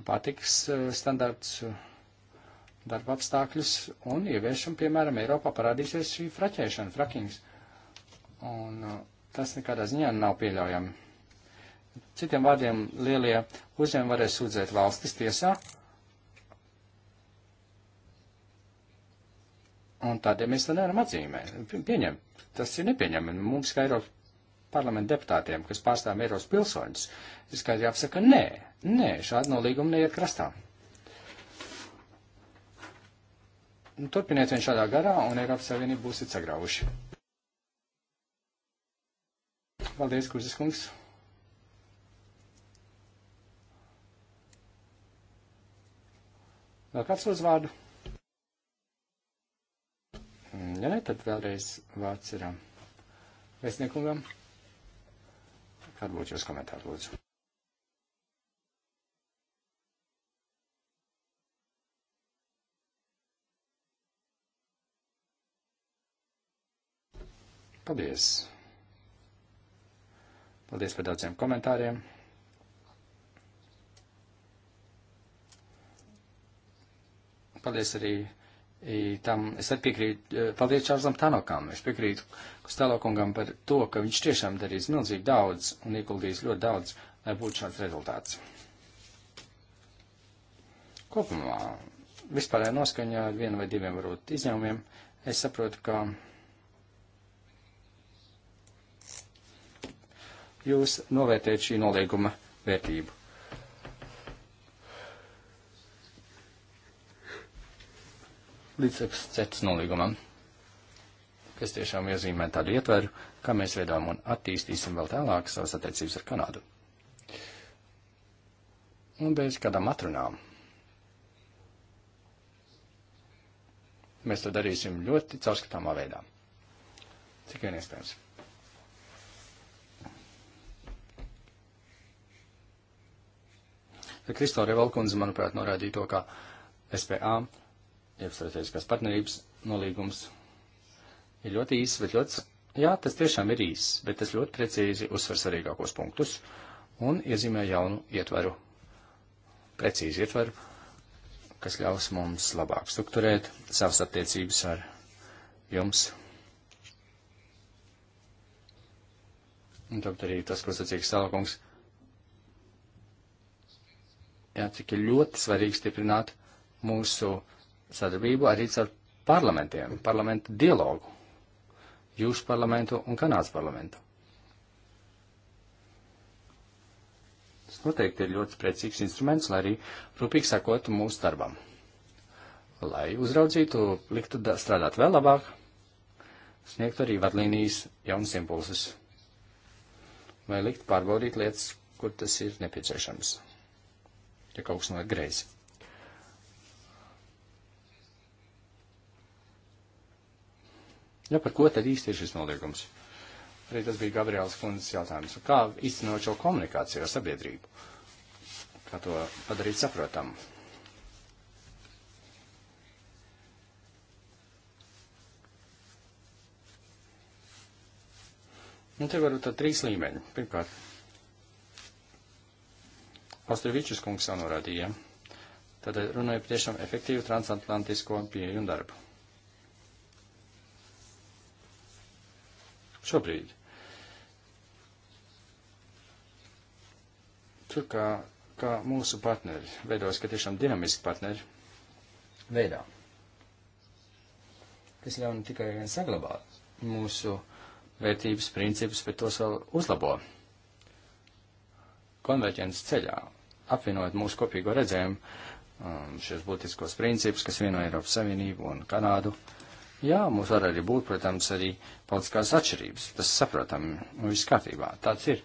pārtikas eh, standarts, eh, darba apstākļus un ieviešam, piemēram, Eiropā parādīsies šī fraķēšana, frakings. Un eh, tas nekādā ziņā nav pieļaujami. Citiem vārdiem, lielie uzņēmumi varēs sūdzēt valstis tiesā. Un tādiem mēs to nevaram atzīmēt, pieņemt. Tas ir nepieņemami. Mums, kā Eiropas parlamenta deputātiem, kas pārstāv Eiropas pilsoņus, ir skaidri jāapsaka, nē, nē, šāda nolīguma neiet krastā. Nu, turpiniet vien šādā garā, un Eiropas Savienība būsit sagrauši. Paldies, Kuzis kungs. Vēl kāds uzvārdu? Mm, ja ne, tad vēlreiz vārds ir um, vēstniekungam. Um, Kāda būtu jūsu komentāra, lūdzu? Paldies! Paldies par daudziem komentāriem! Paldies arī I tam es arī piekrītu, e, paldies Čārlzam Tanokam, es piekrītu Kustelokungam par to, ka viņš tiešām darīs milzīgi daudz un ieguldīs ļoti daudz, lai būtu šāds rezultāts. Kopumā vispārējā noskaņā ar vienu vai diviem varbūt izņēmumiem, es saprotu, ka jūs novērtējat šī nolieguma vērtību. līdzeklis CETS nolīgumam, kas tiešām iezīmē tādu ietveru, kā mēs veidojam un attīstīsim vēl tālāk savas attiecības ar Kanādu. Un bez kādām atrunām. Mēs to darīsim ļoti caurskatāmā veidā. Cik vien iespējams. Kristāla Revalkundze, manuprāt, norādīja to, ka SPA jeb strateģiskās partnerības nolīgums, ir ļoti īss, bet ļoti, jā, tas tiešām ir īss, bet tas ļoti precīzi uzsver svarīgākos punktus un iezīmē jaunu ietvaru, precīzi ietvaru, kas ļaus mums labāk strukturēt savas attiecības ar jums. Un tāpēc arī tas, ko sacīja Stāvokungs, jā, cik ir ļoti svarīgi stiprināt mūsu sadarbību arī ar parlamentiem, parlamentu dialogu, jūsu parlamentu un Kanādas parlamentu. Tas noteikti ir ļoti spēcīgs instruments, lai arī rūpīgi sakotu mūsu darbam. Lai uzraudzītu, liktu strādāt vēl labāk, sniegt arī vadlīnijas jaunas impulses, vai likt pārbaudīt lietas, kur tas ir nepieciešams, ja kaut kas noiet greizi. Ja nu, par ko tad īsti ir šis noliegums? Arī tas bija Gabriels Kundzes jautājums. Kā izcinot šo komunikāciju ar sabiedrību? Kā to padarīt saprotamu? Nu, te varbūt tad trīs līmeņi. Pirmkārt, Ostrovičus kungs sanorādīja. Tad runāja patiešām efektīvu transatlantisko pieeju un darbu. šobrīd. Tur kā, kā mūsu partneri, veidojas, ka tiešām dinamiski partneri veidā, kas ļauj ne tikai saglabāt mūsu vērtības principus, bet tos vēl uzlabo. Konverģences ceļā, apvienot mūsu kopīgo redzējumu, um, šos būtiskos principus, kas vieno Eiropas Savienību un Kanādu, uh, Jā, mums var arī būt, protams, arī politiskās atšķirības. Tas saprotam, nu viss kārtībā. Tāds ir.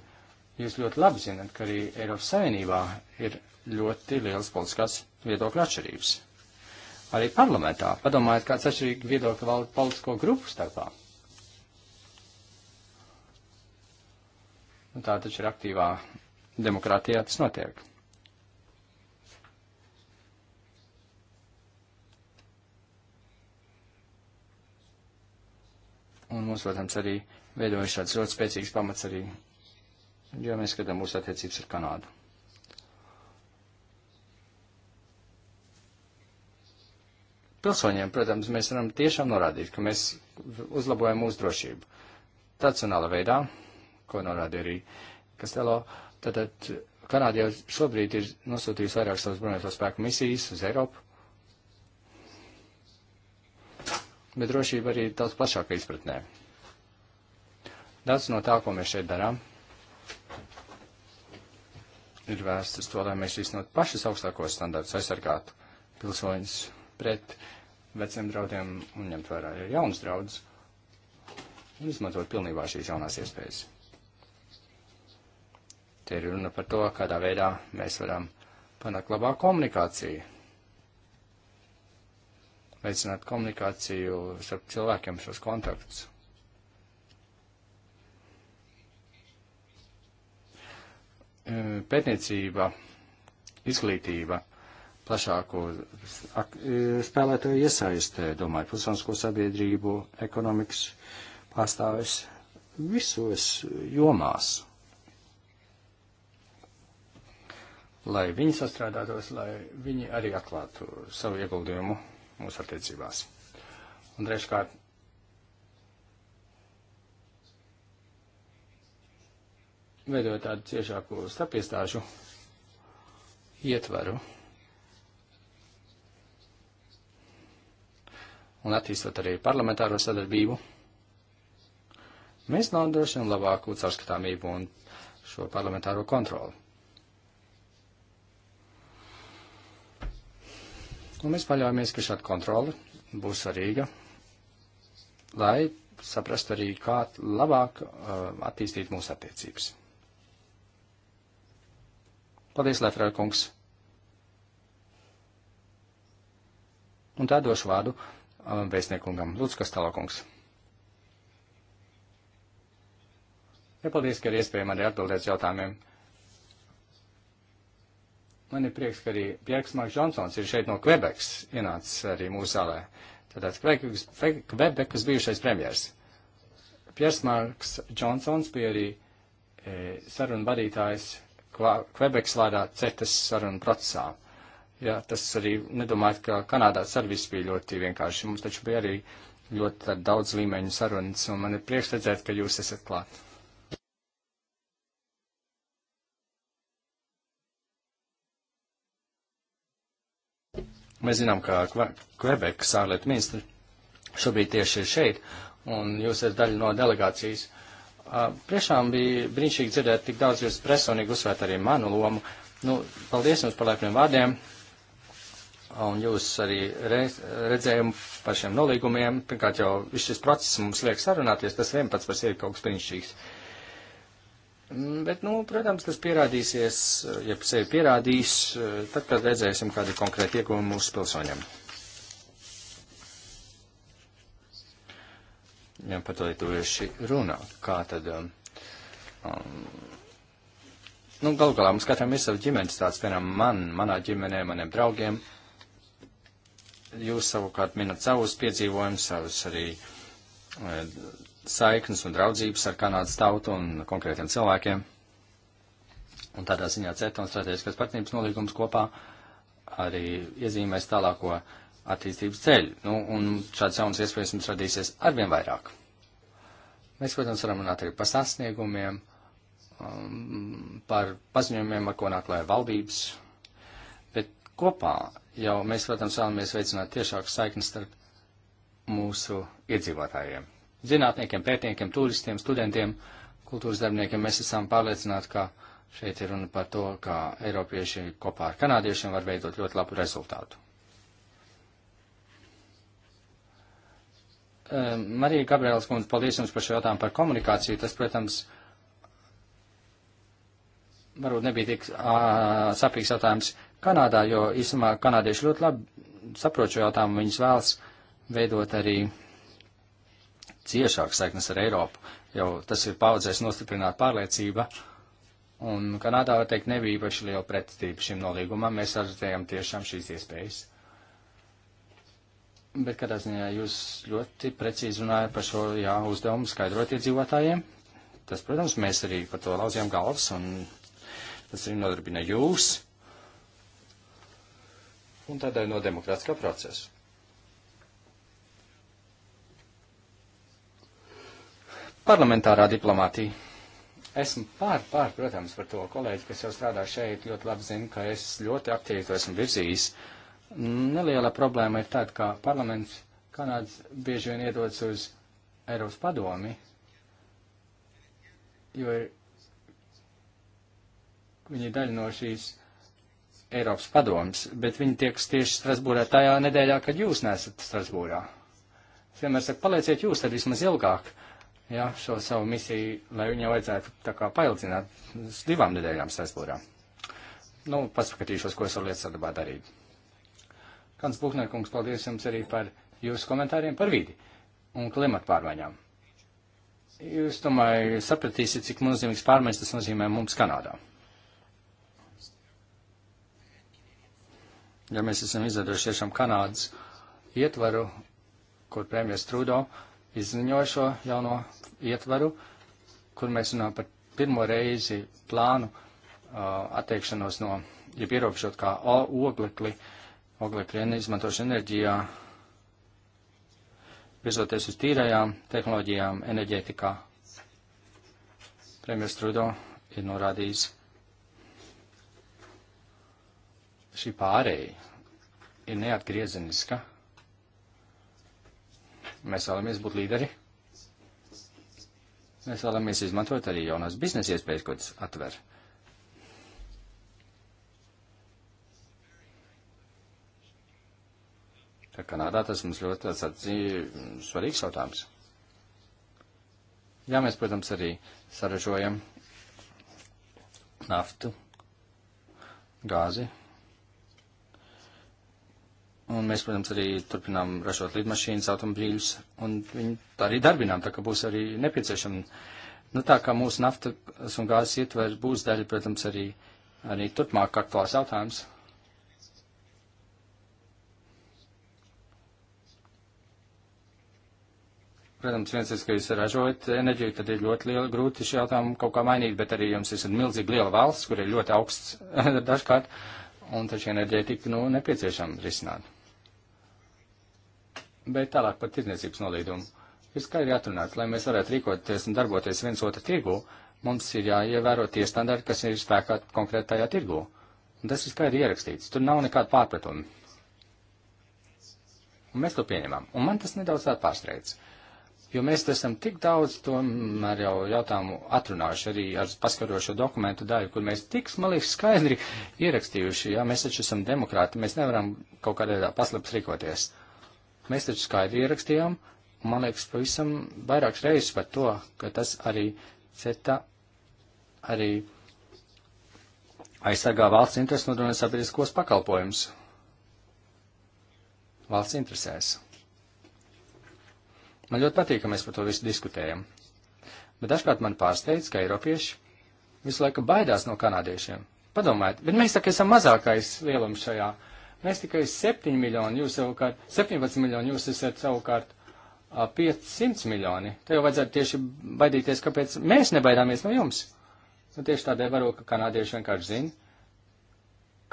Jūs ļoti labi zinat, ka arī Eiropas Savienībā ir ļoti liels politiskās viedokļa atšķirības. Arī parlamentā. Padomājiet, kāds atšķirīgi viedokļi valda politisko grupu starpā. Un tā taču ir aktīvā demokrātijā tas notiek. un mums, protams, arī veidojas šāds ļoti spēcīgs pamats arī, ja mēs skatām mūsu attiecības ar Kanādu. Pilsoņiem, protams, mēs varam tiešām norādīt, ka mēs uzlabojam mūsu drošību. Tradicionāla veidā, ko norādīja arī Kastelo, tātad Kanāda jau šobrīd ir nosūtījusi vairāk savas bruņoto spēku misijas uz Eiropu, bet drošība arī ir daudz plašāka izpratnē. Daudz no tā, ko mēs šeit darām, ir vērsts uz to, lai mēs īstenot pašus augstākos standartus aizsargātu pilsoņus pret veciem draudiem un ņemt vērā arī jaunus draudus un izmantot pilnībā šīs jaunās iespējas. Te ir runa par to, kādā veidā mēs varam panākt labāku komunikāciju veicināt komunikāciju starp cilvēkiem šos kontaktus. E, pētniecība, izglītība, plašāko e, spēlētāju iesaistē, domāju, pilsonisko sabiedrību, ekonomikas pārstāvis visos jomās. Lai viņi sastrādātos, lai viņi arī atklātu savu ieguldījumu mūsu attiecībās. Un treškārt, veidojot tādu ciešāku stapiestāžu ietvaru un attīstot arī parlamentāro sadarbību, mēs nodrošinām labāku caurskatāmību un šo parlamentāro kontroli. Un mēs paļaujamies, ka šāda kontrola būs svarīga, lai saprastu arī, kā labāk uh, attīstīt mūsu attiecības. Paldies, Lefrēra kungs! Un tā došu vārdu um, vēstniekungam. Lūdzu, kas tālāk, kungs? Ja paldies, ka ir iespējama arī atbildēt jautājumiem. Man ir prieks, ka arī Bjergs Marks Džonsons ir šeit no Kvebekas ienācis arī mūsu zālē. Tātad Kvebekas, Kvebekas bijušais premjers. Bjergs Marks Džonsons bija arī e, sarunu vadītājs Kvebekas vārdā CETAS sarunu procesā. Jā, tas arī nedomājot, ka Kanādā servis bija ļoti vienkārši. Mums taču bija arī ļoti daudz līmeņu sarunas, un man ir prieks redzēt, ka jūs esat klāt. Mēs zinām, ka Kvebekas ārlietu ministri šobrīd tieši ir šeit, un jūs esat daļa no delegācijas. Priešām bija brīnišķīgi dzirdēt tik daudz jūs personīgi uzsvērt arī manu lomu. Nu, paldies jums par laipniem vārdiem, un jūs arī reiz, redzējumu par šiem nolīgumiem. Pirmkārt jau šis process mums liek sarunāties, tas vien pats par sevi kaut kas brīnišķīgs. Uh, Mm, bet, nu, protams, tas pierādīsies, eh, ja sevi pierādīs, eh, tad, kad redzēsim, kāda ir konkrēta ieguvuma mūsu pilsoņiem. Ja par to ir tuvieši runā, kā tad, um, um, nu, galu galā mums katram ir sava ģimenes tāds, piemēram, man, manā ģimenē, maniem draugiem. Jūs savukārt minat savus piedzīvojumus, savus arī eh, saiknes un draudzības ar Kanādas tautu un konkrētiem cilvēkiem. Un tādā ziņā CETA un strateģiskās partnerības nolīgums kopā arī iezīmēs tālāko attīstības ceļu. Nu, un šāds jauns iespējas mums radīsies arvien vairāk. Mēs, protams, varam runāt arī par sasniegumiem, um, par paziņojumiem, ar ko nāk klāja valdības, bet kopā jau mēs, protams, vēlamies veicināt tiešāku saikni starp mūsu iedzīvotājiem zinātniekiem, pētniekiem, turistiem, studentiem, kultūras darbiniekiem. Mēs esam pārliecināti, ka šeit ir runa par to, ka Eiropieši kopā ar kanādiešiem var veidot ļoti labu rezultātu. Ehm, Marija Gabrielas kundze, paldies jums par šo jautājumu par komunikāciju. Tas, protams, varbūt nebija tik ā, sapīgs jautājums Kanādā, jo īstenībā kanādieši ļoti labi saprot šo jautājumu. Viņas vēlas veidot arī uh, ciešākas saiknes ar Eiropu, jau tas ir paudzēs nostiprināta pārliecība. Un Kanādā, var teikt, nebija īpaši liela pretestība šim nolīgumam, mēs redzējām tiešām šīs iespējas. Bet kādā ziņā jūs ļoti precīzi runājat par šo jā, uzdevumu skaidrot iedzīvotājiem. Tas, protams, mēs arī par to lauzījām galvas, un tas arī nodarbina jūs. Un tādēļ no demokrātiskā procesa. Parlamentārā diplomātija. Esmu pār, pār, protams, par to kolēģi, kas jau strādā šeit, ļoti labi zina, ka es ļoti aktīvi to esmu virzījis. Neliela problēma ir tāda, ka parlaments Kanāds bieži vien iedodas uz Eiropas padomi, jo ir, viņi ir daļa no šīs Eiropas padomas, bet viņi tieks tieši Strasbūrā tajā nedēļā, kad jūs nesat Strasbūrā. Es vienmēr saku, palieciet jūs tad vismaz ilgāk. Uh, jā, šo savu misiju, lai viņai vajadzētu tā kā paildzināt uz divām nedēļām Strasbūrā. Nu, paskatīšos, ko es ar lietas sadarbā darīt. Kāds Buhnerkungs, paldies jums arī par jūsu komentāriem par vidi un klimatu pārmaiņām. Jūs, domāju, sapratīsiet, cik nozīmīgs pārmaiņas tas nozīmē mums Kanādā. Ja mēs esam izdevuši tiešām Kanādas ietvaru, kur premjas Trudo izziņoja šo jauno ietvaru, kur mēs runājam par pirmo reizi plānu uh, atteikšanos no, ja ierobežot kā oglekli, oglekļu izmantošanu enerģijā, virzoties uz tīrajām tehnoloģijām enerģētikā. Premjers Trudo ir norādījis šī pārēja ir neatgriezeniska. Mēs vēlamies būt līderi Mēs vēlamies izmantot arī jaunās biznesa iespējas, ko tas atver. Tā Kanādā tas mums ļoti tāds svarīgs jautājums. Jā, mēs, protams, arī saražojam naftu, gāzi Un mēs, protams, arī turpinām ražot lidmašīnas, automobīļus, un viņi tā arī darbinām, tā ka būs arī nepieciešama. Nu, tā kā mūsu naftas un gāzes ietvers būs daļa, protams, arī, arī turpmāk aktuāls jautājums. Protams, viens ir, ka jūs ražojat enerģiju, tad ir ļoti liela, grūti šī jautājuma kaut kā mainīt, bet arī jums ir milzīgi liela valsts, kur ir ļoti augsts dažkārt, un taču enerģētika, nu, nepieciešama risināt. Bet tālāk par tirdzniecības nolīdumu. Ir skaidri atrunāts, lai mēs varētu rīkoties un darboties viens otru tirgu, mums ir jāievēro tie standarti, kas ir spēkā konkrētajā tirgu. Un tas ir skaidri ierakstīts. Tur nav nekāda pārpratuma. Un mēs to pieņemam. Un man tas nedaudz tā pārsteidz. Jo mēs esam tik daudz tomēr jau jautājumu atrunājuši arī ar paskarošo dokumentu daļu, kur mēs tik smalīgi skaidri ierakstījuši, ja mēs taču esam demokrāti, mēs nevaram kaut kādā veidā paslēpts rīkoties. Uh, Mēs taču skaidri ierakstījām, man liekas, pavisam vairākas reizes par to, ka tas arī CETA arī aizsargā valsts intereses nodrošināt sabiedriskos pakalpojumus. Valsts interesēs. Man ļoti patīk, ka mēs par to visu diskutējam. Bet dažkārt man pārsteidz, ka Eiropieši visu laiku baidās no kanādiešiem. Padomājiet, bet mēs tā kā esam mazākais lielums šajā uh, Mēs tikai 7 miljoni, jūs savukārt 17 miljoni, jūs esat savukārt 500 miljoni. Te jau vajadzētu tieši baidīties, kāpēc mēs nebaidāmies no jums. Nu, tieši tādēļ varu, ka kanādieši vienkārši zina,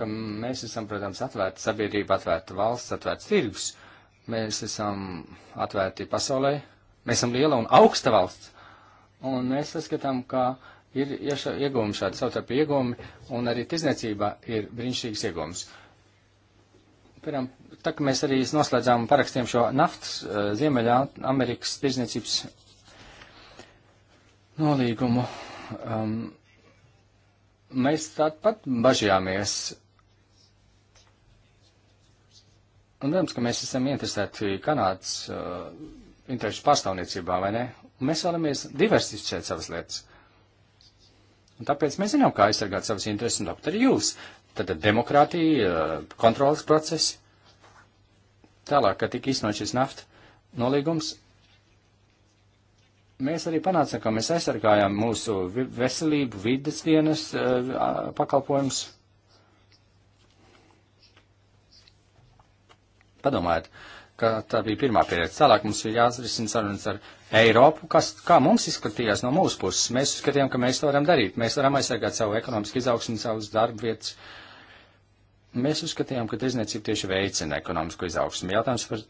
ka mēs esam, protams, atvērta sabiedrība, atvērta valsts, atvērts tirgus. Mēs esam atvērti pasaulē, mēs esam liela un augsta valsts. Un mēs saskatām, ka ir iegūmi šādi savtarpēji iegūmi, un arī tirzniecībā ir brīnišķīgs iegūms. Piram, tā kā mēs arī noslēdzām parakstiem šo naftas eh, Ziemeļā Amerikas tirzniecības nolīgumu, um, mēs tāpat bažījāmies. Un, protams, ka mēs esam interesēti Kanādas uh, interešu pārstāvniecībā, vai ne? Un mēs vēlamies diversificēt savas lietas. Un tāpēc mēs zinām, kā aizsargāt savas intereses, un tāpat arī jūs Tad demokrātija, eh, kontrolas procesi. Tālāk, kad tika iznot šis nafta nolīgums, mēs arī panācām, ka mēs aizsargājām mūsu veselību, vidas dienas eh, pakalpojumus. Padomājiet, ka tā bija pirmā pieredze. Tālāk mums ir jāatrisina sarunas ar Eiropu, kas, kā mums izskatījās no mūsu puses. Mēs uzskatījām, ka mēs to varam darīt. Mēs varam aizsargāt savu ekonomisku izaugsmu, savus darba vietas, Mēs uzskatījām, ka tirzniecība tieši veicina ekonomisko izaugsmu. Jautājums par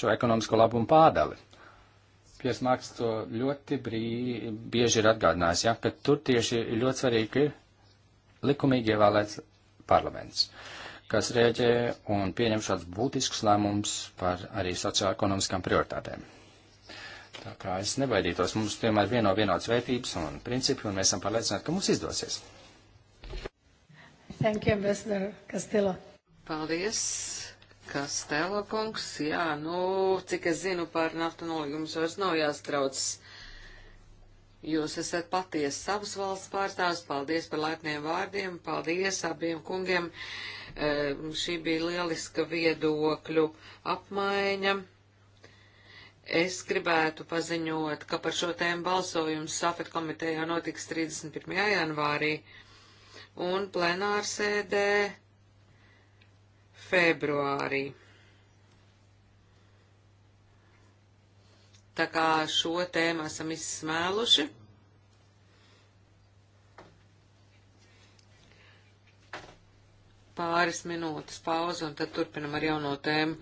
šo ekonomisko labumu pārdali. Piers Marks to ļoti brī, bieži ir atgādinājis, ja, ka tur tieši ļoti svarīgi ir likumīgi ievēlēts parlaments, kas rēģē un pieņem šādus būtiskus lēmumus par arī socioekonomiskām prioritātēm. Tā kā es nebaidītos, mums tomēr vieno vienots vērtības un principi, un mēs esam pārliecināti, ka mums izdosies. Thank you, Ambassador Castillo. Paldies, Kastelo kungs. Jā, nu, cik es zinu par naftu nolīgumus vairs nav jāstrauc. Jūs esat patiesi savas valsts pārstāvs. Paldies par laipniem vārdiem. Paldies abiem kungiem. E, šī bija lieliska viedokļu apmaiņa. Es gribētu paziņot, ka par šo tēmu balsojums Safet komitejā notiks 31. janvārī un plenārsēdē februārī. Tā kā šo tēmu esam izsmēluši. Pāris minūtes pauze un tad turpinam ar jauno tēmu.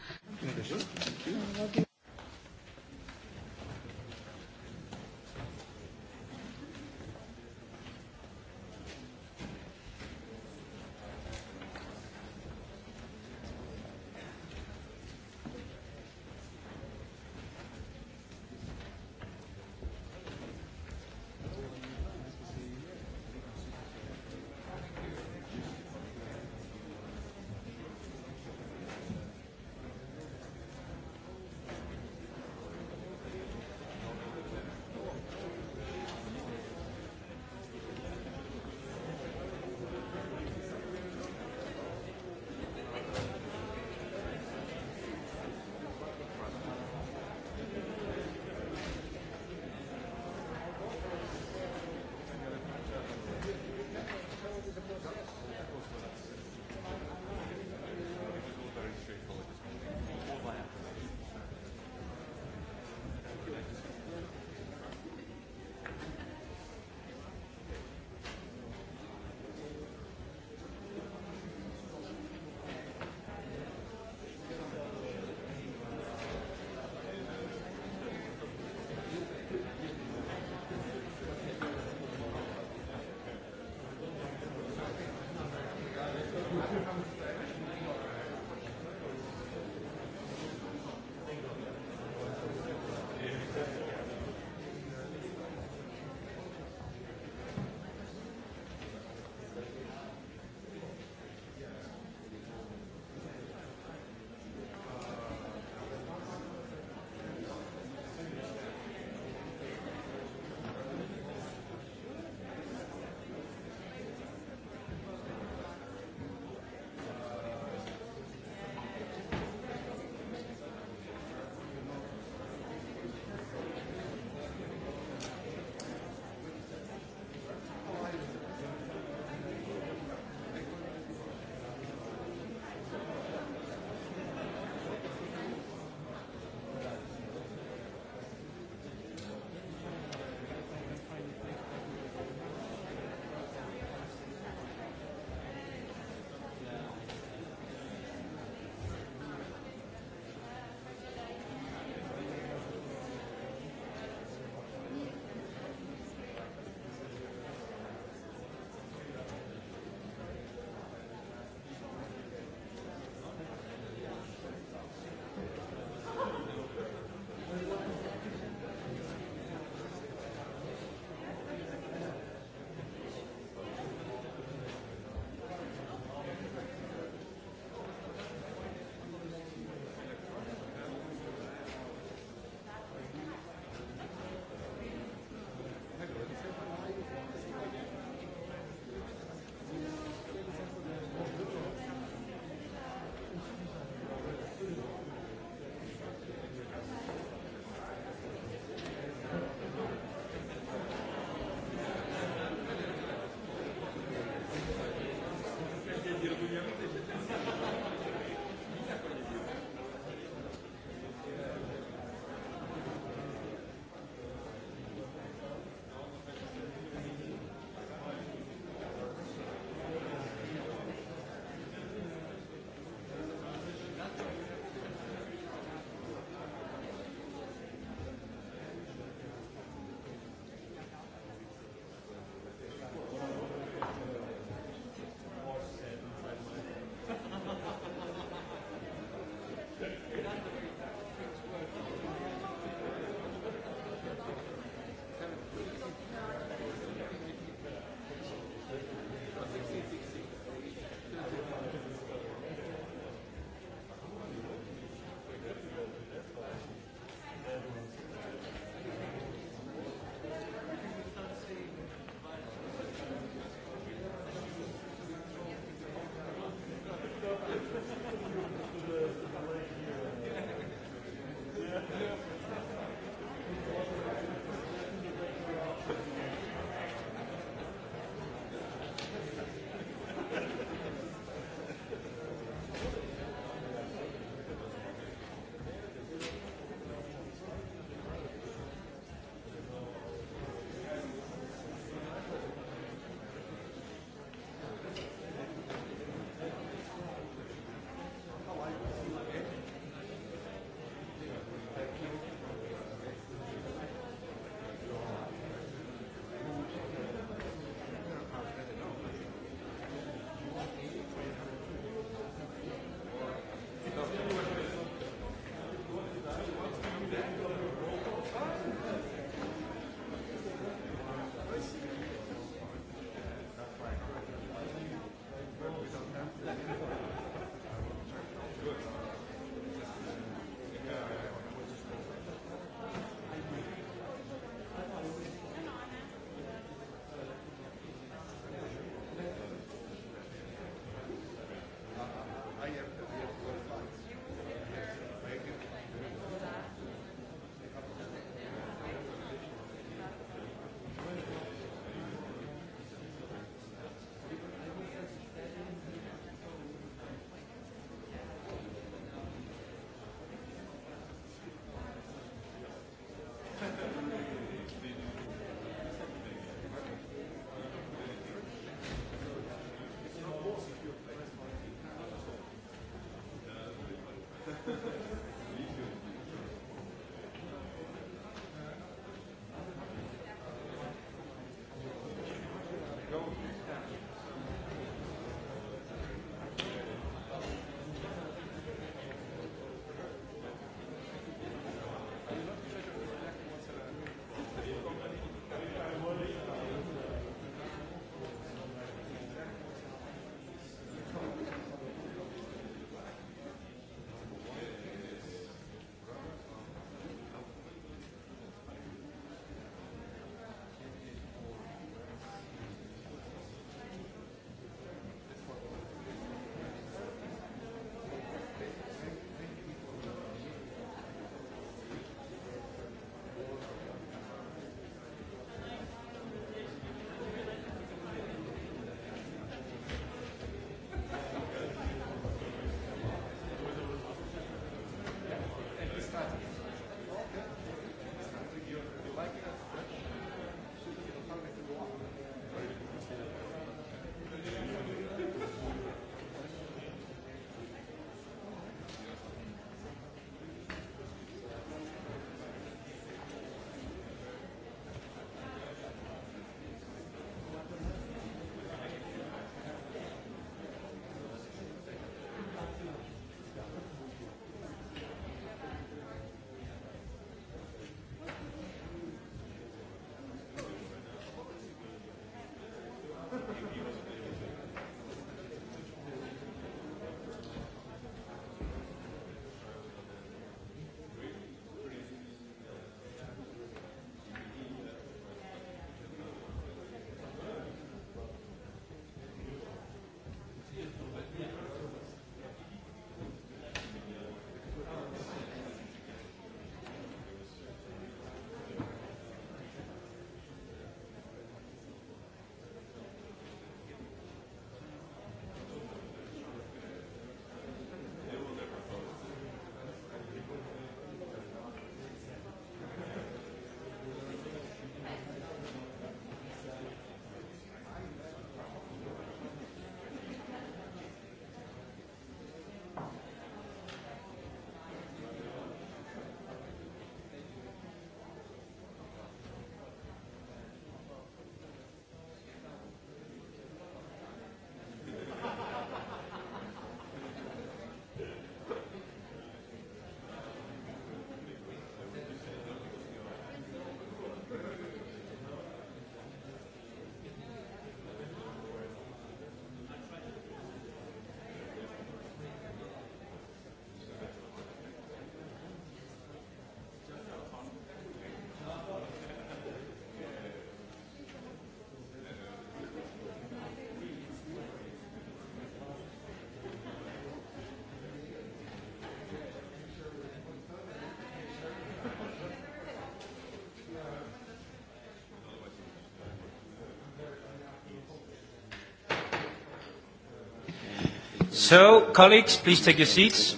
So, colleagues, please take your seats,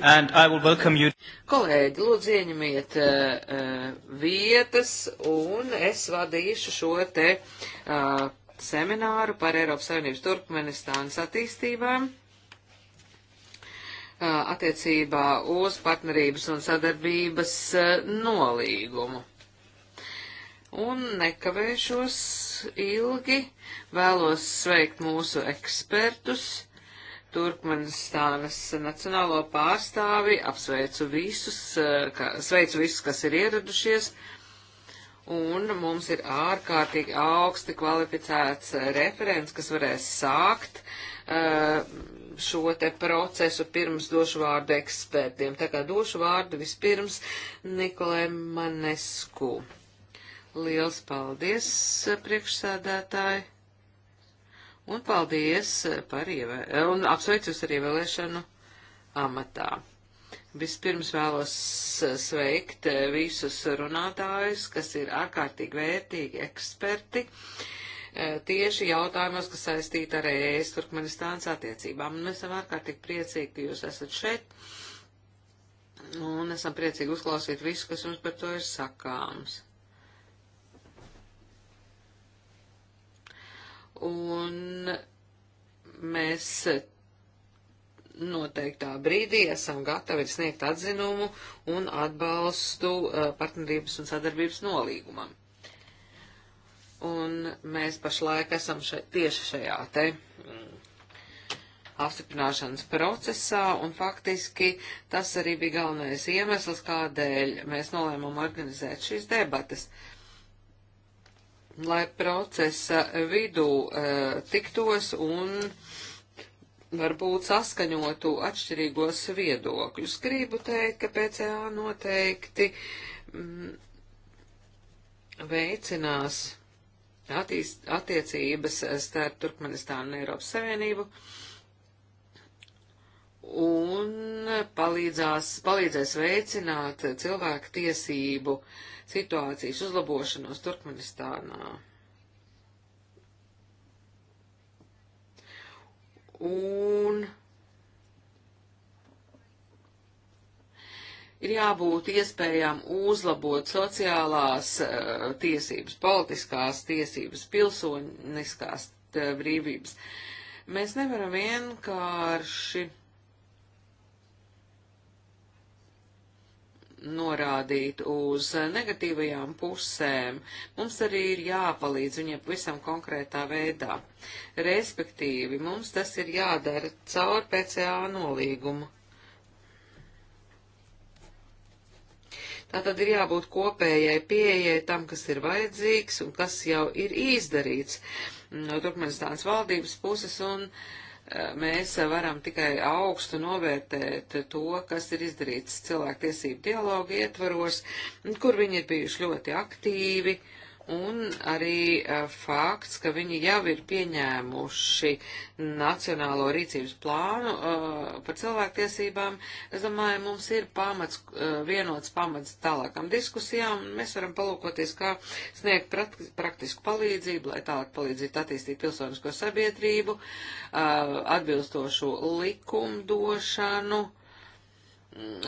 and I will welcome you. Kolēģi, lūdzu ieņemiet uh, uh, vietas, un es vadīšu šo te uh, semināru par Eiropas Savienības Turkmenistānas attīstībām uh, attiecībā uz partnerības un sadarbības uh, nolīgumu un nekavēšos ilgi. Vēlos sveikt mūsu ekspertus, Turkmenistānas nacionālo pārstāvi, apsveicu visus, eh, ka, sveicu visus, kas ir ieradušies, un mums ir ārkārtīgi augsti kvalificēts referents, kas varēs sākt eh, šo te procesu pirms došu vārdu ekspertiem. Tā kā došu vārdu vispirms Nikolai Manesku. Liels paldies, priekšsēdētāji! Un paldies par ievēlēšanu, un apsveicu jūs ar ievēlēšanu amatā. Vispirms vēlos sveikt visus runātājus, kas ir ārkārtīgi vērtīgi eksperti e, tieši jautājumos, kas saistīti ar ES Turkmenistānas attiecībām. Un mēs esam ārkārtīgi priecīgi, ka jūs esat šeit. Un esam priecīgi uzklausīt visu, kas jums par to ir sakāms. un mēs noteiktā brīdī esam gatavi sniegt atzinumu un atbalstu uh, partnerības un sadarbības nolīgumam. Un mēs pašlaik esam še, tieši šajā te mm, apstiprināšanas procesā, un faktiski tas arī bija galvenais iemesls, kādēļ mēs nolēmām organizēt šīs debatas. Uh, lai procesa vidū e, tiktos un varbūt saskaņotu atšķirīgos viedokļus. Gribu teikt, ka PCA noteikti mm, veicinās attīst, attiecības starp Turkmenistānu un Eiropas Savienību un palīdzās, palīdzēs veicināt cilvēku tiesību uh, situācijas uzlabošanos Turkmenistānā. Un ir jābūt iespējām uzlabot sociālās uh, tiesības, politiskās tiesības, pilsoniskās eh, brīvības. Mēs nevaram vienkārši norādīt uz negatīvajām pusēm, mums arī ir jāpalīdz viņiem pavisam konkrētā veidā. Respektīvi, mums tas ir jādara caur PCA nolīgumu. Tā tad ir jābūt kopējai pieejai tam, kas ir vajadzīgs un kas jau ir izdarīts no Turkmenistānas valdības puses un uh, mēs varam tikai augstu novērtēt to, kas ir izdarīts cilvēktiesību dialogu ietvaros, kur viņi ir bijuši ļoti aktīvi, uh, un arī uh, fakts, ka viņi jau ir pieņēmuši nacionālo rīcības plānu uh, par cilvēktiesībām, es domāju, mums ir pamats, uh, vienots pamats tālākam diskusijām, mēs varam palūkoties, kā sniegt prat, praktisku palīdzību, lai tālāk palīdzītu attīstīt pilsonisko sabiedrību, atbilstošu likumdošanu,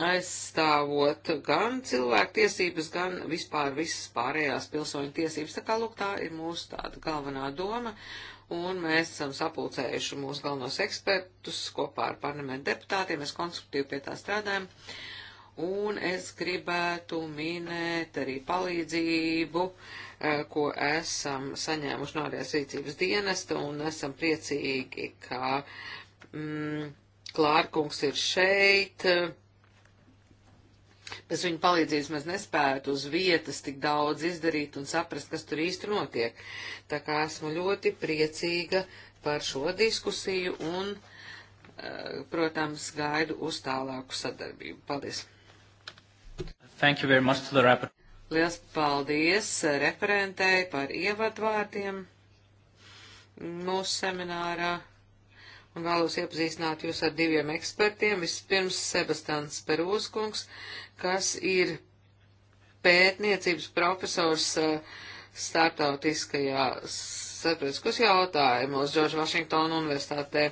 aizstāvot gan cilvēku tiesības, gan vispār visas pārējās pilsoņu tiesības. Tā kā, lūk, tā ir mūsu tāda galvenā doma, un mēs esam sapulcējuši mūsu galvenos ekspertus kopā ar parlamentu deputātiem, mēs konstruktīvi pie tā strādājam, un es gribētu minēt arī palīdzību, eh, ko esam saņēmuši no ārējās rīcības dienesta, un esam priecīgi, ka mm, Klārkungs ir šeit, bez viņu palīdzības mēs nespētu uz vietas tik daudz izdarīt un saprast, kas tur īsti notiek. Tā kā esmu ļoti priecīga par šo diskusiju un, eh, protams, gaidu uz tālāku sadarbību. Paldies! Thank you very much to the rapper. Liels paldies referentei par ievadvārdiem mūsu seminārā un vēlos iepazīstināt jūs ar diviem ekspertiem. Vispirms Sebastans Perūskungs, kas ir pētniecības profesors startautiskajā uh, starptautiskos jautājumos Džordža Vašingtona universitātē.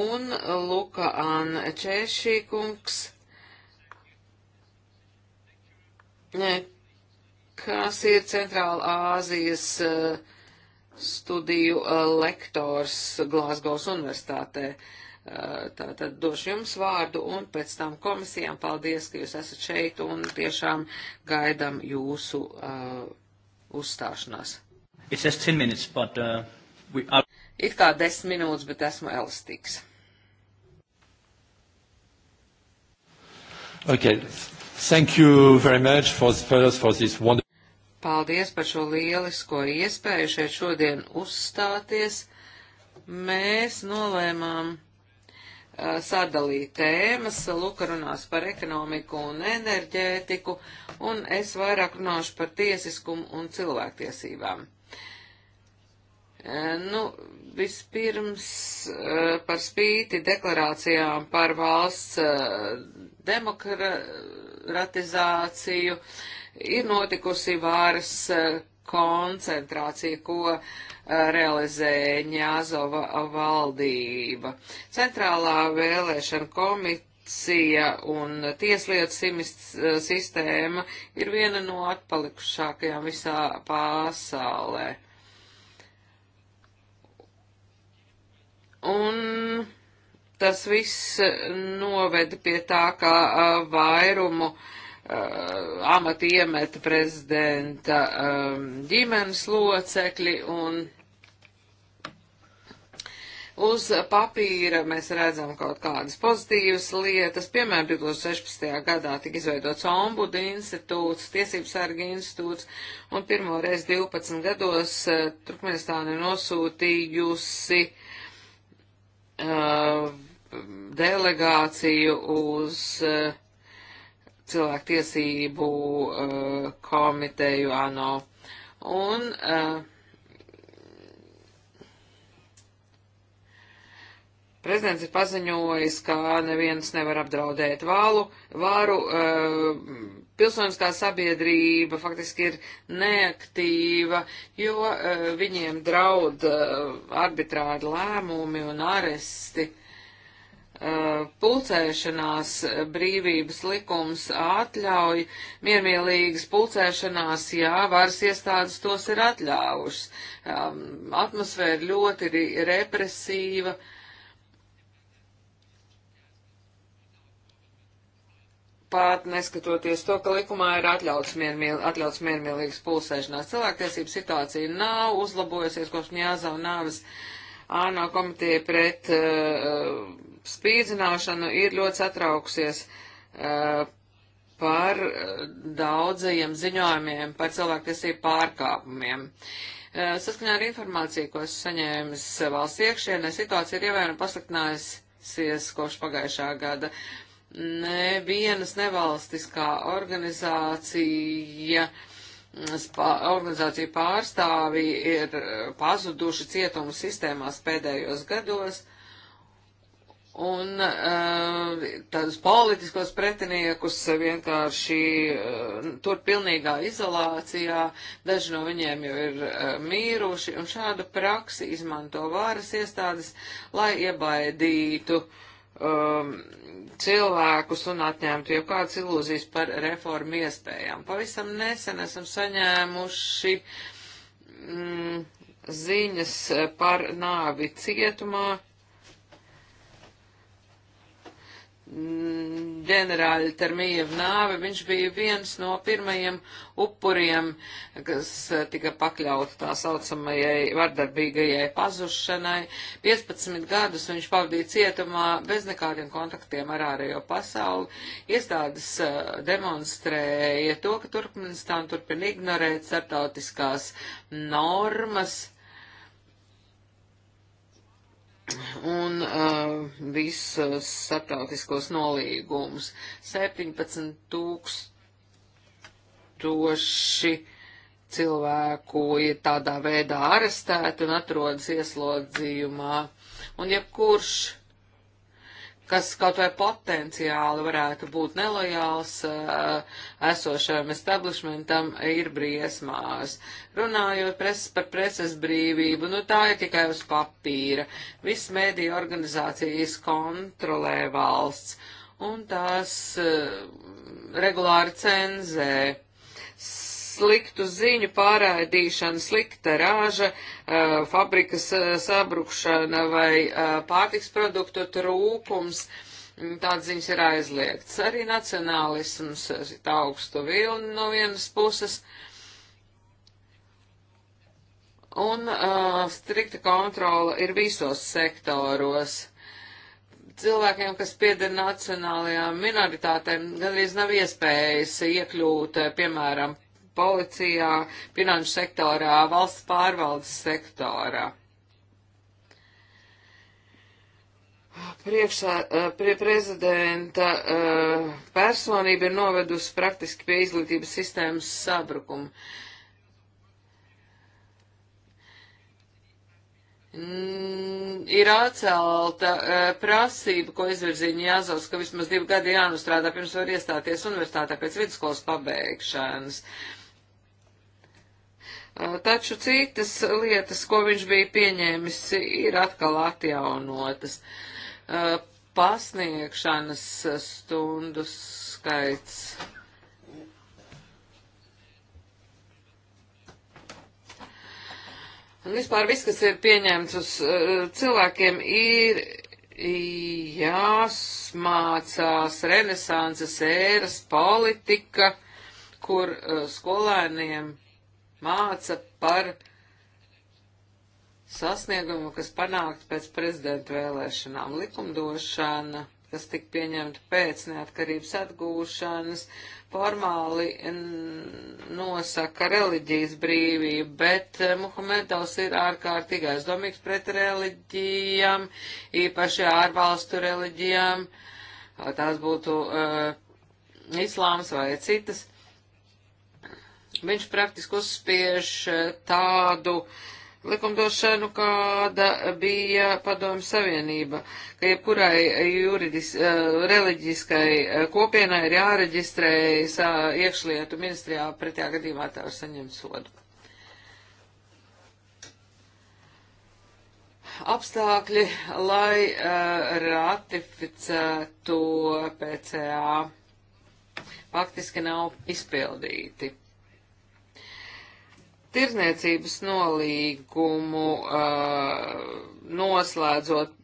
Un Luka An Češīkungs, kas ir Centrāla Āzijas uh, studiju uh, lektors Glāzgovas universitātē. Uh, Tā tad došu jums vārdu un pēc tam komisijām paldies, ka jūs esat šeit un tiešām gaidam jūsu uh, uzstāšanās. Minutes, but, uh, we are... It kā desmit minūtes, bet esmu elastīgs. Okay. Thank you very much for, first for this wonderful. Paldies par šo lielisko iespēju šeit šodien uzstāties. Mēs nolēmām Eh, sadalīt tēmas. Luka runās par ekonomiku un enerģētiku, un es vairāk runāšu par tiesiskumu un cilvēktiesībām. Eh, nu, vispirms eh, par spīti deklarācijām par valsts demokratizāciju ir notikusi vāras koncentrācija, ko uh, realizē Ņāzova valdība. Centrālā vēlēšana komisija un tieslietu uh, sistēma ir viena no atpalikušākajām visā pasaulē. Un tas viss noveda pie tā, ka uh, vairumu uh, Uh, amatu iemeta prezidenta um, ģimenes locekļi un uz papīra mēs redzam kaut kādas pozitīvas lietas. Piemēram, 2016. gadā tika izveidots ombudu institūts, tiesības sargi institūts un pirmo reizi 12 gados uh, Turkmenistāna nosūtījusi uh, delegāciju uz uh, cilvēktiesību uh, komiteju ANO. Un uh, prezidents ir paziņojis, ka neviens nevar apdraudēt vālu, vāru. Uh, pilsoniskā sabiedrība faktiski ir neaktīva, jo uh, viņiem draud uh, arbitrāri lēmumi un aresti. Uh, Uh, pulcēšanās brīvības likums atļauj miermīlīgas pulcēšanās, jā, varas iestādes tos ir atļāvušas. Um, atmosfēra ļoti ir represīva. Pat neskatoties to, ka likumā ir atļauts, miermiel, atļauts miermīlīgas pulsēšanās, cilvēktiesību situācija nav uzlabojusies kopš Ņāzau nāves ANO komiteja pret uh, spīdzināšanu ir ļoti satraukusies uh, eh, par eh, daudzajiem ziņojumiem par cilvēktiesību pārkāpumiem. Uh, saskaņā ar informāciju, ko esmu saņēmis valsts iekšienē, situācija ir ievērojami pasliktinājusies kopš pagājušā gada. Nevienas nevalstiskā organizācija mm, organizāciju pārstāvji ir pazuduši cietumu sistēmās pēdējos gados, un uh, tādus politiskos pretiniekus vienkārši uh, tur pilnīgā izolācijā, daži no viņiem jau ir uh, eh, mīruši, un šādu praksi izmanto vāras iestādes, lai iebaidītu um, cilvēkus un atņemtu jau kādas ilūzijas par reformu iespējām. Pavisam nesen esam saņēmuši mm, ziņas par nāvi cietumā, ģenerāļa Termijev nāve, viņš bija viens no pirmajiem upuriem, kas tika pakļauts tā saucamajai vardarbīgajai pazušanai. 15 gadus viņš pavadīja cietumā bez nekādiem kontaktiem ar ārējo pasauli. Iestādes eh, demonstrēja to, ka Turkmenistāna turpina ignorēt startautiskās normas un uh, visus starptautiskos nolīgumus. 17 tūkstoši cilvēku ir tādā veidā arestēti un atrodas ieslodzījumā. Un jebkurš ja kas kaut vai potenciāli varētu būt nelojāls uh, esošajam establishmentam, ir briesmās. Runājot preses par preses brīvību, nu tā ir tikai uz papīra. Viss mēdīja organizācijas kontrolē valsts un tās uh, regulāri cenzē sliktu ziņu pārraidīšana, slikta rāža, fabrikas sabrukšana vai pārtiks produktu trūkums. Mm, Tādas ziņas ir aizliegts. Arī nacionālisms ir augstu vilni no vienas puses. Un uh, strikta kontrola ir visos sektoros cilvēkiem, kas pieder nacionālajām minoritātēm, gandrīz nav iespējas iekļūt, piemēram, policijā, finanšu sektorā, valsts pārvaldes sektorā. Priekšā, eh, prie prezidenta eh, personība ir novedusi praktiski pie izglītības sistēmas sabrukuma. Mm, ir atcelta eh, prasība, ko izvirzīja Jāzovs, ka vismaz divi gadi jānostrādā pirms var iestāties universitātē pēc vidusskolas pabeigšanas. Uh, Taču citas lietas, ko viņš bija pieņēmis, ir atkal atjaunotas. Pasniegšanas stundu skaits. Un vispār viss, kas ir pieņemts uz cilvēkiem, ir jāsmācās renesanses ēras politika, kur skolēniem māca par sasniegumu, kas panākt pēc prezidenta vēlēšanām. Likumdošana, kas tika pieņemta pēc neatkarības atgūšanas, formāli nosaka reliģijas brīvību, bet eh, Muhamedovs ir ārkārtīgi aizdomīgs pret reliģijām, īpaši ārvalstu reliģijām, tās būtu uh, islāms vai citas. Viņš praktiski uzspiež eh, tādu likumdošanu, kāda bija padomju savienība, ka jebkurai juridis, eh, reliģiskai eh, kopienai ir jāreģistrējas iekšlietu ministrijā, pretējā gadījumā tā var saņemt sodu. Apstākļi, lai uh, ratificētu PCA, faktiski nav izpildīti Tirzniecības nolīgumu uh, noslēdzot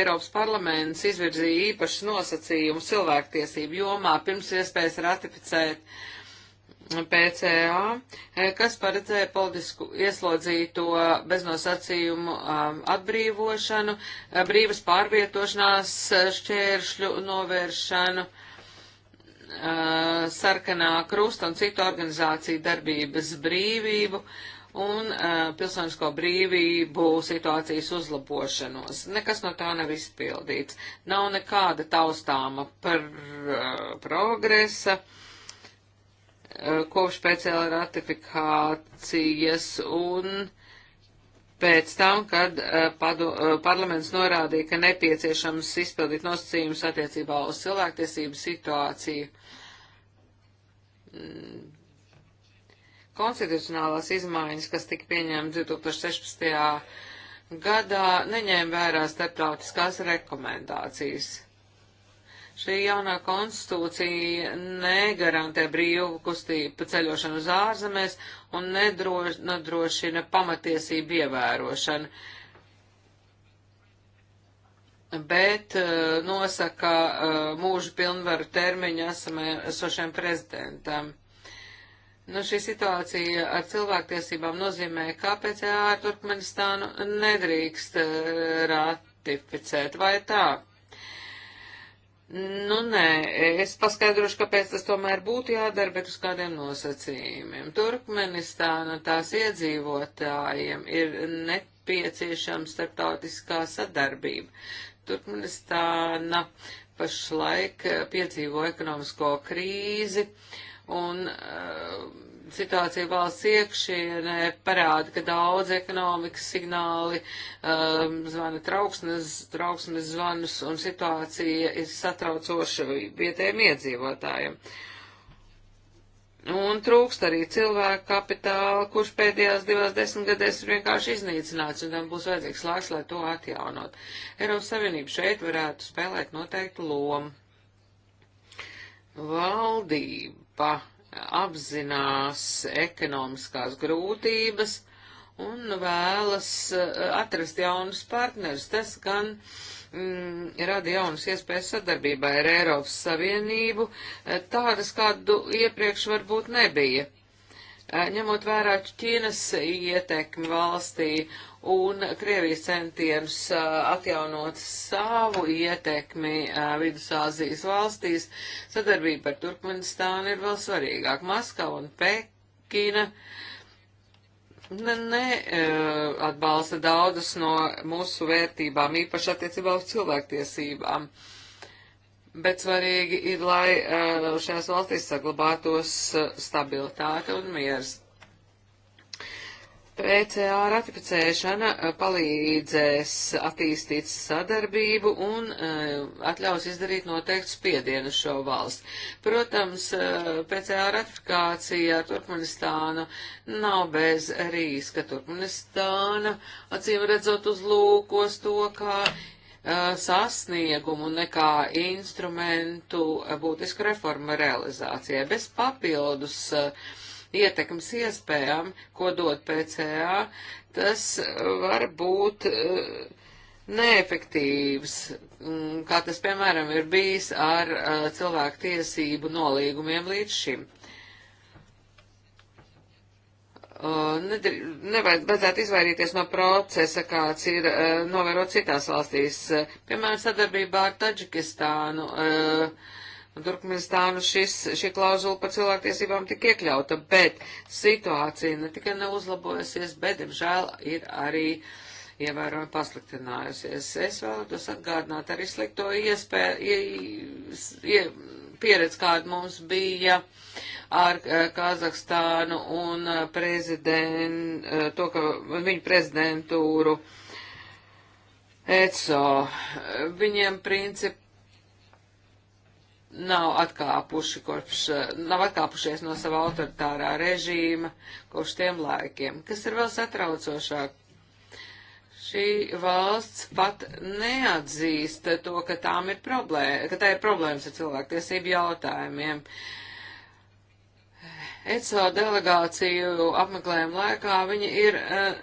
Eiropas parlaments izvirzīja īpašas nosacījumus cilvēktiesību jomā pirms iespējas ratificēt PCA, eh, kas paredzēja politisku ieslodzīto beznosacījumu um, atbrīvošanu, eh, brīvas pārvietošanās eh, šķēršļu novēršanu uh, sarkanā krusta un citu organizāciju darbības brīvību un uh, pilsonisko brīvību situācijas uzlabošanos. Nekas no tā nav izpildīts. Nav nekāda taustāma par uh, progresa uh, kopš pēc ratifikācijas un pēc tam, kad eh, padu, eh, parlaments norādīja, ka nepieciešams izpildīt nosacījumus attiecībā uz cilvēktiesību situāciju. Mm. Konstitucionālās izmaiņas, kas tika pieņemtas 2016. gadā, neņēma vērā starptautiskās rekomendācijas. Šī jaunā konstitūcija negarantē brīvu kustību pa ceļošanu uz ārzemēs un nedroš, nedrošina pamatiesību ievērošanu, bet uh, nosaka uh, eh, mūžu pilnvaru termiņu esošiem prezidentam. Nu, šī situācija ar cilvēktiesībām nozīmē, ka PCA ar Turkmenistānu nedrīkst uh, ratificēt, vai tā? Nu, nē, es paskaidrošu, kāpēc tas tomēr būtu jādara, bet uz kādiem nosacījumiem. Turkmenistāna tās iedzīvotājiem ir nepieciešama starptautiskā sadarbība. Turkmenistāna pašlaik piedzīvo ekonomisko krīzi un uh, situācija valsts iekšienē parāda, ka daudz ekonomikas signāli um, zvana trauksmes, trauksmes zvanus un situācija ir satraucoša vietējiem iedzīvotājiem. Un trūkst arī cilvēku kapitāla, kurš pēdējās divās desmitgadēs ir vienkārši iznīcināts, un tam būs vajadzīgs laiks, lai to atjaunot. Eiropas Savienība šeit varētu spēlēt noteiktu lomu. Valdība apzinās ekonomiskās grūtības un vēlas eh, atrast jaunus partnerus. Tas gan mm, rada jaunas iespējas sadarbībai ar Eiropas Savienību, eh, tādas, kādu iepriekš varbūt nebija. Eh, ņemot vērā Ķīnas ietekmi valstī un Krievijas centienus atjaunot savu ietekmi Vidusāzijas valstīs, sadarbība ar Turkmenistānu ir vēl svarīgāk. Maskava un Pekina neatbalsta ne, daudzas no mūsu vērtībām, īpaši attiecībā uz cilvēktiesībām. Bet svarīgi ir, lai šajās valstīs saglabātos stabilitāte un miers. PCA e ratificēšana e, palīdzēs attīstīt sadarbību un e, atļaus izdarīt noteiktu spiedienu šo valstu. Protams, PCA ratifikācija Turkmenistānu nav bez riska. Turkmenistāna acīm redzot uz lūkos to, kā sasniegumu nekā instrumentu būtisku reformu realizācijai. Bez papildus uh, ietekmes iespējām, ko dod PCA, tas var būt eh, neefektīvs, mm, kā tas, piemēram, ir bijis ar eh, cilvēku tiesību nolīgumiem līdz šim. Eh, Nedr nevajad, vajadzētu izvairīties no procesa, kāds ir uh, novērot citās valstīs, piemēram, sadarbībā ar Taģikistānu. Uh, Un Turkmenistānu šis, šie klauzuli par cilvēktiesībām tik iekļauta, bet situācija ne tikai nav uzlabojusies, bet, diemžēl, ir arī ievērojami pasliktinājusies. Es vēlētos atgādināt arī slikto iespēju, ie, ie, pieredzi, kāda mums bija ar eh, Kazahstānu un eh, prezidentu, eh, to, ka viņu prezidentūru ECO. Viņiem principā nav atkāpuši kopš, eh, nav atkāpušies no sava autoritārā režīma kopš tiem laikiem. Kas ir vēl satraucošāk? Šī valsts pat neatzīst to, ka tām ir problēma, ka tā ir problēmas ar cilvēktiesību jautājumiem. ECO delegāciju apmeklējuma laikā viņi ir uh,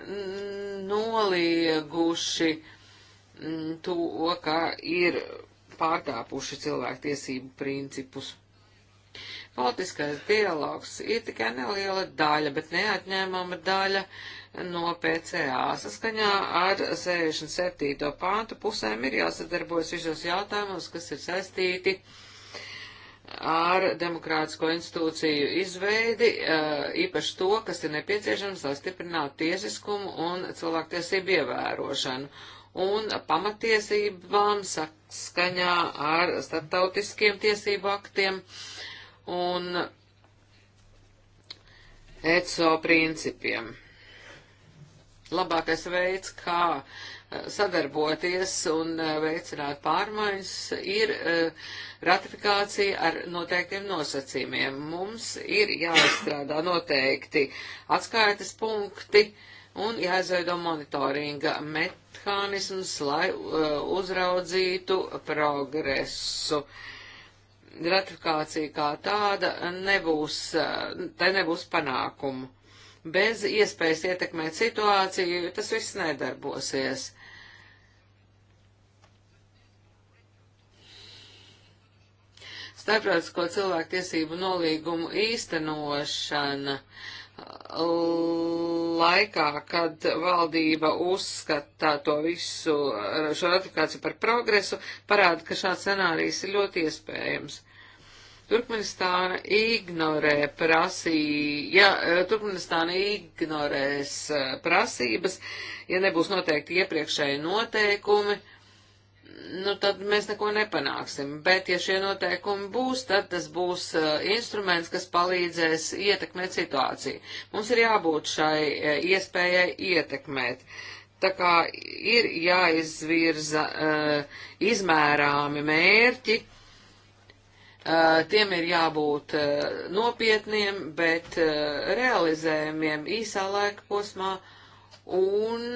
nolieguši mm, to, ka ir pārkāpuši cilvēktiesību principus. Politiskais dialogs ir tikai neliela daļa, bet neatņēmama daļa no PCA. Saskaņā ar 67. pāntu pusēm ir jāsadarbojas visos jautājumos, kas ir saistīti ar demokrātisko institūciju izveidi, eh, īpaši to, kas ir nepieciešams, lai stiprinātu tiesiskumu un cilvēktiesību ievērošanu un pamatiesībām saskaņā ar starptautiskiem tiesību aktiem un ECO principiem. Labākais veids, kā eh, sadarboties un eh, veicināt pārmaiņas, ir eh, ratifikācija ar noteiktiem nosacījumiem. Mums ir jāizstrādā noteikti atskaites punkti, uh, un jāizveido monitoringa mehānisms, lai uh, uzraudzītu progresu. Gratifikācija kā tāda nebūs, uh, tai nebūs panākumu. Bez iespējas ietekmēt situāciju tas viss nedarbosies. Starptautisko cilvēktiesību nolīgumu īstenošana uh, laikā, kad valdība uzskata to visu šo ratifikāciju par progresu, parāda, ka šāds scenārijs ir ļoti iespējams. Turkmenistāna ignorē prasī, ja Turkmenistāna ignorēs eh, prasības, ja nebūs noteikti iepriekšēji noteikumi, uh, nu tad mēs neko nepanāksim. Bet, ja šie noteikumi būs, tad tas būs uh, instruments, kas palīdzēs ietekmēt situāciju. Mums ir jābūt šai uh, iespējai ietekmēt. Tā kā ir jāizvirza uh, izmērāmi mērķi, uh, tiem ir jābūt uh, nopietniem, bet uh, realizējumiem īsā laika posmā un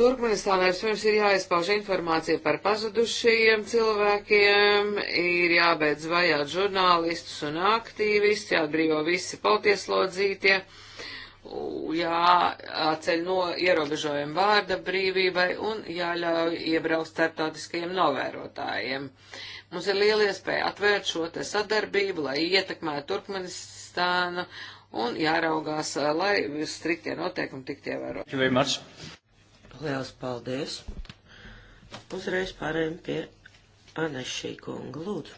Turkmenistānai vispirms ir jāizpauž informācija par pazudušajiem cilvēkiem, ir jābeidz vajāt žurnālistus un aktīvistus, jāatbrīvo visi politieslodzītie, jāceļ no ierobežojuma vārda brīvībai un jāļauj iebraukt starptautiskajiem novērotājiem. Mums ir liela iespēja atvērt šo te sadarbību, lai ietekmētu Turkmenistānu un jāraugās, lai striktie noteikumi tiktu ievēroti. Liels paldies! Uzreiz pārējām pie Anešī kunga. Lūdzu!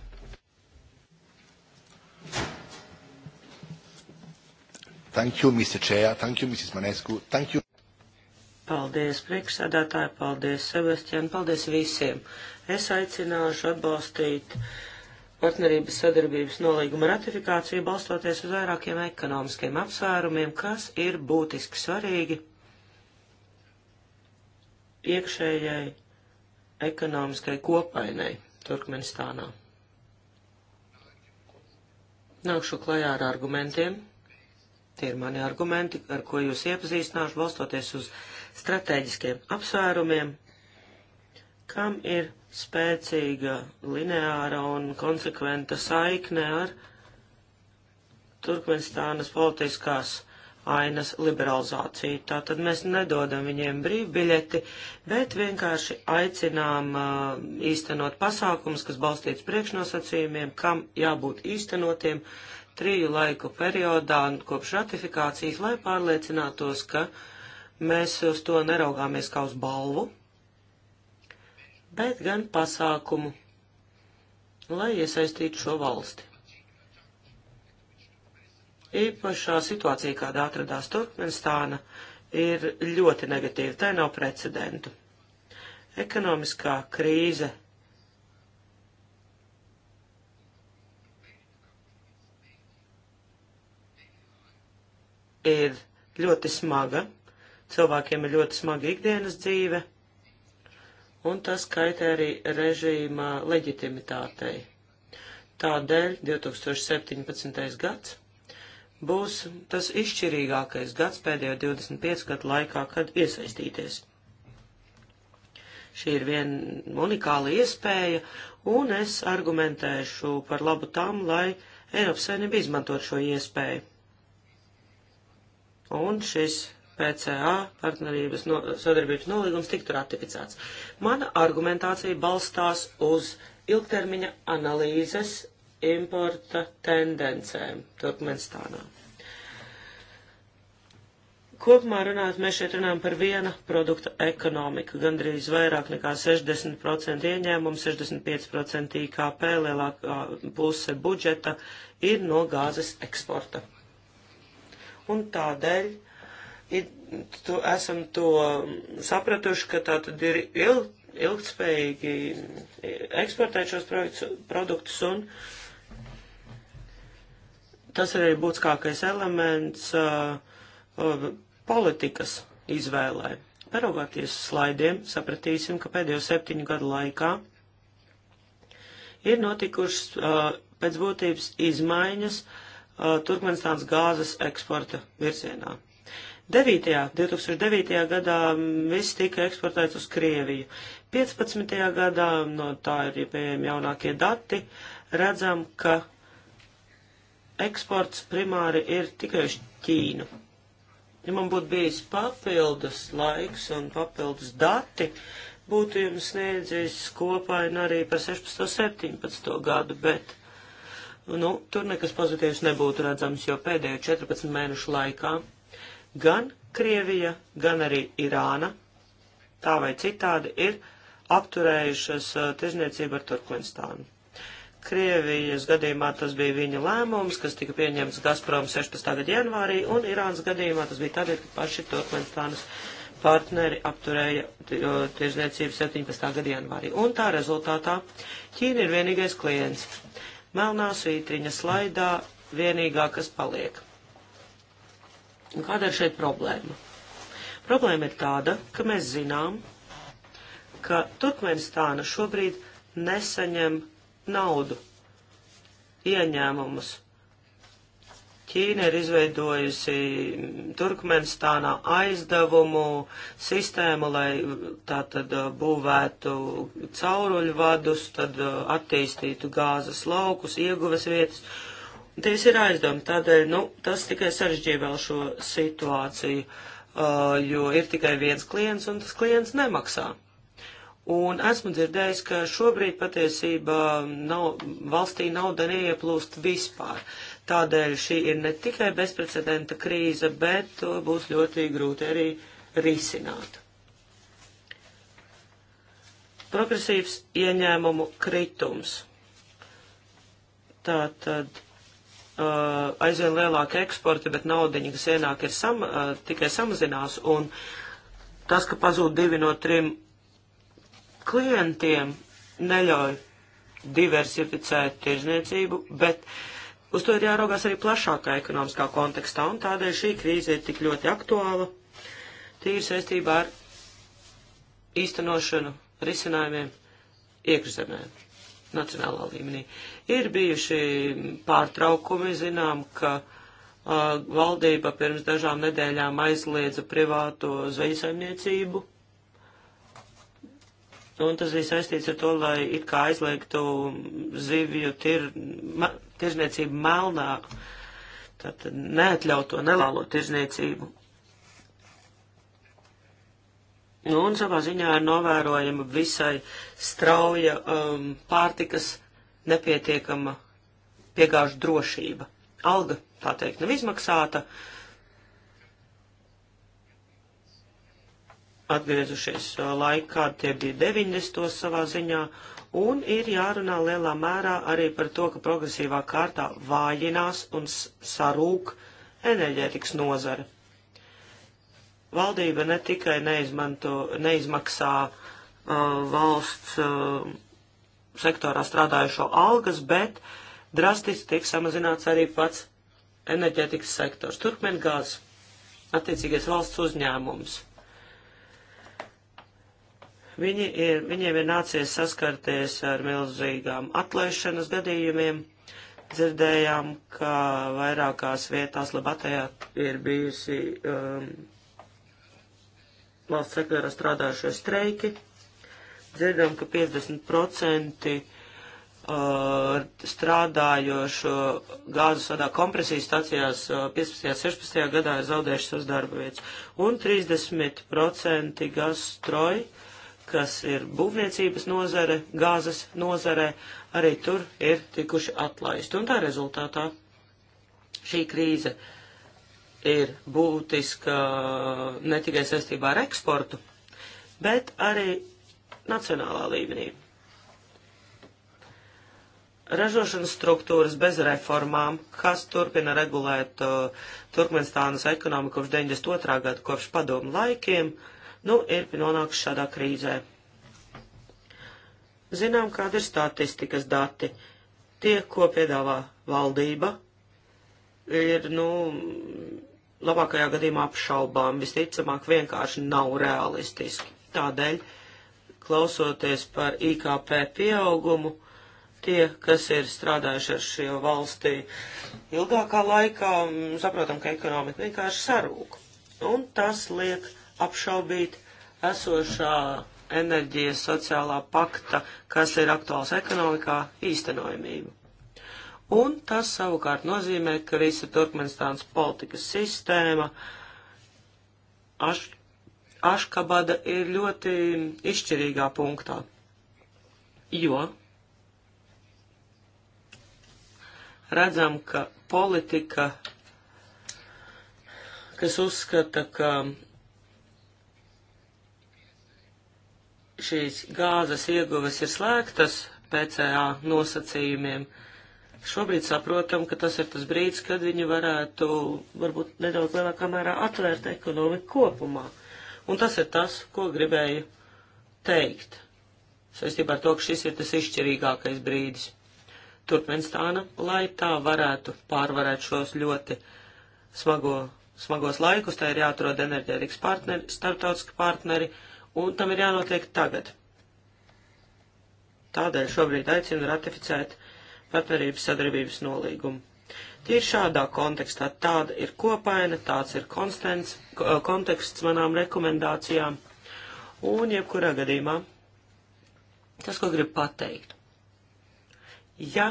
Thank you, Mr. Chair. Thank you, Mrs. Manescu. Thank you. Paldies, priekšsēdētāji, paldies, Sebastian, paldies visiem. Es aicināšu atbalstīt partnerības sadarbības nolīguma ratifikāciju, balstoties uz vairākiem ekonomiskiem apsvērumiem, kas ir būtiski svarīgi iekšējai ekonomiskai kopainai Turkmenistānā. Nākšu klajā ar argumentiem. Tie ir mani argumenti, ar ko jūs iepazīstināšu, balstoties uz strateģiskiem apsvērumiem, kam ir spēcīga lineāra un konsekventa saikne ar Turkmenistānas politiskās ainas liberalizāciju. Tātad mēs nedodam viņiem brīvbiļeti, bet vienkārši aicinām uh, īstenot pasākumus, kas balstīts priekšnosacījumiem, kam jābūt īstenotiem triju laiku periodā kopš ratifikācijas, lai pārliecinātos, ka mēs uz to neraugāmies kā uz balvu, bet gan pasākumu, lai iesaistītu šo valsti īpašā situācija, kādā atradās Turkmenistāna, ir ļoti negatīva. Tai nav precedentu. Ekonomiskā krīze ir ļoti smaga. Cilvēkiem ir ļoti smaga ikdienas dzīve, un tas kaitē arī režīma leģitimitātei. Tādēļ 2017. gads būs tas izšķirīgākais gads pēdējo 25 gadu laikā, kad iesaistīties. Šī ir viena unikāla iespēja, un es argumentēšu par labu tam, lai Eiropas Savienība izmantot šo iespēju. Un šis PCA partnerības no, sadarbības nolīgums tiktu ratificēts. Mana argumentācija balstās uz ilgtermiņa analīzes importa tendencēm Turkmenistānā. Kopumā runājot, mēs šeit runājam par viena produkta ekonomiku. Gandrīz vairāk nekā 60% ieņēmumu, 65% IKP, lielākā puse budžeta ir no gāzes eksporta. Un tādēļ ir, tu, esam to sapratuši, ka tā tad ir il, ilgtspējīgi eksportēt šos projektus, produktus un Tas ir arī būtiskākais elements uh, uh, politikas izvēlē. Paraugoties uz slaidiem, sapratīsim, ka pēdējo septiņu gadu laikā ir notikušas uh, pēc būtības izmaiņas uh, Turkmenistānas gāzes eksporta virzienā. 9. 2009. gadā viss tika eksportēts uz Krieviju. 15. gadā, no tā ir ja pieejami jaunākie dati, redzam, ka eksports primāri ir tikai uz Ķīnu. Ja man būtu bijis papildus laiks un papildus dati, būtu jums sniedzis kopainu arī par 16. 17. gadu, bet nu, tur nekas pozitīvs nebūtu redzams, jo pēdējo 14 mēnešu laikā gan Krievija, gan arī Irāna tā vai citādi ir apturējušas uh, tirzniecību ar Turkmenistānu. Krievijas gadījumā tas bija viņa lēmums, kas tika pieņemts Gazprom 16. gada janvārī, un Irānas gadījumā tas bija tādēļ, ka paši Turkmenistānas partneri apturēja tirzniecību 17. gada janvārī. Un tā rezultātā Ķīna ir vienīgais klients. Melnā svītriņa slaidā vienīgā, kas paliek. Un kāda ir šeit problēma? Problēma ir tāda, ka mēs zinām, ka Turkmenistāna šobrīd nesaņem naudu, ieņēmumus. Ķīna ir izveidojusi Turkmenistānā aizdevumu sistēmu, lai tā tad uh, būvētu cauruļu vadus, tad uh, attīstītu gāzes laukus, ieguves vietas. Tīs ir aizdevumi, tādēļ, nu, tas tikai sarežģīja vēl šo situāciju, uh, jo ir tikai viens klients un tas klients nemaksā. Un esmu dzirdējis, ka šobrīd patiesībā nav, valstī nauda neieplūst vispār. Tādēļ šī ir ne tikai bezprecedenta krīze, bet to būs ļoti grūti arī risināt. Progresīvs ieņēmumu kritums. Tātad uh, aizvien lielāka eksporta, bet naudiņa, kas ienāk, ir sam, uh, tikai samazinās. Un tas, ka pazūd divi no trim klientiem neļauj diversificēt tirzniecību, bet uz to ir jāraugās arī plašākā ekonomiskā kontekstā, un tādēļ šī krīze ir tik ļoti aktuāla, tīri saistībā ar īstenošanu risinājumiem iekšzemē, nacionālā līmenī. Ir bijuši pārtraukumi, zinām, ka uh, valdība pirms dažām nedēļām aizliedza privāto zvejasaimniecību Nu, un tas bija saistīts ar to, lai it kā aizliegtu zivju tir, ma, tirzniecību melnā, tātad neatļautu nelālo tirzniecību. Nu, un savā ziņā ir novērojama visai strauja um, pārtikas nepietiekama piegāžu drošība. Alga, tā teikt, nav izmaksāta, uh, atgriezušies uh, laikā, tie bija 90. savā ziņā, un ir jārunā lielā mērā arī par to, ka progresīvā kārtā vājinās un sarūk enerģētikas nozare. Valdība ne tikai neizmanto, neizmaksā uh, valsts uh, sektorā strādājušo algas, bet drastiski tiek samazināts arī pats enerģētikas sektors. Turkmen gāzes attiecīgais valsts uzņēmums Viņi ir, e, viņiem ir nācies saskarties ar milzīgām atlaišanas gadījumiem. Dzirdējām, ka vairākās vietās Labatējā ir bijusi um, valsts sektorā strādājušie streiki. Dzirdam, ka 50% Uh, strādājošo gāzes vadā kompresijas stacijās uh, 15. un 16. gadā ir zaudējuši savas darba vietas, un 30% gāzes troja kas ir būvniecības nozare, gāzes nozare, arī tur ir tikuši atlaisti. Un tā rezultātā šī krīze ir būtiska ne tikai saistībā ar eksportu, bet arī nacionālā līmenī. Ražošanas struktūras bez reformām, kas turpina regulēt uh, Turkmenistānas ekonomiku kopš 92. gada, kopš padomu laikiem, uh, nu, ir nonākuši šādā krīzē. Zinām, kāda ir statistikas dati. Tie, ko piedāvā valdība, ir, nu, labākajā gadījumā apšaubām, visticamāk vienkārši nav realistiski. Tādēļ, klausoties par IKP pieaugumu, tie, kas ir strādājuši ar šo valstī ilgākā laikā, saprotam, ka ekonomika vienkārši sarūk. Un tas liek apšaubīt esošā enerģijas sociālā pakta, kas ir aktuāls ekonomikā, īstenojamību. Un tas savukārt nozīmē, ka visa Turkmenistānas politikas sistēma Aš, Aškabada ir ļoti izšķirīgā punktā, jo redzam, ka politika, kas uzskata, ka šīs gāzes ieguves ir slēgtas PCA nosacījumiem, šobrīd saprotam, ka tas ir tas brīdis, kad viņi varētu varbūt nedaudz lielākā mērā atvērt ekonomiku kopumā. Un tas ir tas, ko gribēju teikt. Saistībā ar to, ka šis ir tas izšķirīgākais brīdis Turkmenistāna, lai tā varētu pārvarēt šos ļoti smago, smagos laikus, tā ir jāatrod enerģētikas partneri, starptautiski partneri, uh, un tam ir jānotiek tagad. Tādēļ šobrīd aicinu ratificēt partnerības sadarbības nolīgumu. Tīri šādā kontekstā tāda ir kopaina, tāds ir konstants, eh, konteksts manām rekomendācijām, un jebkurā gadījumā tas, ko gribu pateikt. Ja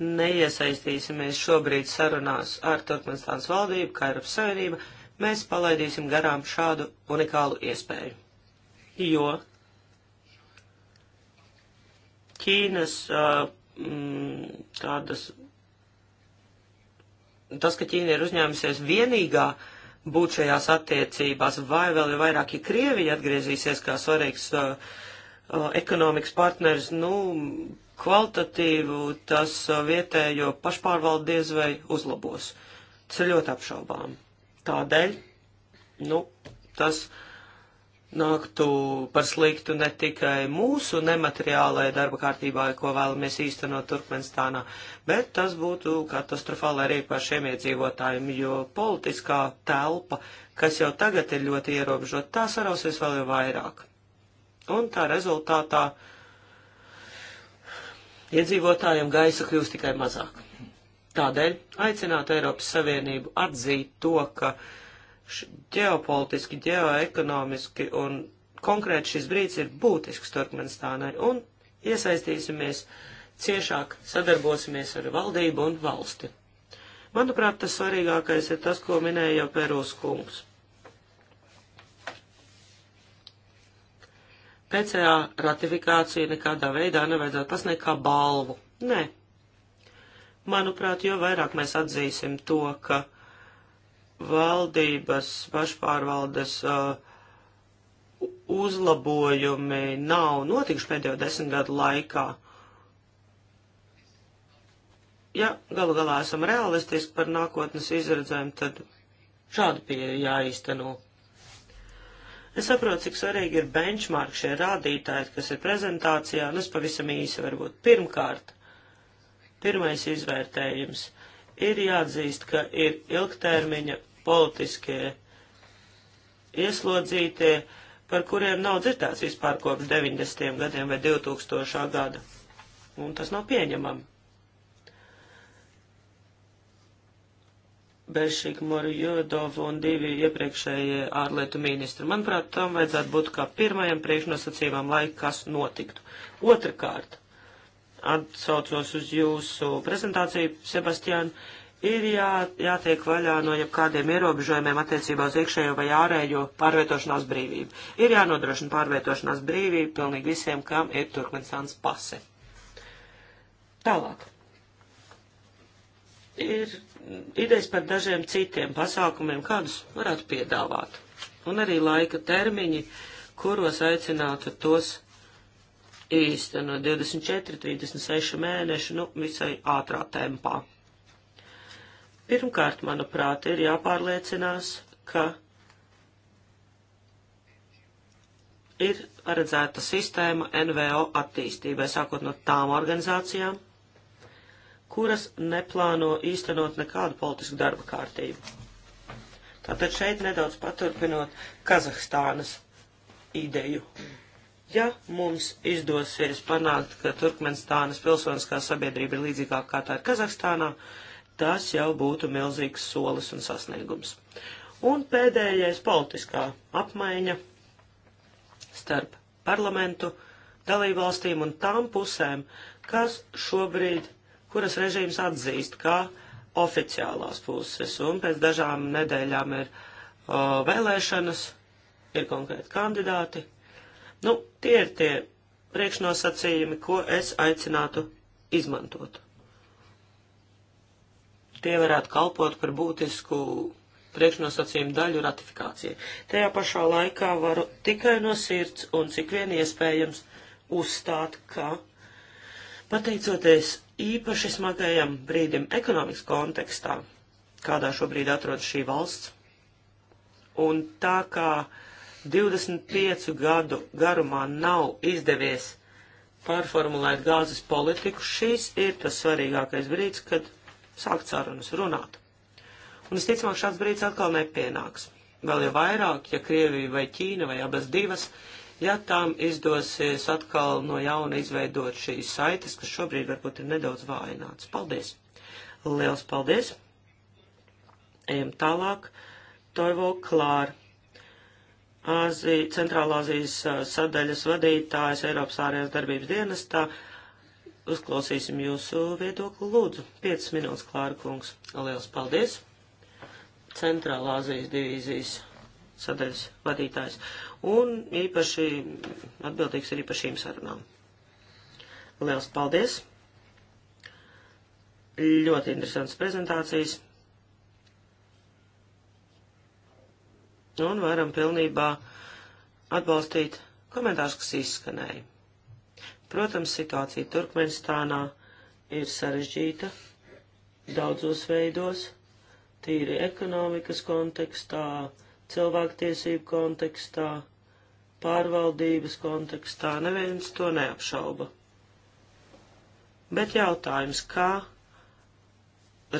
neiesaistīsimies šobrīd sarunās ar Turkmenistānas valdību, kā Eiropas Savienība, mēs palaidīsim garām šādu unikālu iespēju. Jo Ķīnas uh, tādas, tas, ka Ķīna ir uzņēmusies vienīgā būt šajās attiecībās, vai vēl ir vairāk, ja Krievija atgriezīsies kā svarīgs uh, uh, ekonomikas partneris, nu, kvalitatīvu tas vietējo pašpārvaldu diez vai uzlabos. Tas ir ļoti apšaubām. Tādēļ, nu, tas nāktu par sliktu ne tikai mūsu nemateriālajai darba kārtībai, ko vēlamies īstenot Turkmenistānā, bet tas būtu katastrofāli arī par šiem iedzīvotājiem, jo politiskā telpa, kas jau tagad ir ļoti ierobežota, tā sarausies vēl jau vairāk. Un tā rezultātā iedzīvotājiem gaisa kļūst tikai mazāk. Tādēļ aicinātu Eiropas Savienību atzīt to, ka ģeopolitiski, ģeoekonomiski un konkrēti šis brīdis ir būtisks Turkmenistānai un iesaistīsimies ciešāk, sadarbosimies ar valdību un valsti. Manuprāt, tas svarīgākais ir tas, ko minēja jau Perūs kungs. PCA ratifikāciju nekādā veidā nevajadzētu pasniegt kā balvu. Nē, Manuprāt, jo vairāk mēs atzīsim to, ka valdības pašpārvaldes uh, uzlabojumi nav notikuši pēdējo desmit gadu laikā. Ja galu galā esam realistiski par nākotnes izredzēm, tad šādu pieeja jāīsteno. Es saprotu, cik svarīgi ir benchmark šie rādītāji, kas ir prezentācijā, un es pavisam īsi varbūt pirmkārt. Pirmais izvērtējums ir jāatzīst, ka ir ilgtermiņa politiskie ieslodzītie, par kuriem nav dzirdēts vispār kopš 90. gadiem vai 2000. gada. Un tas nav pieņemami. Bešik, Morjodov un divi iepriekšējie ārlietu ministri. Manuprāt, tam vajadzētu būt kā pirmajam priekšnosacījumam, lai kas notiktu. Otrakārt, atsaucos uz jūsu prezentāciju, Sebastian, ir jā, jātiek vaļā no jebkādiem ierobežojumiem attiecībā uz iekšējo vai ārējo pārvietošanās brīvību. Ir jānodrošina pārvietošanās brīvība pilnīgi visiem, kam ir Turkmenistāns pase. Tālāk. Ir idejas par dažiem citiem pasākumiem, kādus varētu piedāvāt. Un arī laika termiņi, kuros aicinātu tos īsta no 24, 36 mēnešu, nu, visai ātrā tempā. Pirmkārt, manuprāt, ir jāpārliecinās, ka ir paredzēta sistēma NVO attīstībai, sākot no tām organizācijām, kuras neplāno īstenot nekādu politisku darba kārtību. Tātad šeit nedaudz paturpinot Kazahstānas ideju. Mm. Ja mums izdosies panākt, ka Turkmenistānas pilsoniskā sabiedrība ir līdzīgāka kā tā ir Kazahstānā, tas jau būtu milzīgs solis un sasniegums. Un pēdējais politiskā apmaiņa starp parlamentu, dalībvalstīm un tām pusēm, kas šobrīd, kuras režīms atzīst kā oficiālās puses, un pēc dažām nedēļām ir o, uh, vēlēšanas, ir konkrēti kandidāti, Nu, tie ir tie priekšnosacījumi, ko es aicinātu izmantot. Tie varētu kalpot par būtisku priekšnosacījumu daļu ratifikācijai. Tajā pašā laikā varu tikai no sirds un cik vien iespējams uzstāt, ka pateicoties īpaši smagajam brīdim ekonomikas kontekstā, kādā šobrīd atrodas šī valsts, un tā kā uh, 25 gadu garumā nav izdevies pārformulēt gāzes politiku, šis ir tas svarīgākais brīdis, kad sākt sarunas runāt. Un visticamāk šāds brīdis atkal nepienāks. Vēl jau vairāk, ja Krievija vai Ķīna vai abas divas, ja tām izdosies atkal no jauna izveidot šīs saites, kas šobrīd varbūt ir nedaudz vājināts. Paldies! Liels paldies! Ejam tālāk. Toivo Klāra Azija, Centrālāzijas sadaļas vadītājs Eiropas ārējās darbības dienestā. Uzklausīsim jūsu viedokli lūdzu. 5 minūtes, Klāra kungs. Liels paldies! Centrālāzijas divīzijas sadaļas vadītājs. Un īpaši atbildīgs arī par šīm sarunām. Liels paldies! Ļoti interesants prezentācijas. un varam pilnībā atbalstīt komentārus, kas izskanēja. Protams, situācija Turkmenistānā ir sarežģīta daudzos veidos, tīri ekonomikas kontekstā, cilvēktiesību kontekstā, pārvaldības kontekstā, neviens to neapšauba. Bet jautājums, kā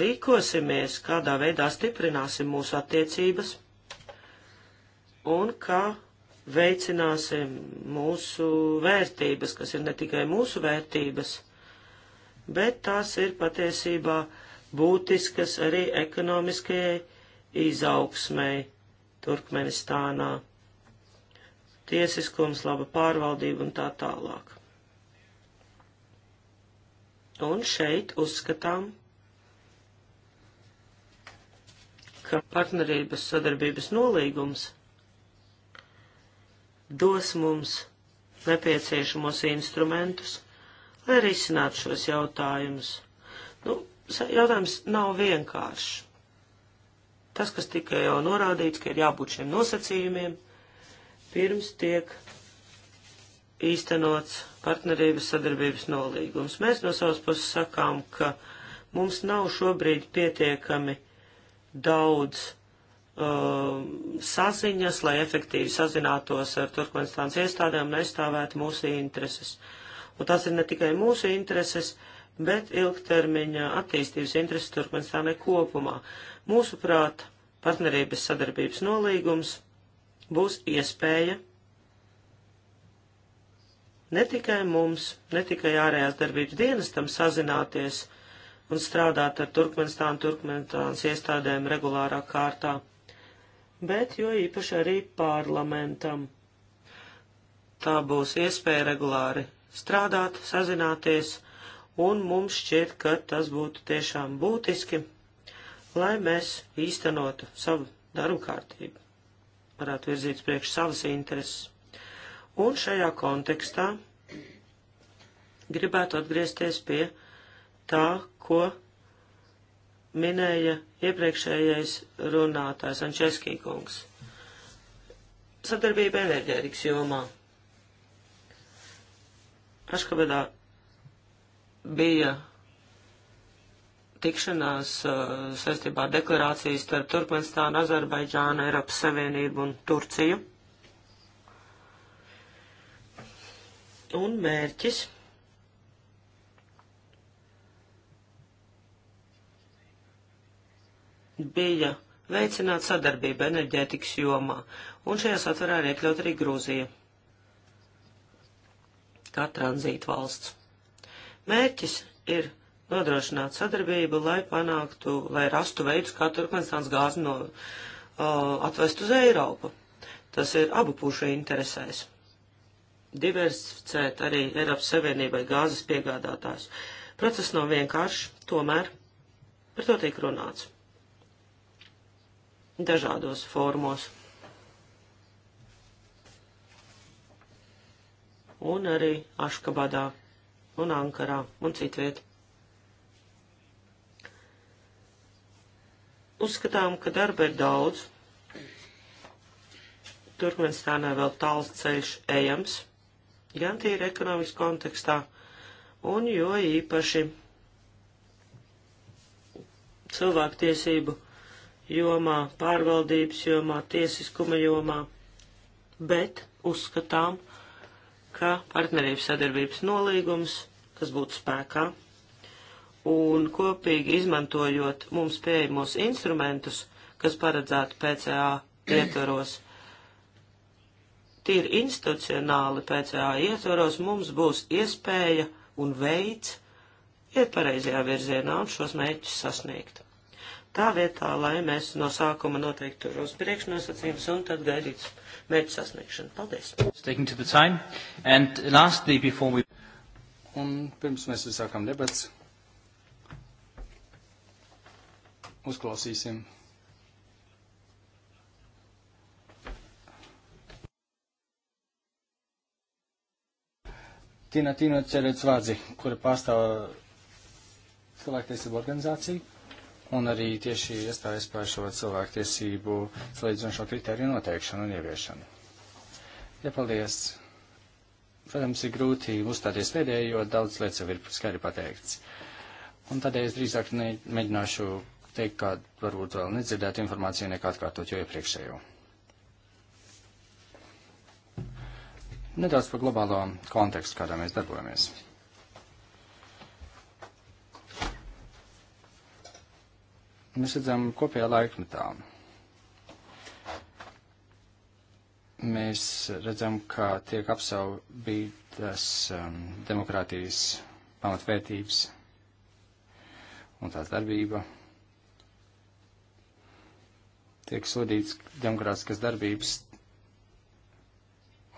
rīkosimies, kādā veidā stiprināsim mūsu attiecības? un kā veicināsim mūsu vērtības, kas ir ne tikai mūsu vērtības, bet tās ir patiesībā būtiskas arī ekonomiskajai izaugsmai Turkmenistānā. Tiesiskums, laba pārvaldība un tā tālāk. Un šeit uzskatām, ka partnerības sadarbības nolīgums dos mums nepieciešamos instrumentus, lai risinātu šos jautājumus. Nu, jautājums nav vienkāršs. Tas, kas tikai jau norādīts, ka ir jābūt šiem nosacījumiem, pirms tiek īstenots partnerības sadarbības nolīgums. Mēs no savas puses sakām, ka mums nav šobrīd pietiekami daudz um, saziņas, lai efektīvi sazinātos ar Turkmenistānas iestādēm un aizstāvētu mūsu intereses. Un tas ir ne tikai mūsu intereses, bet ilgtermiņa attīstības intereses Turkmenistānai kopumā. Mūsuprāt, partnerības sadarbības nolīgums būs iespēja ne tikai mums, ne tikai ārējās darbības dienestam sazināties un strādāt ar Turkmenistānu, Turkmenistānas iestādēm regulārā kārtā, bet jo īpaši arī parlamentam. Tā būs iespēja regulāri strādāt, sazināties, un mums šķiet, ka tas būtu tiešām būtiski, lai mēs īstenotu savu darbu kārtību, varētu virzīt priekš savas intereses. Un šajā kontekstā gribētu atgriezties pie tā, ko minēja iepriekšējais runātājs Ančeskī kungs. Sadarbība enerģētikas jomā. Aškabedā bija tikšanās uh, saistībā ar deklarācijas starp Turkmenistānu, Azerbaidžānu, Eiropas Savienību un Turciju. Un mērķis bija veicināt sadarbību enerģētikas jomā, un šajā satvarā ir iekļaut arī Grūzija, kā tranzīta valsts. Mērķis ir nodrošināt sadarbību, lai panāktu, lai rastu veidus, kā Turkmenistāns gāzi no, uh, atvest uz Eiropu. Tas ir abu pušu interesēs. Diversificēt arī Eiropas Savienībai gāzes piegādātājs. Process nav vienkāršs, tomēr par to tiek runāts dažādos formos. Un arī Aškabadā un Ankarā un citviet. Uzskatām, ka darba ir daudz. Turkmenistānā vēl tāls ceļš ejams, gan tīri ekonomikas kontekstā, un jo īpaši cilvēktiesību jomā, pārvaldības jomā, tiesiskuma jomā, bet uzskatām, ka partnerības sadarbības nolīgums, kas būtu spēkā, un kopīgi izmantojot mums pieejamos instrumentus, kas paredzētu PCA ietvaros, tīri institucionāli PCA ietvaros mums būs iespēja un veids iet pareizajā virzienā un šos mērķus sasniegt. Tā vietā, lai mēs no sākuma noteiktu tos priekšnosacījumus un tad gaidītu mērķu sasniegšanu. Paldies! And lastly, before we... Un pirms mēs sākam debats, uzklausīsim. Tina Tina Čeretsvādzi, kura pārstāv cilvēktiesību organizāciju un arī tieši iestājas par šo cilvēku tiesību salīdzinošo kritēriju noteikšanu un ieviešanu. Iepaldies! Protams, ir grūti uzstāties pēdējai, jo daudz lietas jau ir skaidri pateikts. Un tādēļ es drīzāk ne, mēģināšu teikt, kā varbūt vēl nedzirdētu informāciju, nekā atkārtot jau iepriekšējo. Nedaudz par globālo kontekstu, kādā mēs darbojamies. mēs redzam kopējā laikmetā. Mēs redzam, ka tiek apsaubītas um, demokrātijas pamatvērtības un tās darbība. Tiek sodīts demokrātiskas darbības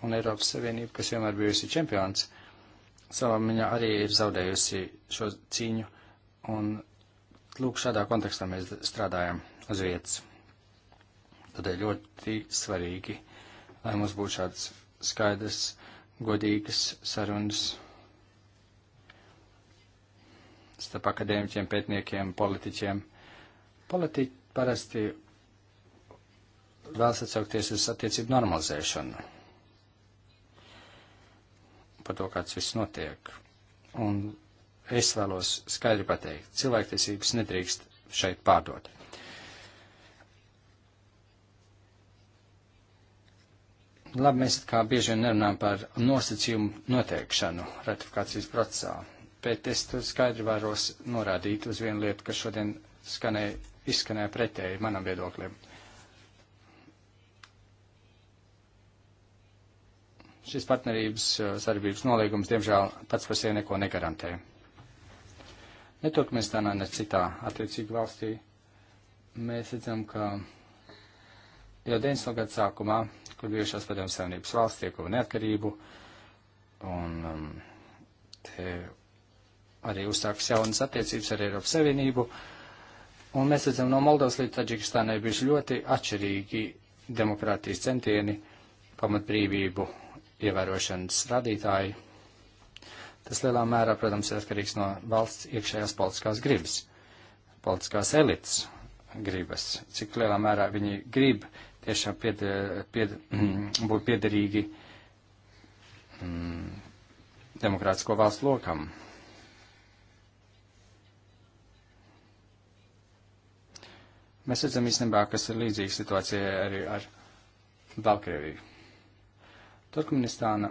un Eiropas Savienība, kas vienmēr bijusi čempions, savā miņā arī ir zaudējusi šo cīņu un Lūk, šādā kontekstā mēs strādājam uz vietas. Tādēļ ļoti svarīgi, lai mums būtu šāds skaidrs, godīgas sarunas starp akadēmiķiem, pētniekiem, politiķiem. Politiķi parasti vēlas atsaukties uz attiecību normalizēšanu, par to, kāds viss notiek. Un es vēlos skaidri pateikt, cilvēktiesības nedrīkst šeit pārdot. Labi, mēs kā bieži vien nerunājam par nosacījumu noteikšanu ratifikācijas procesā, bet es tur skaidri vēros norādīt uz vienu lietu, kas šodien skanēja, izskanēja pretēji manam viedoklim. Šis partnerības sadarbības nolīgums, diemžēl, pats par sevi neko negarantē ne Turkmenistānā, ne citā attiecīgā valstī, mēs redzam, ka jau 90. gadu sākumā, kur bijušās padomjas savienības valsts iekuva neatkarību, un um, te arī uzsākas jaunas attiecības ar Eiropas Savienību, un mēs redzam, no Moldovas līdz Taģikistānai bijuši ļoti atšķirīgi demokrātijas centieni, pamatbrīvību ievērošanas radītāji Tas lielā mērā, protams, ir atkarīgs no valsts iekšējās politiskās gribas, politiskās elites gribas, cik lielā mērā viņi grib tiešām pied, pied, mm, būt piederīgi mm, demokrātisko valstu lokam. Mēs redzam īstenībā, kas ir līdzīga situācija arī ar Baltkrieviju. Turkmenistāna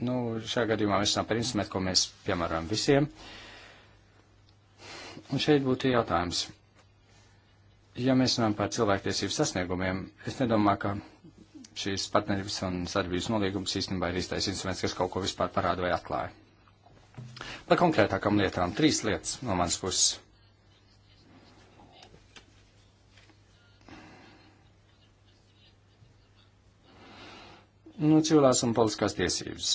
Nu, šajā gadījumā mēs runājam par instrumentu, ko mēs piemērojam visiem. Un šeit būtu jautājums. Ja mēs runājam par cilvēktiesību sasniegumiem, es nedomāju, ka šīs partnerības un sadarbības nolīgums īstenībā ir īstais instruments, kas kaut ko vispār parāda vai atklāja. Par konkrētākām lietām trīs lietas no manas puses. nu, civilās un politiskās tiesības.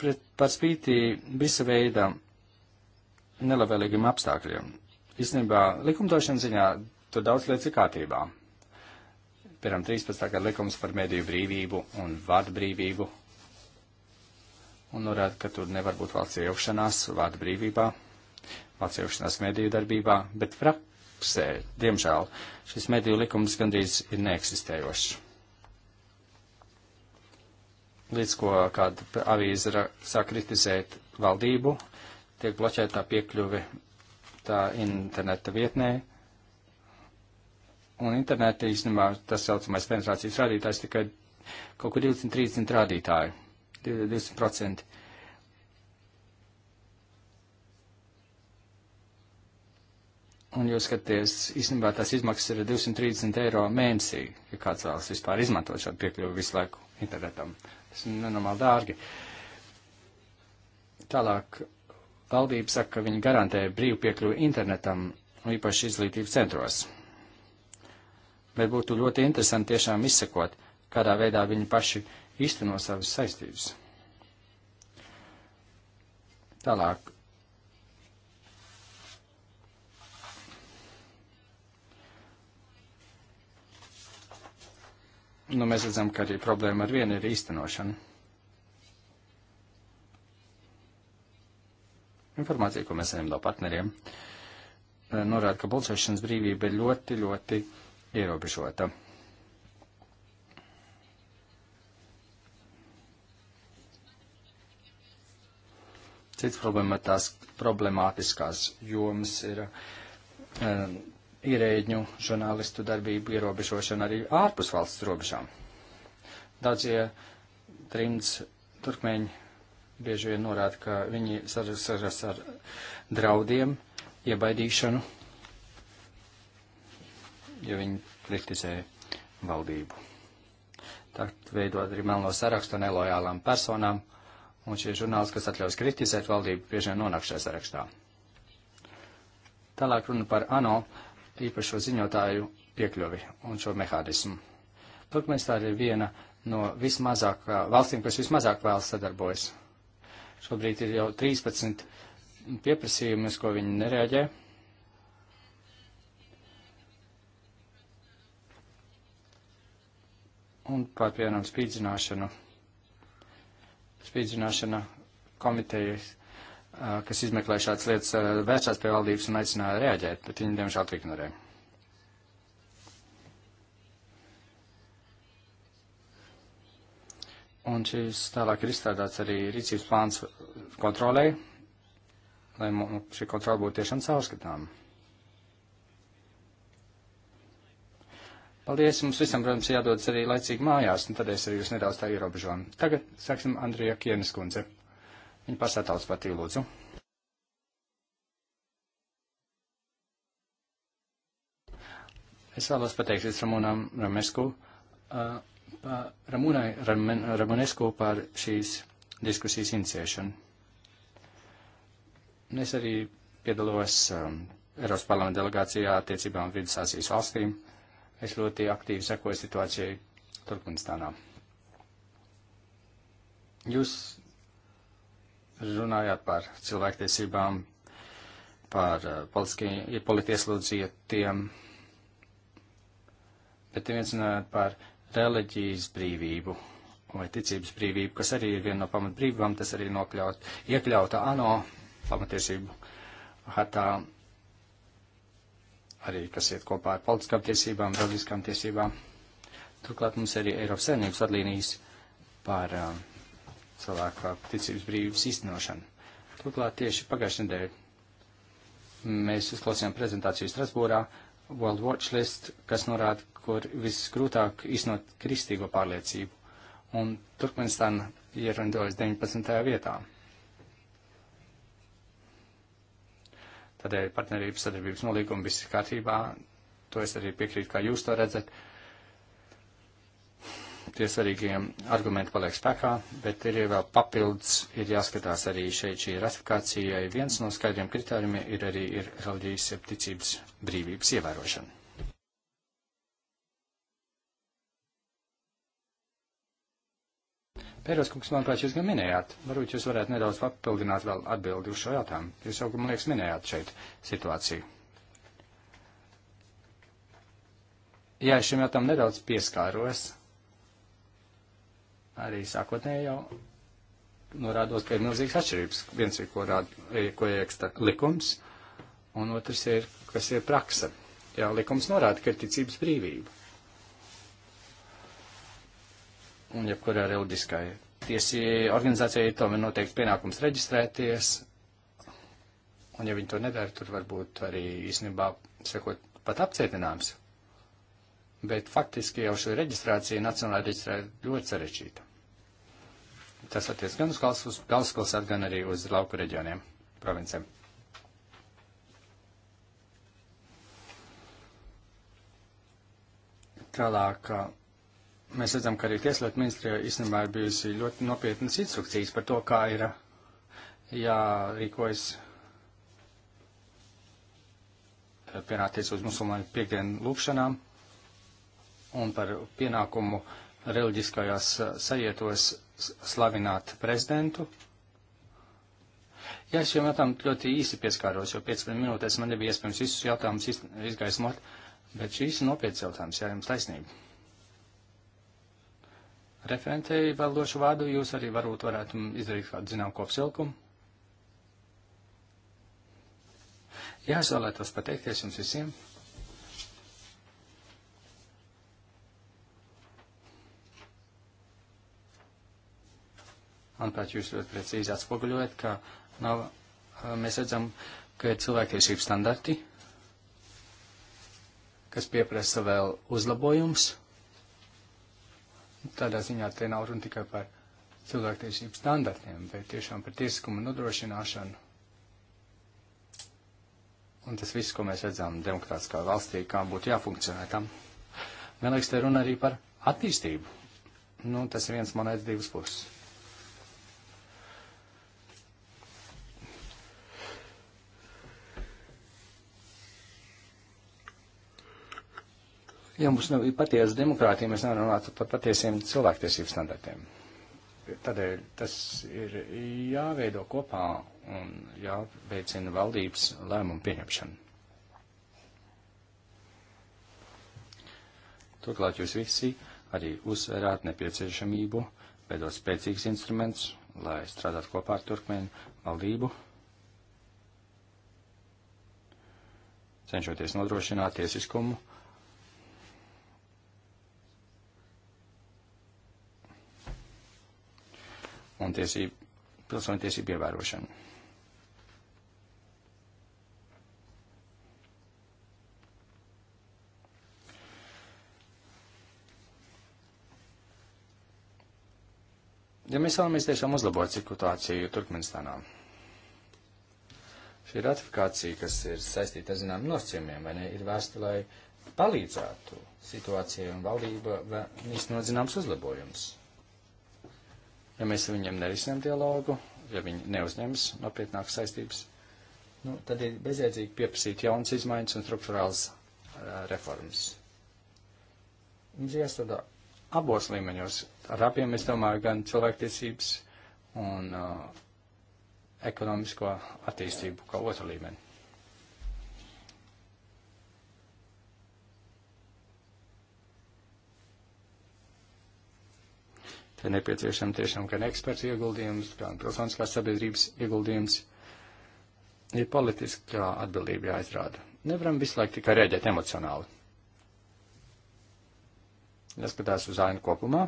Pret, par spīti visa veida nelabvēlīgiem apstākļiem. Īstenībā likumdošanas ziņā tur daudz lietas ir kārtībā. Piemēram, 13. gada likums par mediju brīvību un vārdu brīvību. Un norāda, ka tur nevar būt valsts iejaukšanās vārdu brīvībā, valsts iejaukšanās mediju darbībā, bet praksē, diemžēl, šis mediju likums gandrīz ir neeksistējošs līdz ko kāda avīze sāk kritizēt valdību, tiek bloķētā piekļuve tā interneta vietnē. Un interneta īstenībā tas saucamais penetrācijas rādītājs tikai kaut kur 20-30 rādītāji, 20%. Un jūs skaties, īstenībā tās izmaksas ir 230 eiro mēnesī, ja kāds vēlas vispār izmantot šādu piekļuvu visu laiku internetam. Tas ir nenormāli dārgi. Tālāk valdība saka, ka viņi garantē brīvu piekļuvi internetam, īpaši izglītības centros. Bet būtu ļoti interesanti tiešām izsekot, kādā veidā viņi paši īsteno savas saistības. Tālāk nu, mēs redzam, ka arī problēma ar vienu ir īstenošana. Informācija, ko mēs saņemam no partneriem, eh, norāda, ka pulcēšanas brīvība ir ļoti, ļoti ierobežota. Cits problēma ir tās problemātiskās jomas ir um, ierēģu žurnālistu darbību ierobežošanu arī ārpus valsts robežām. Daudzie trimds turkmeņi bieži vien norāda, ka viņi saras ar draudiem, iebaidīšanu, ja viņi kritizē valdību. Tad veidot arī melno sarakstu nelojālām personām, un šie žurnālisti, kas atļaus kritizēt valdību, bieži vien nonāk šajā sarakstā. Tālāk runa par ANO īpašo ziņotāju piekļuvi un šo mehānismu. Turkmenistāna ir viena no vismazāk valstīm, kas vismazāk vēlas sadarbojas. Šobrīd ir jau 13 pieprasījumi, uz ko viņi nereaģē. Un par, piemēram, spīdzināšanu. Spīdzināšana komitejas kas izmeklē šādas lietas, vērsās pie valdības un aicināja reaģēt, bet viņi, diemžēl, to ignorē. Un šis tālāk ir izstrādāts arī rīcības plāns kontrolē, lai šī kontrola būtu tiešām caurskatām. Paldies, mums visam, protams, jādodas arī laicīgi mājās, un tad es arī jūs nedaudz tā ierobežoju. Tagad sāksim Andrija Kienes kundze. Viņa pārstāv tautas partiju lūdzu. Es vēlos pateikties Ramonam Ramesku, uh, pa, Ramonai Ramen, Ramonesku par šīs diskusijas iniciēšanu. Un es arī piedalos um, Eiropas parlamenta delegācijā attiecībām Vidusāzijas valstīm. Es ļoti aktīvi sekoju situācijai Turkmenistānā. Jūs runājāt par cilvēktiesībām, par eh, politiski, politieslūdzietiem, bet viens runājāt par reliģijas brīvību vai ticības brīvību, kas arī ir viena no pamatbrīvībām, tas arī nokļaut, iekļauta ANO pamatiesību hartā, arī kas iet kopā ar politiskām tiesībām, reliģiskām tiesībām. Turklāt mums arī Eiropas saimnības vadlīnijas par uh, cilvēka ticības brīvības īstenošanu. Turklāt tieši pagājušajā nedēļā mēs uzklausījām prezentāciju Strasbūrā World Watch List, kas norāda, kur visgrūtāk iznot kristīgo pārliecību, un Turkmenistāna ierandojas 19. vietā. Tādēļ partnerības sadarbības nolīguma viss ir kārtībā, to es arī piekrītu, kā jūs to redzat, tie svarīgiem argumenti paliek spēkā, bet ir vēl papildus, ir jāskatās arī šeit šī ratifikācija. Viens no skaidriem kritērijiem ir arī ir reliģijas ticības brīvības ievērošana. Pēros kungs, manuprāt, jūs gan minējāt, varbūt jūs varētu nedaudz papildināt vēl atbildi uz šo jautājumu. Jūs jau, man liekas, minējāt šeit situāciju. Jā, šim jautājumam nedaudz pieskāros arī sākotnēji jau norādos, ka ir milzīgas atšķirības. Viens ir, ko, rāda, e, ko ieksta likums, un otrs ir, kas ir praksa. Jā, likums norāda, ka ir ticības brīvība. Un jebkurā reliģiskai tiesī organizācijai tomēr noteikti pienākums reģistrēties, un ja viņi to nedara, tur varbūt arī īstenībā, sekot, pat apcietinājums. Bet faktiski jau šī reģistrācija nacionāla reģistrācija ļoti sarežģīta. Tas attiec gan uz galvaspilsētu, gan arī uz lauku reģioniem, provincēm. Tālāk mēs redzam, ka arī Tieslietu ministrija īstenībā ir bijusi ļoti nopietnas instrukcijas par to, kā ir jārīkojas eh, pienāties uz musulmaņu piekdienu lūkšanām un par pienākumu reliģiskajās eh, sajietos slavināt prezidentu. Jā, es šiem jautājumam ļoti īsi pieskāros, jo 15 minūtēs man nebija iespējams visus jautājumus iz, izgaismot, bet šīs ir nopietns jautājums, jā, jums taisnība. Referentēji vēl došu vārdu, jūs arī varbūt varētu izdarīt kādu zinām kopsilkumu. Jā, es vēlētos pateikties jums visiem. Manuprāt, jūs ļoti precīzi atspoguļojat, ka nav, mēs redzam, ka ir cilvēktiesību standarti, kas pieprasa vēl uzlabojums. Tādā ziņā te nav runa tikai par cilvēktiesību standartiem, bet tiešām par tiesiskumu nodrošināšanu. Un tas viss, ko mēs redzam demokrātiskā valstī, kā būtu jāfunkcionē tam. Man liekas, te runa arī par attīstību. Nu, tas ir viens monētas divas puses. Ja mums nav patiesa demokrātija, mēs nevaram runāt par patiesiem cilvēktiesību standartiem. Tādēļ tas ir jāveido kopā un jāveicina valdības lēmumu pieņemšanu. Turklāt jūs visi arī uzsverāt nepieciešamību veidot spēcīgs instruments, lai strādātu kopā ar Turkmēnu valdību, cenšoties nodrošināt tiesiskumu un tiesību, pilsoņu tiesību ievērošanu. Ja mēs vēlamies tiešām uzlabot situāciju Turkmenistānā, šī ratifikācija, kas ir saistīta ar zinām nosacījumiem, vai ne, ir vēsta, lai palīdzētu situācijai un valdība īstenot zināms uzlabojums. Ja mēs ar viņiem nerisinām dialogu, ja viņi neuzņems nopietnākas saistības, nu, tad ir bezjēdzīgi pieprasīt jaunas izmaiņas un struktūrāls reformas. Mums jāstrādā abos līmeņos. Ar abiem es domāju gan cilvēktiesības un uh, ekonomisko attīstību kā otru līmeni. ka nepieciešama tiešām gan eksperta ieguldījums, gan pilsoniskās sabiedrības ieguldījums. Ir politiskā atbildība jāizrāda. Nevaram visu laiku tikai rēģēt emocionāli. Jāskatās uz ainu kopumā,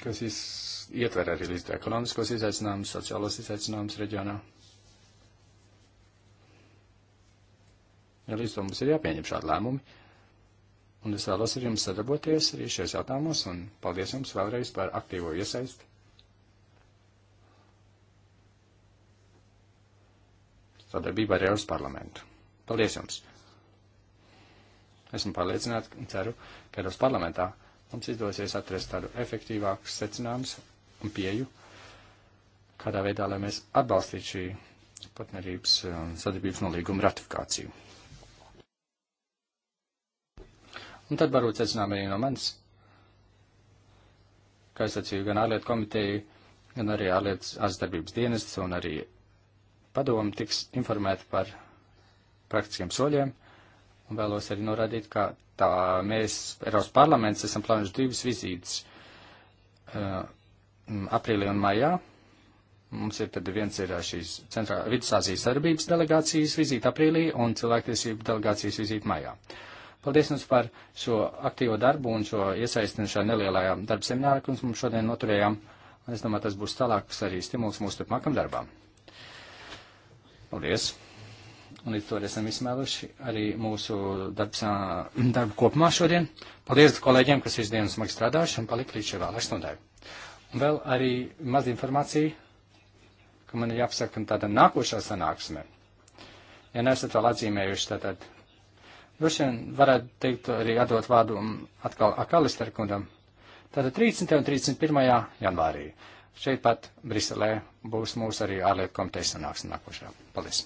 kas ietver arī līdz ekonomiskos izaicinājumus, sociālos izaicinājumus reģionā. Ja līdz to mums ir jāpieņem šādi lēmumi, Un es vēlos ar jums sadarboties arī šajos jautājumos, un paldies jums vēlreiz par aktīvo iesaisti. Sadarbībā ar Eiropas parlamentu. Paldies jums! Esmu pārliecināts un ceru, ka Eiropas parlamentā mums izdosies atrast tādu efektīvāku secinājumu un pieju, kādā veidā, lai mēs atbalstītu šī partnerības un um, sadarbības nolīguma ratifikāciju. Un tad varbūt secinām arī no manis, kā es sacīju, gan ārlietu komiteju, gan arī ārlietas aizdarbības dienests un arī padomu tiks informēti par praktiskiem soļiem. Un vēlos arī norādīt, ka tā mēs, Eiropas parlaments, esam plānojuši divas vizītes uh, aprīlī un maijā. Mums ir tad viens ir šīs centrā Vidusāzijas darbības delegācijas vizīte aprīlī un cilvēktiesību delegācijas vizīte maijā. Uh, Paldies jums par šo aktīvo darbu un šo iesaistinu šajā nelielajā darba seminārā, ko mums šodien noturējām. Es domāju, tas būs tālāks arī stimuls mūsu turpmākam darbām. Paldies! Un līdz to esam izsmēluši arī mūsu darbs, darbu kopumā šodien. Paldies kolēģiem, kas visu dienu smagi strādājuši un palika līdz šai vēl aizstundai. Un vēl arī maz informācija, ka man ir jāpasaka tāda nākošā sanāksme. Ja neesat vēl atzīmējuši, tad Droši vien varētu teikt arī atdot vārdu um, atkal Akalister kundam. Tātad 30. un 31. janvārī. Šeit pat Briselē būs mūsu arī ārlietu komitejas sanāksme nākošajā. Paldies!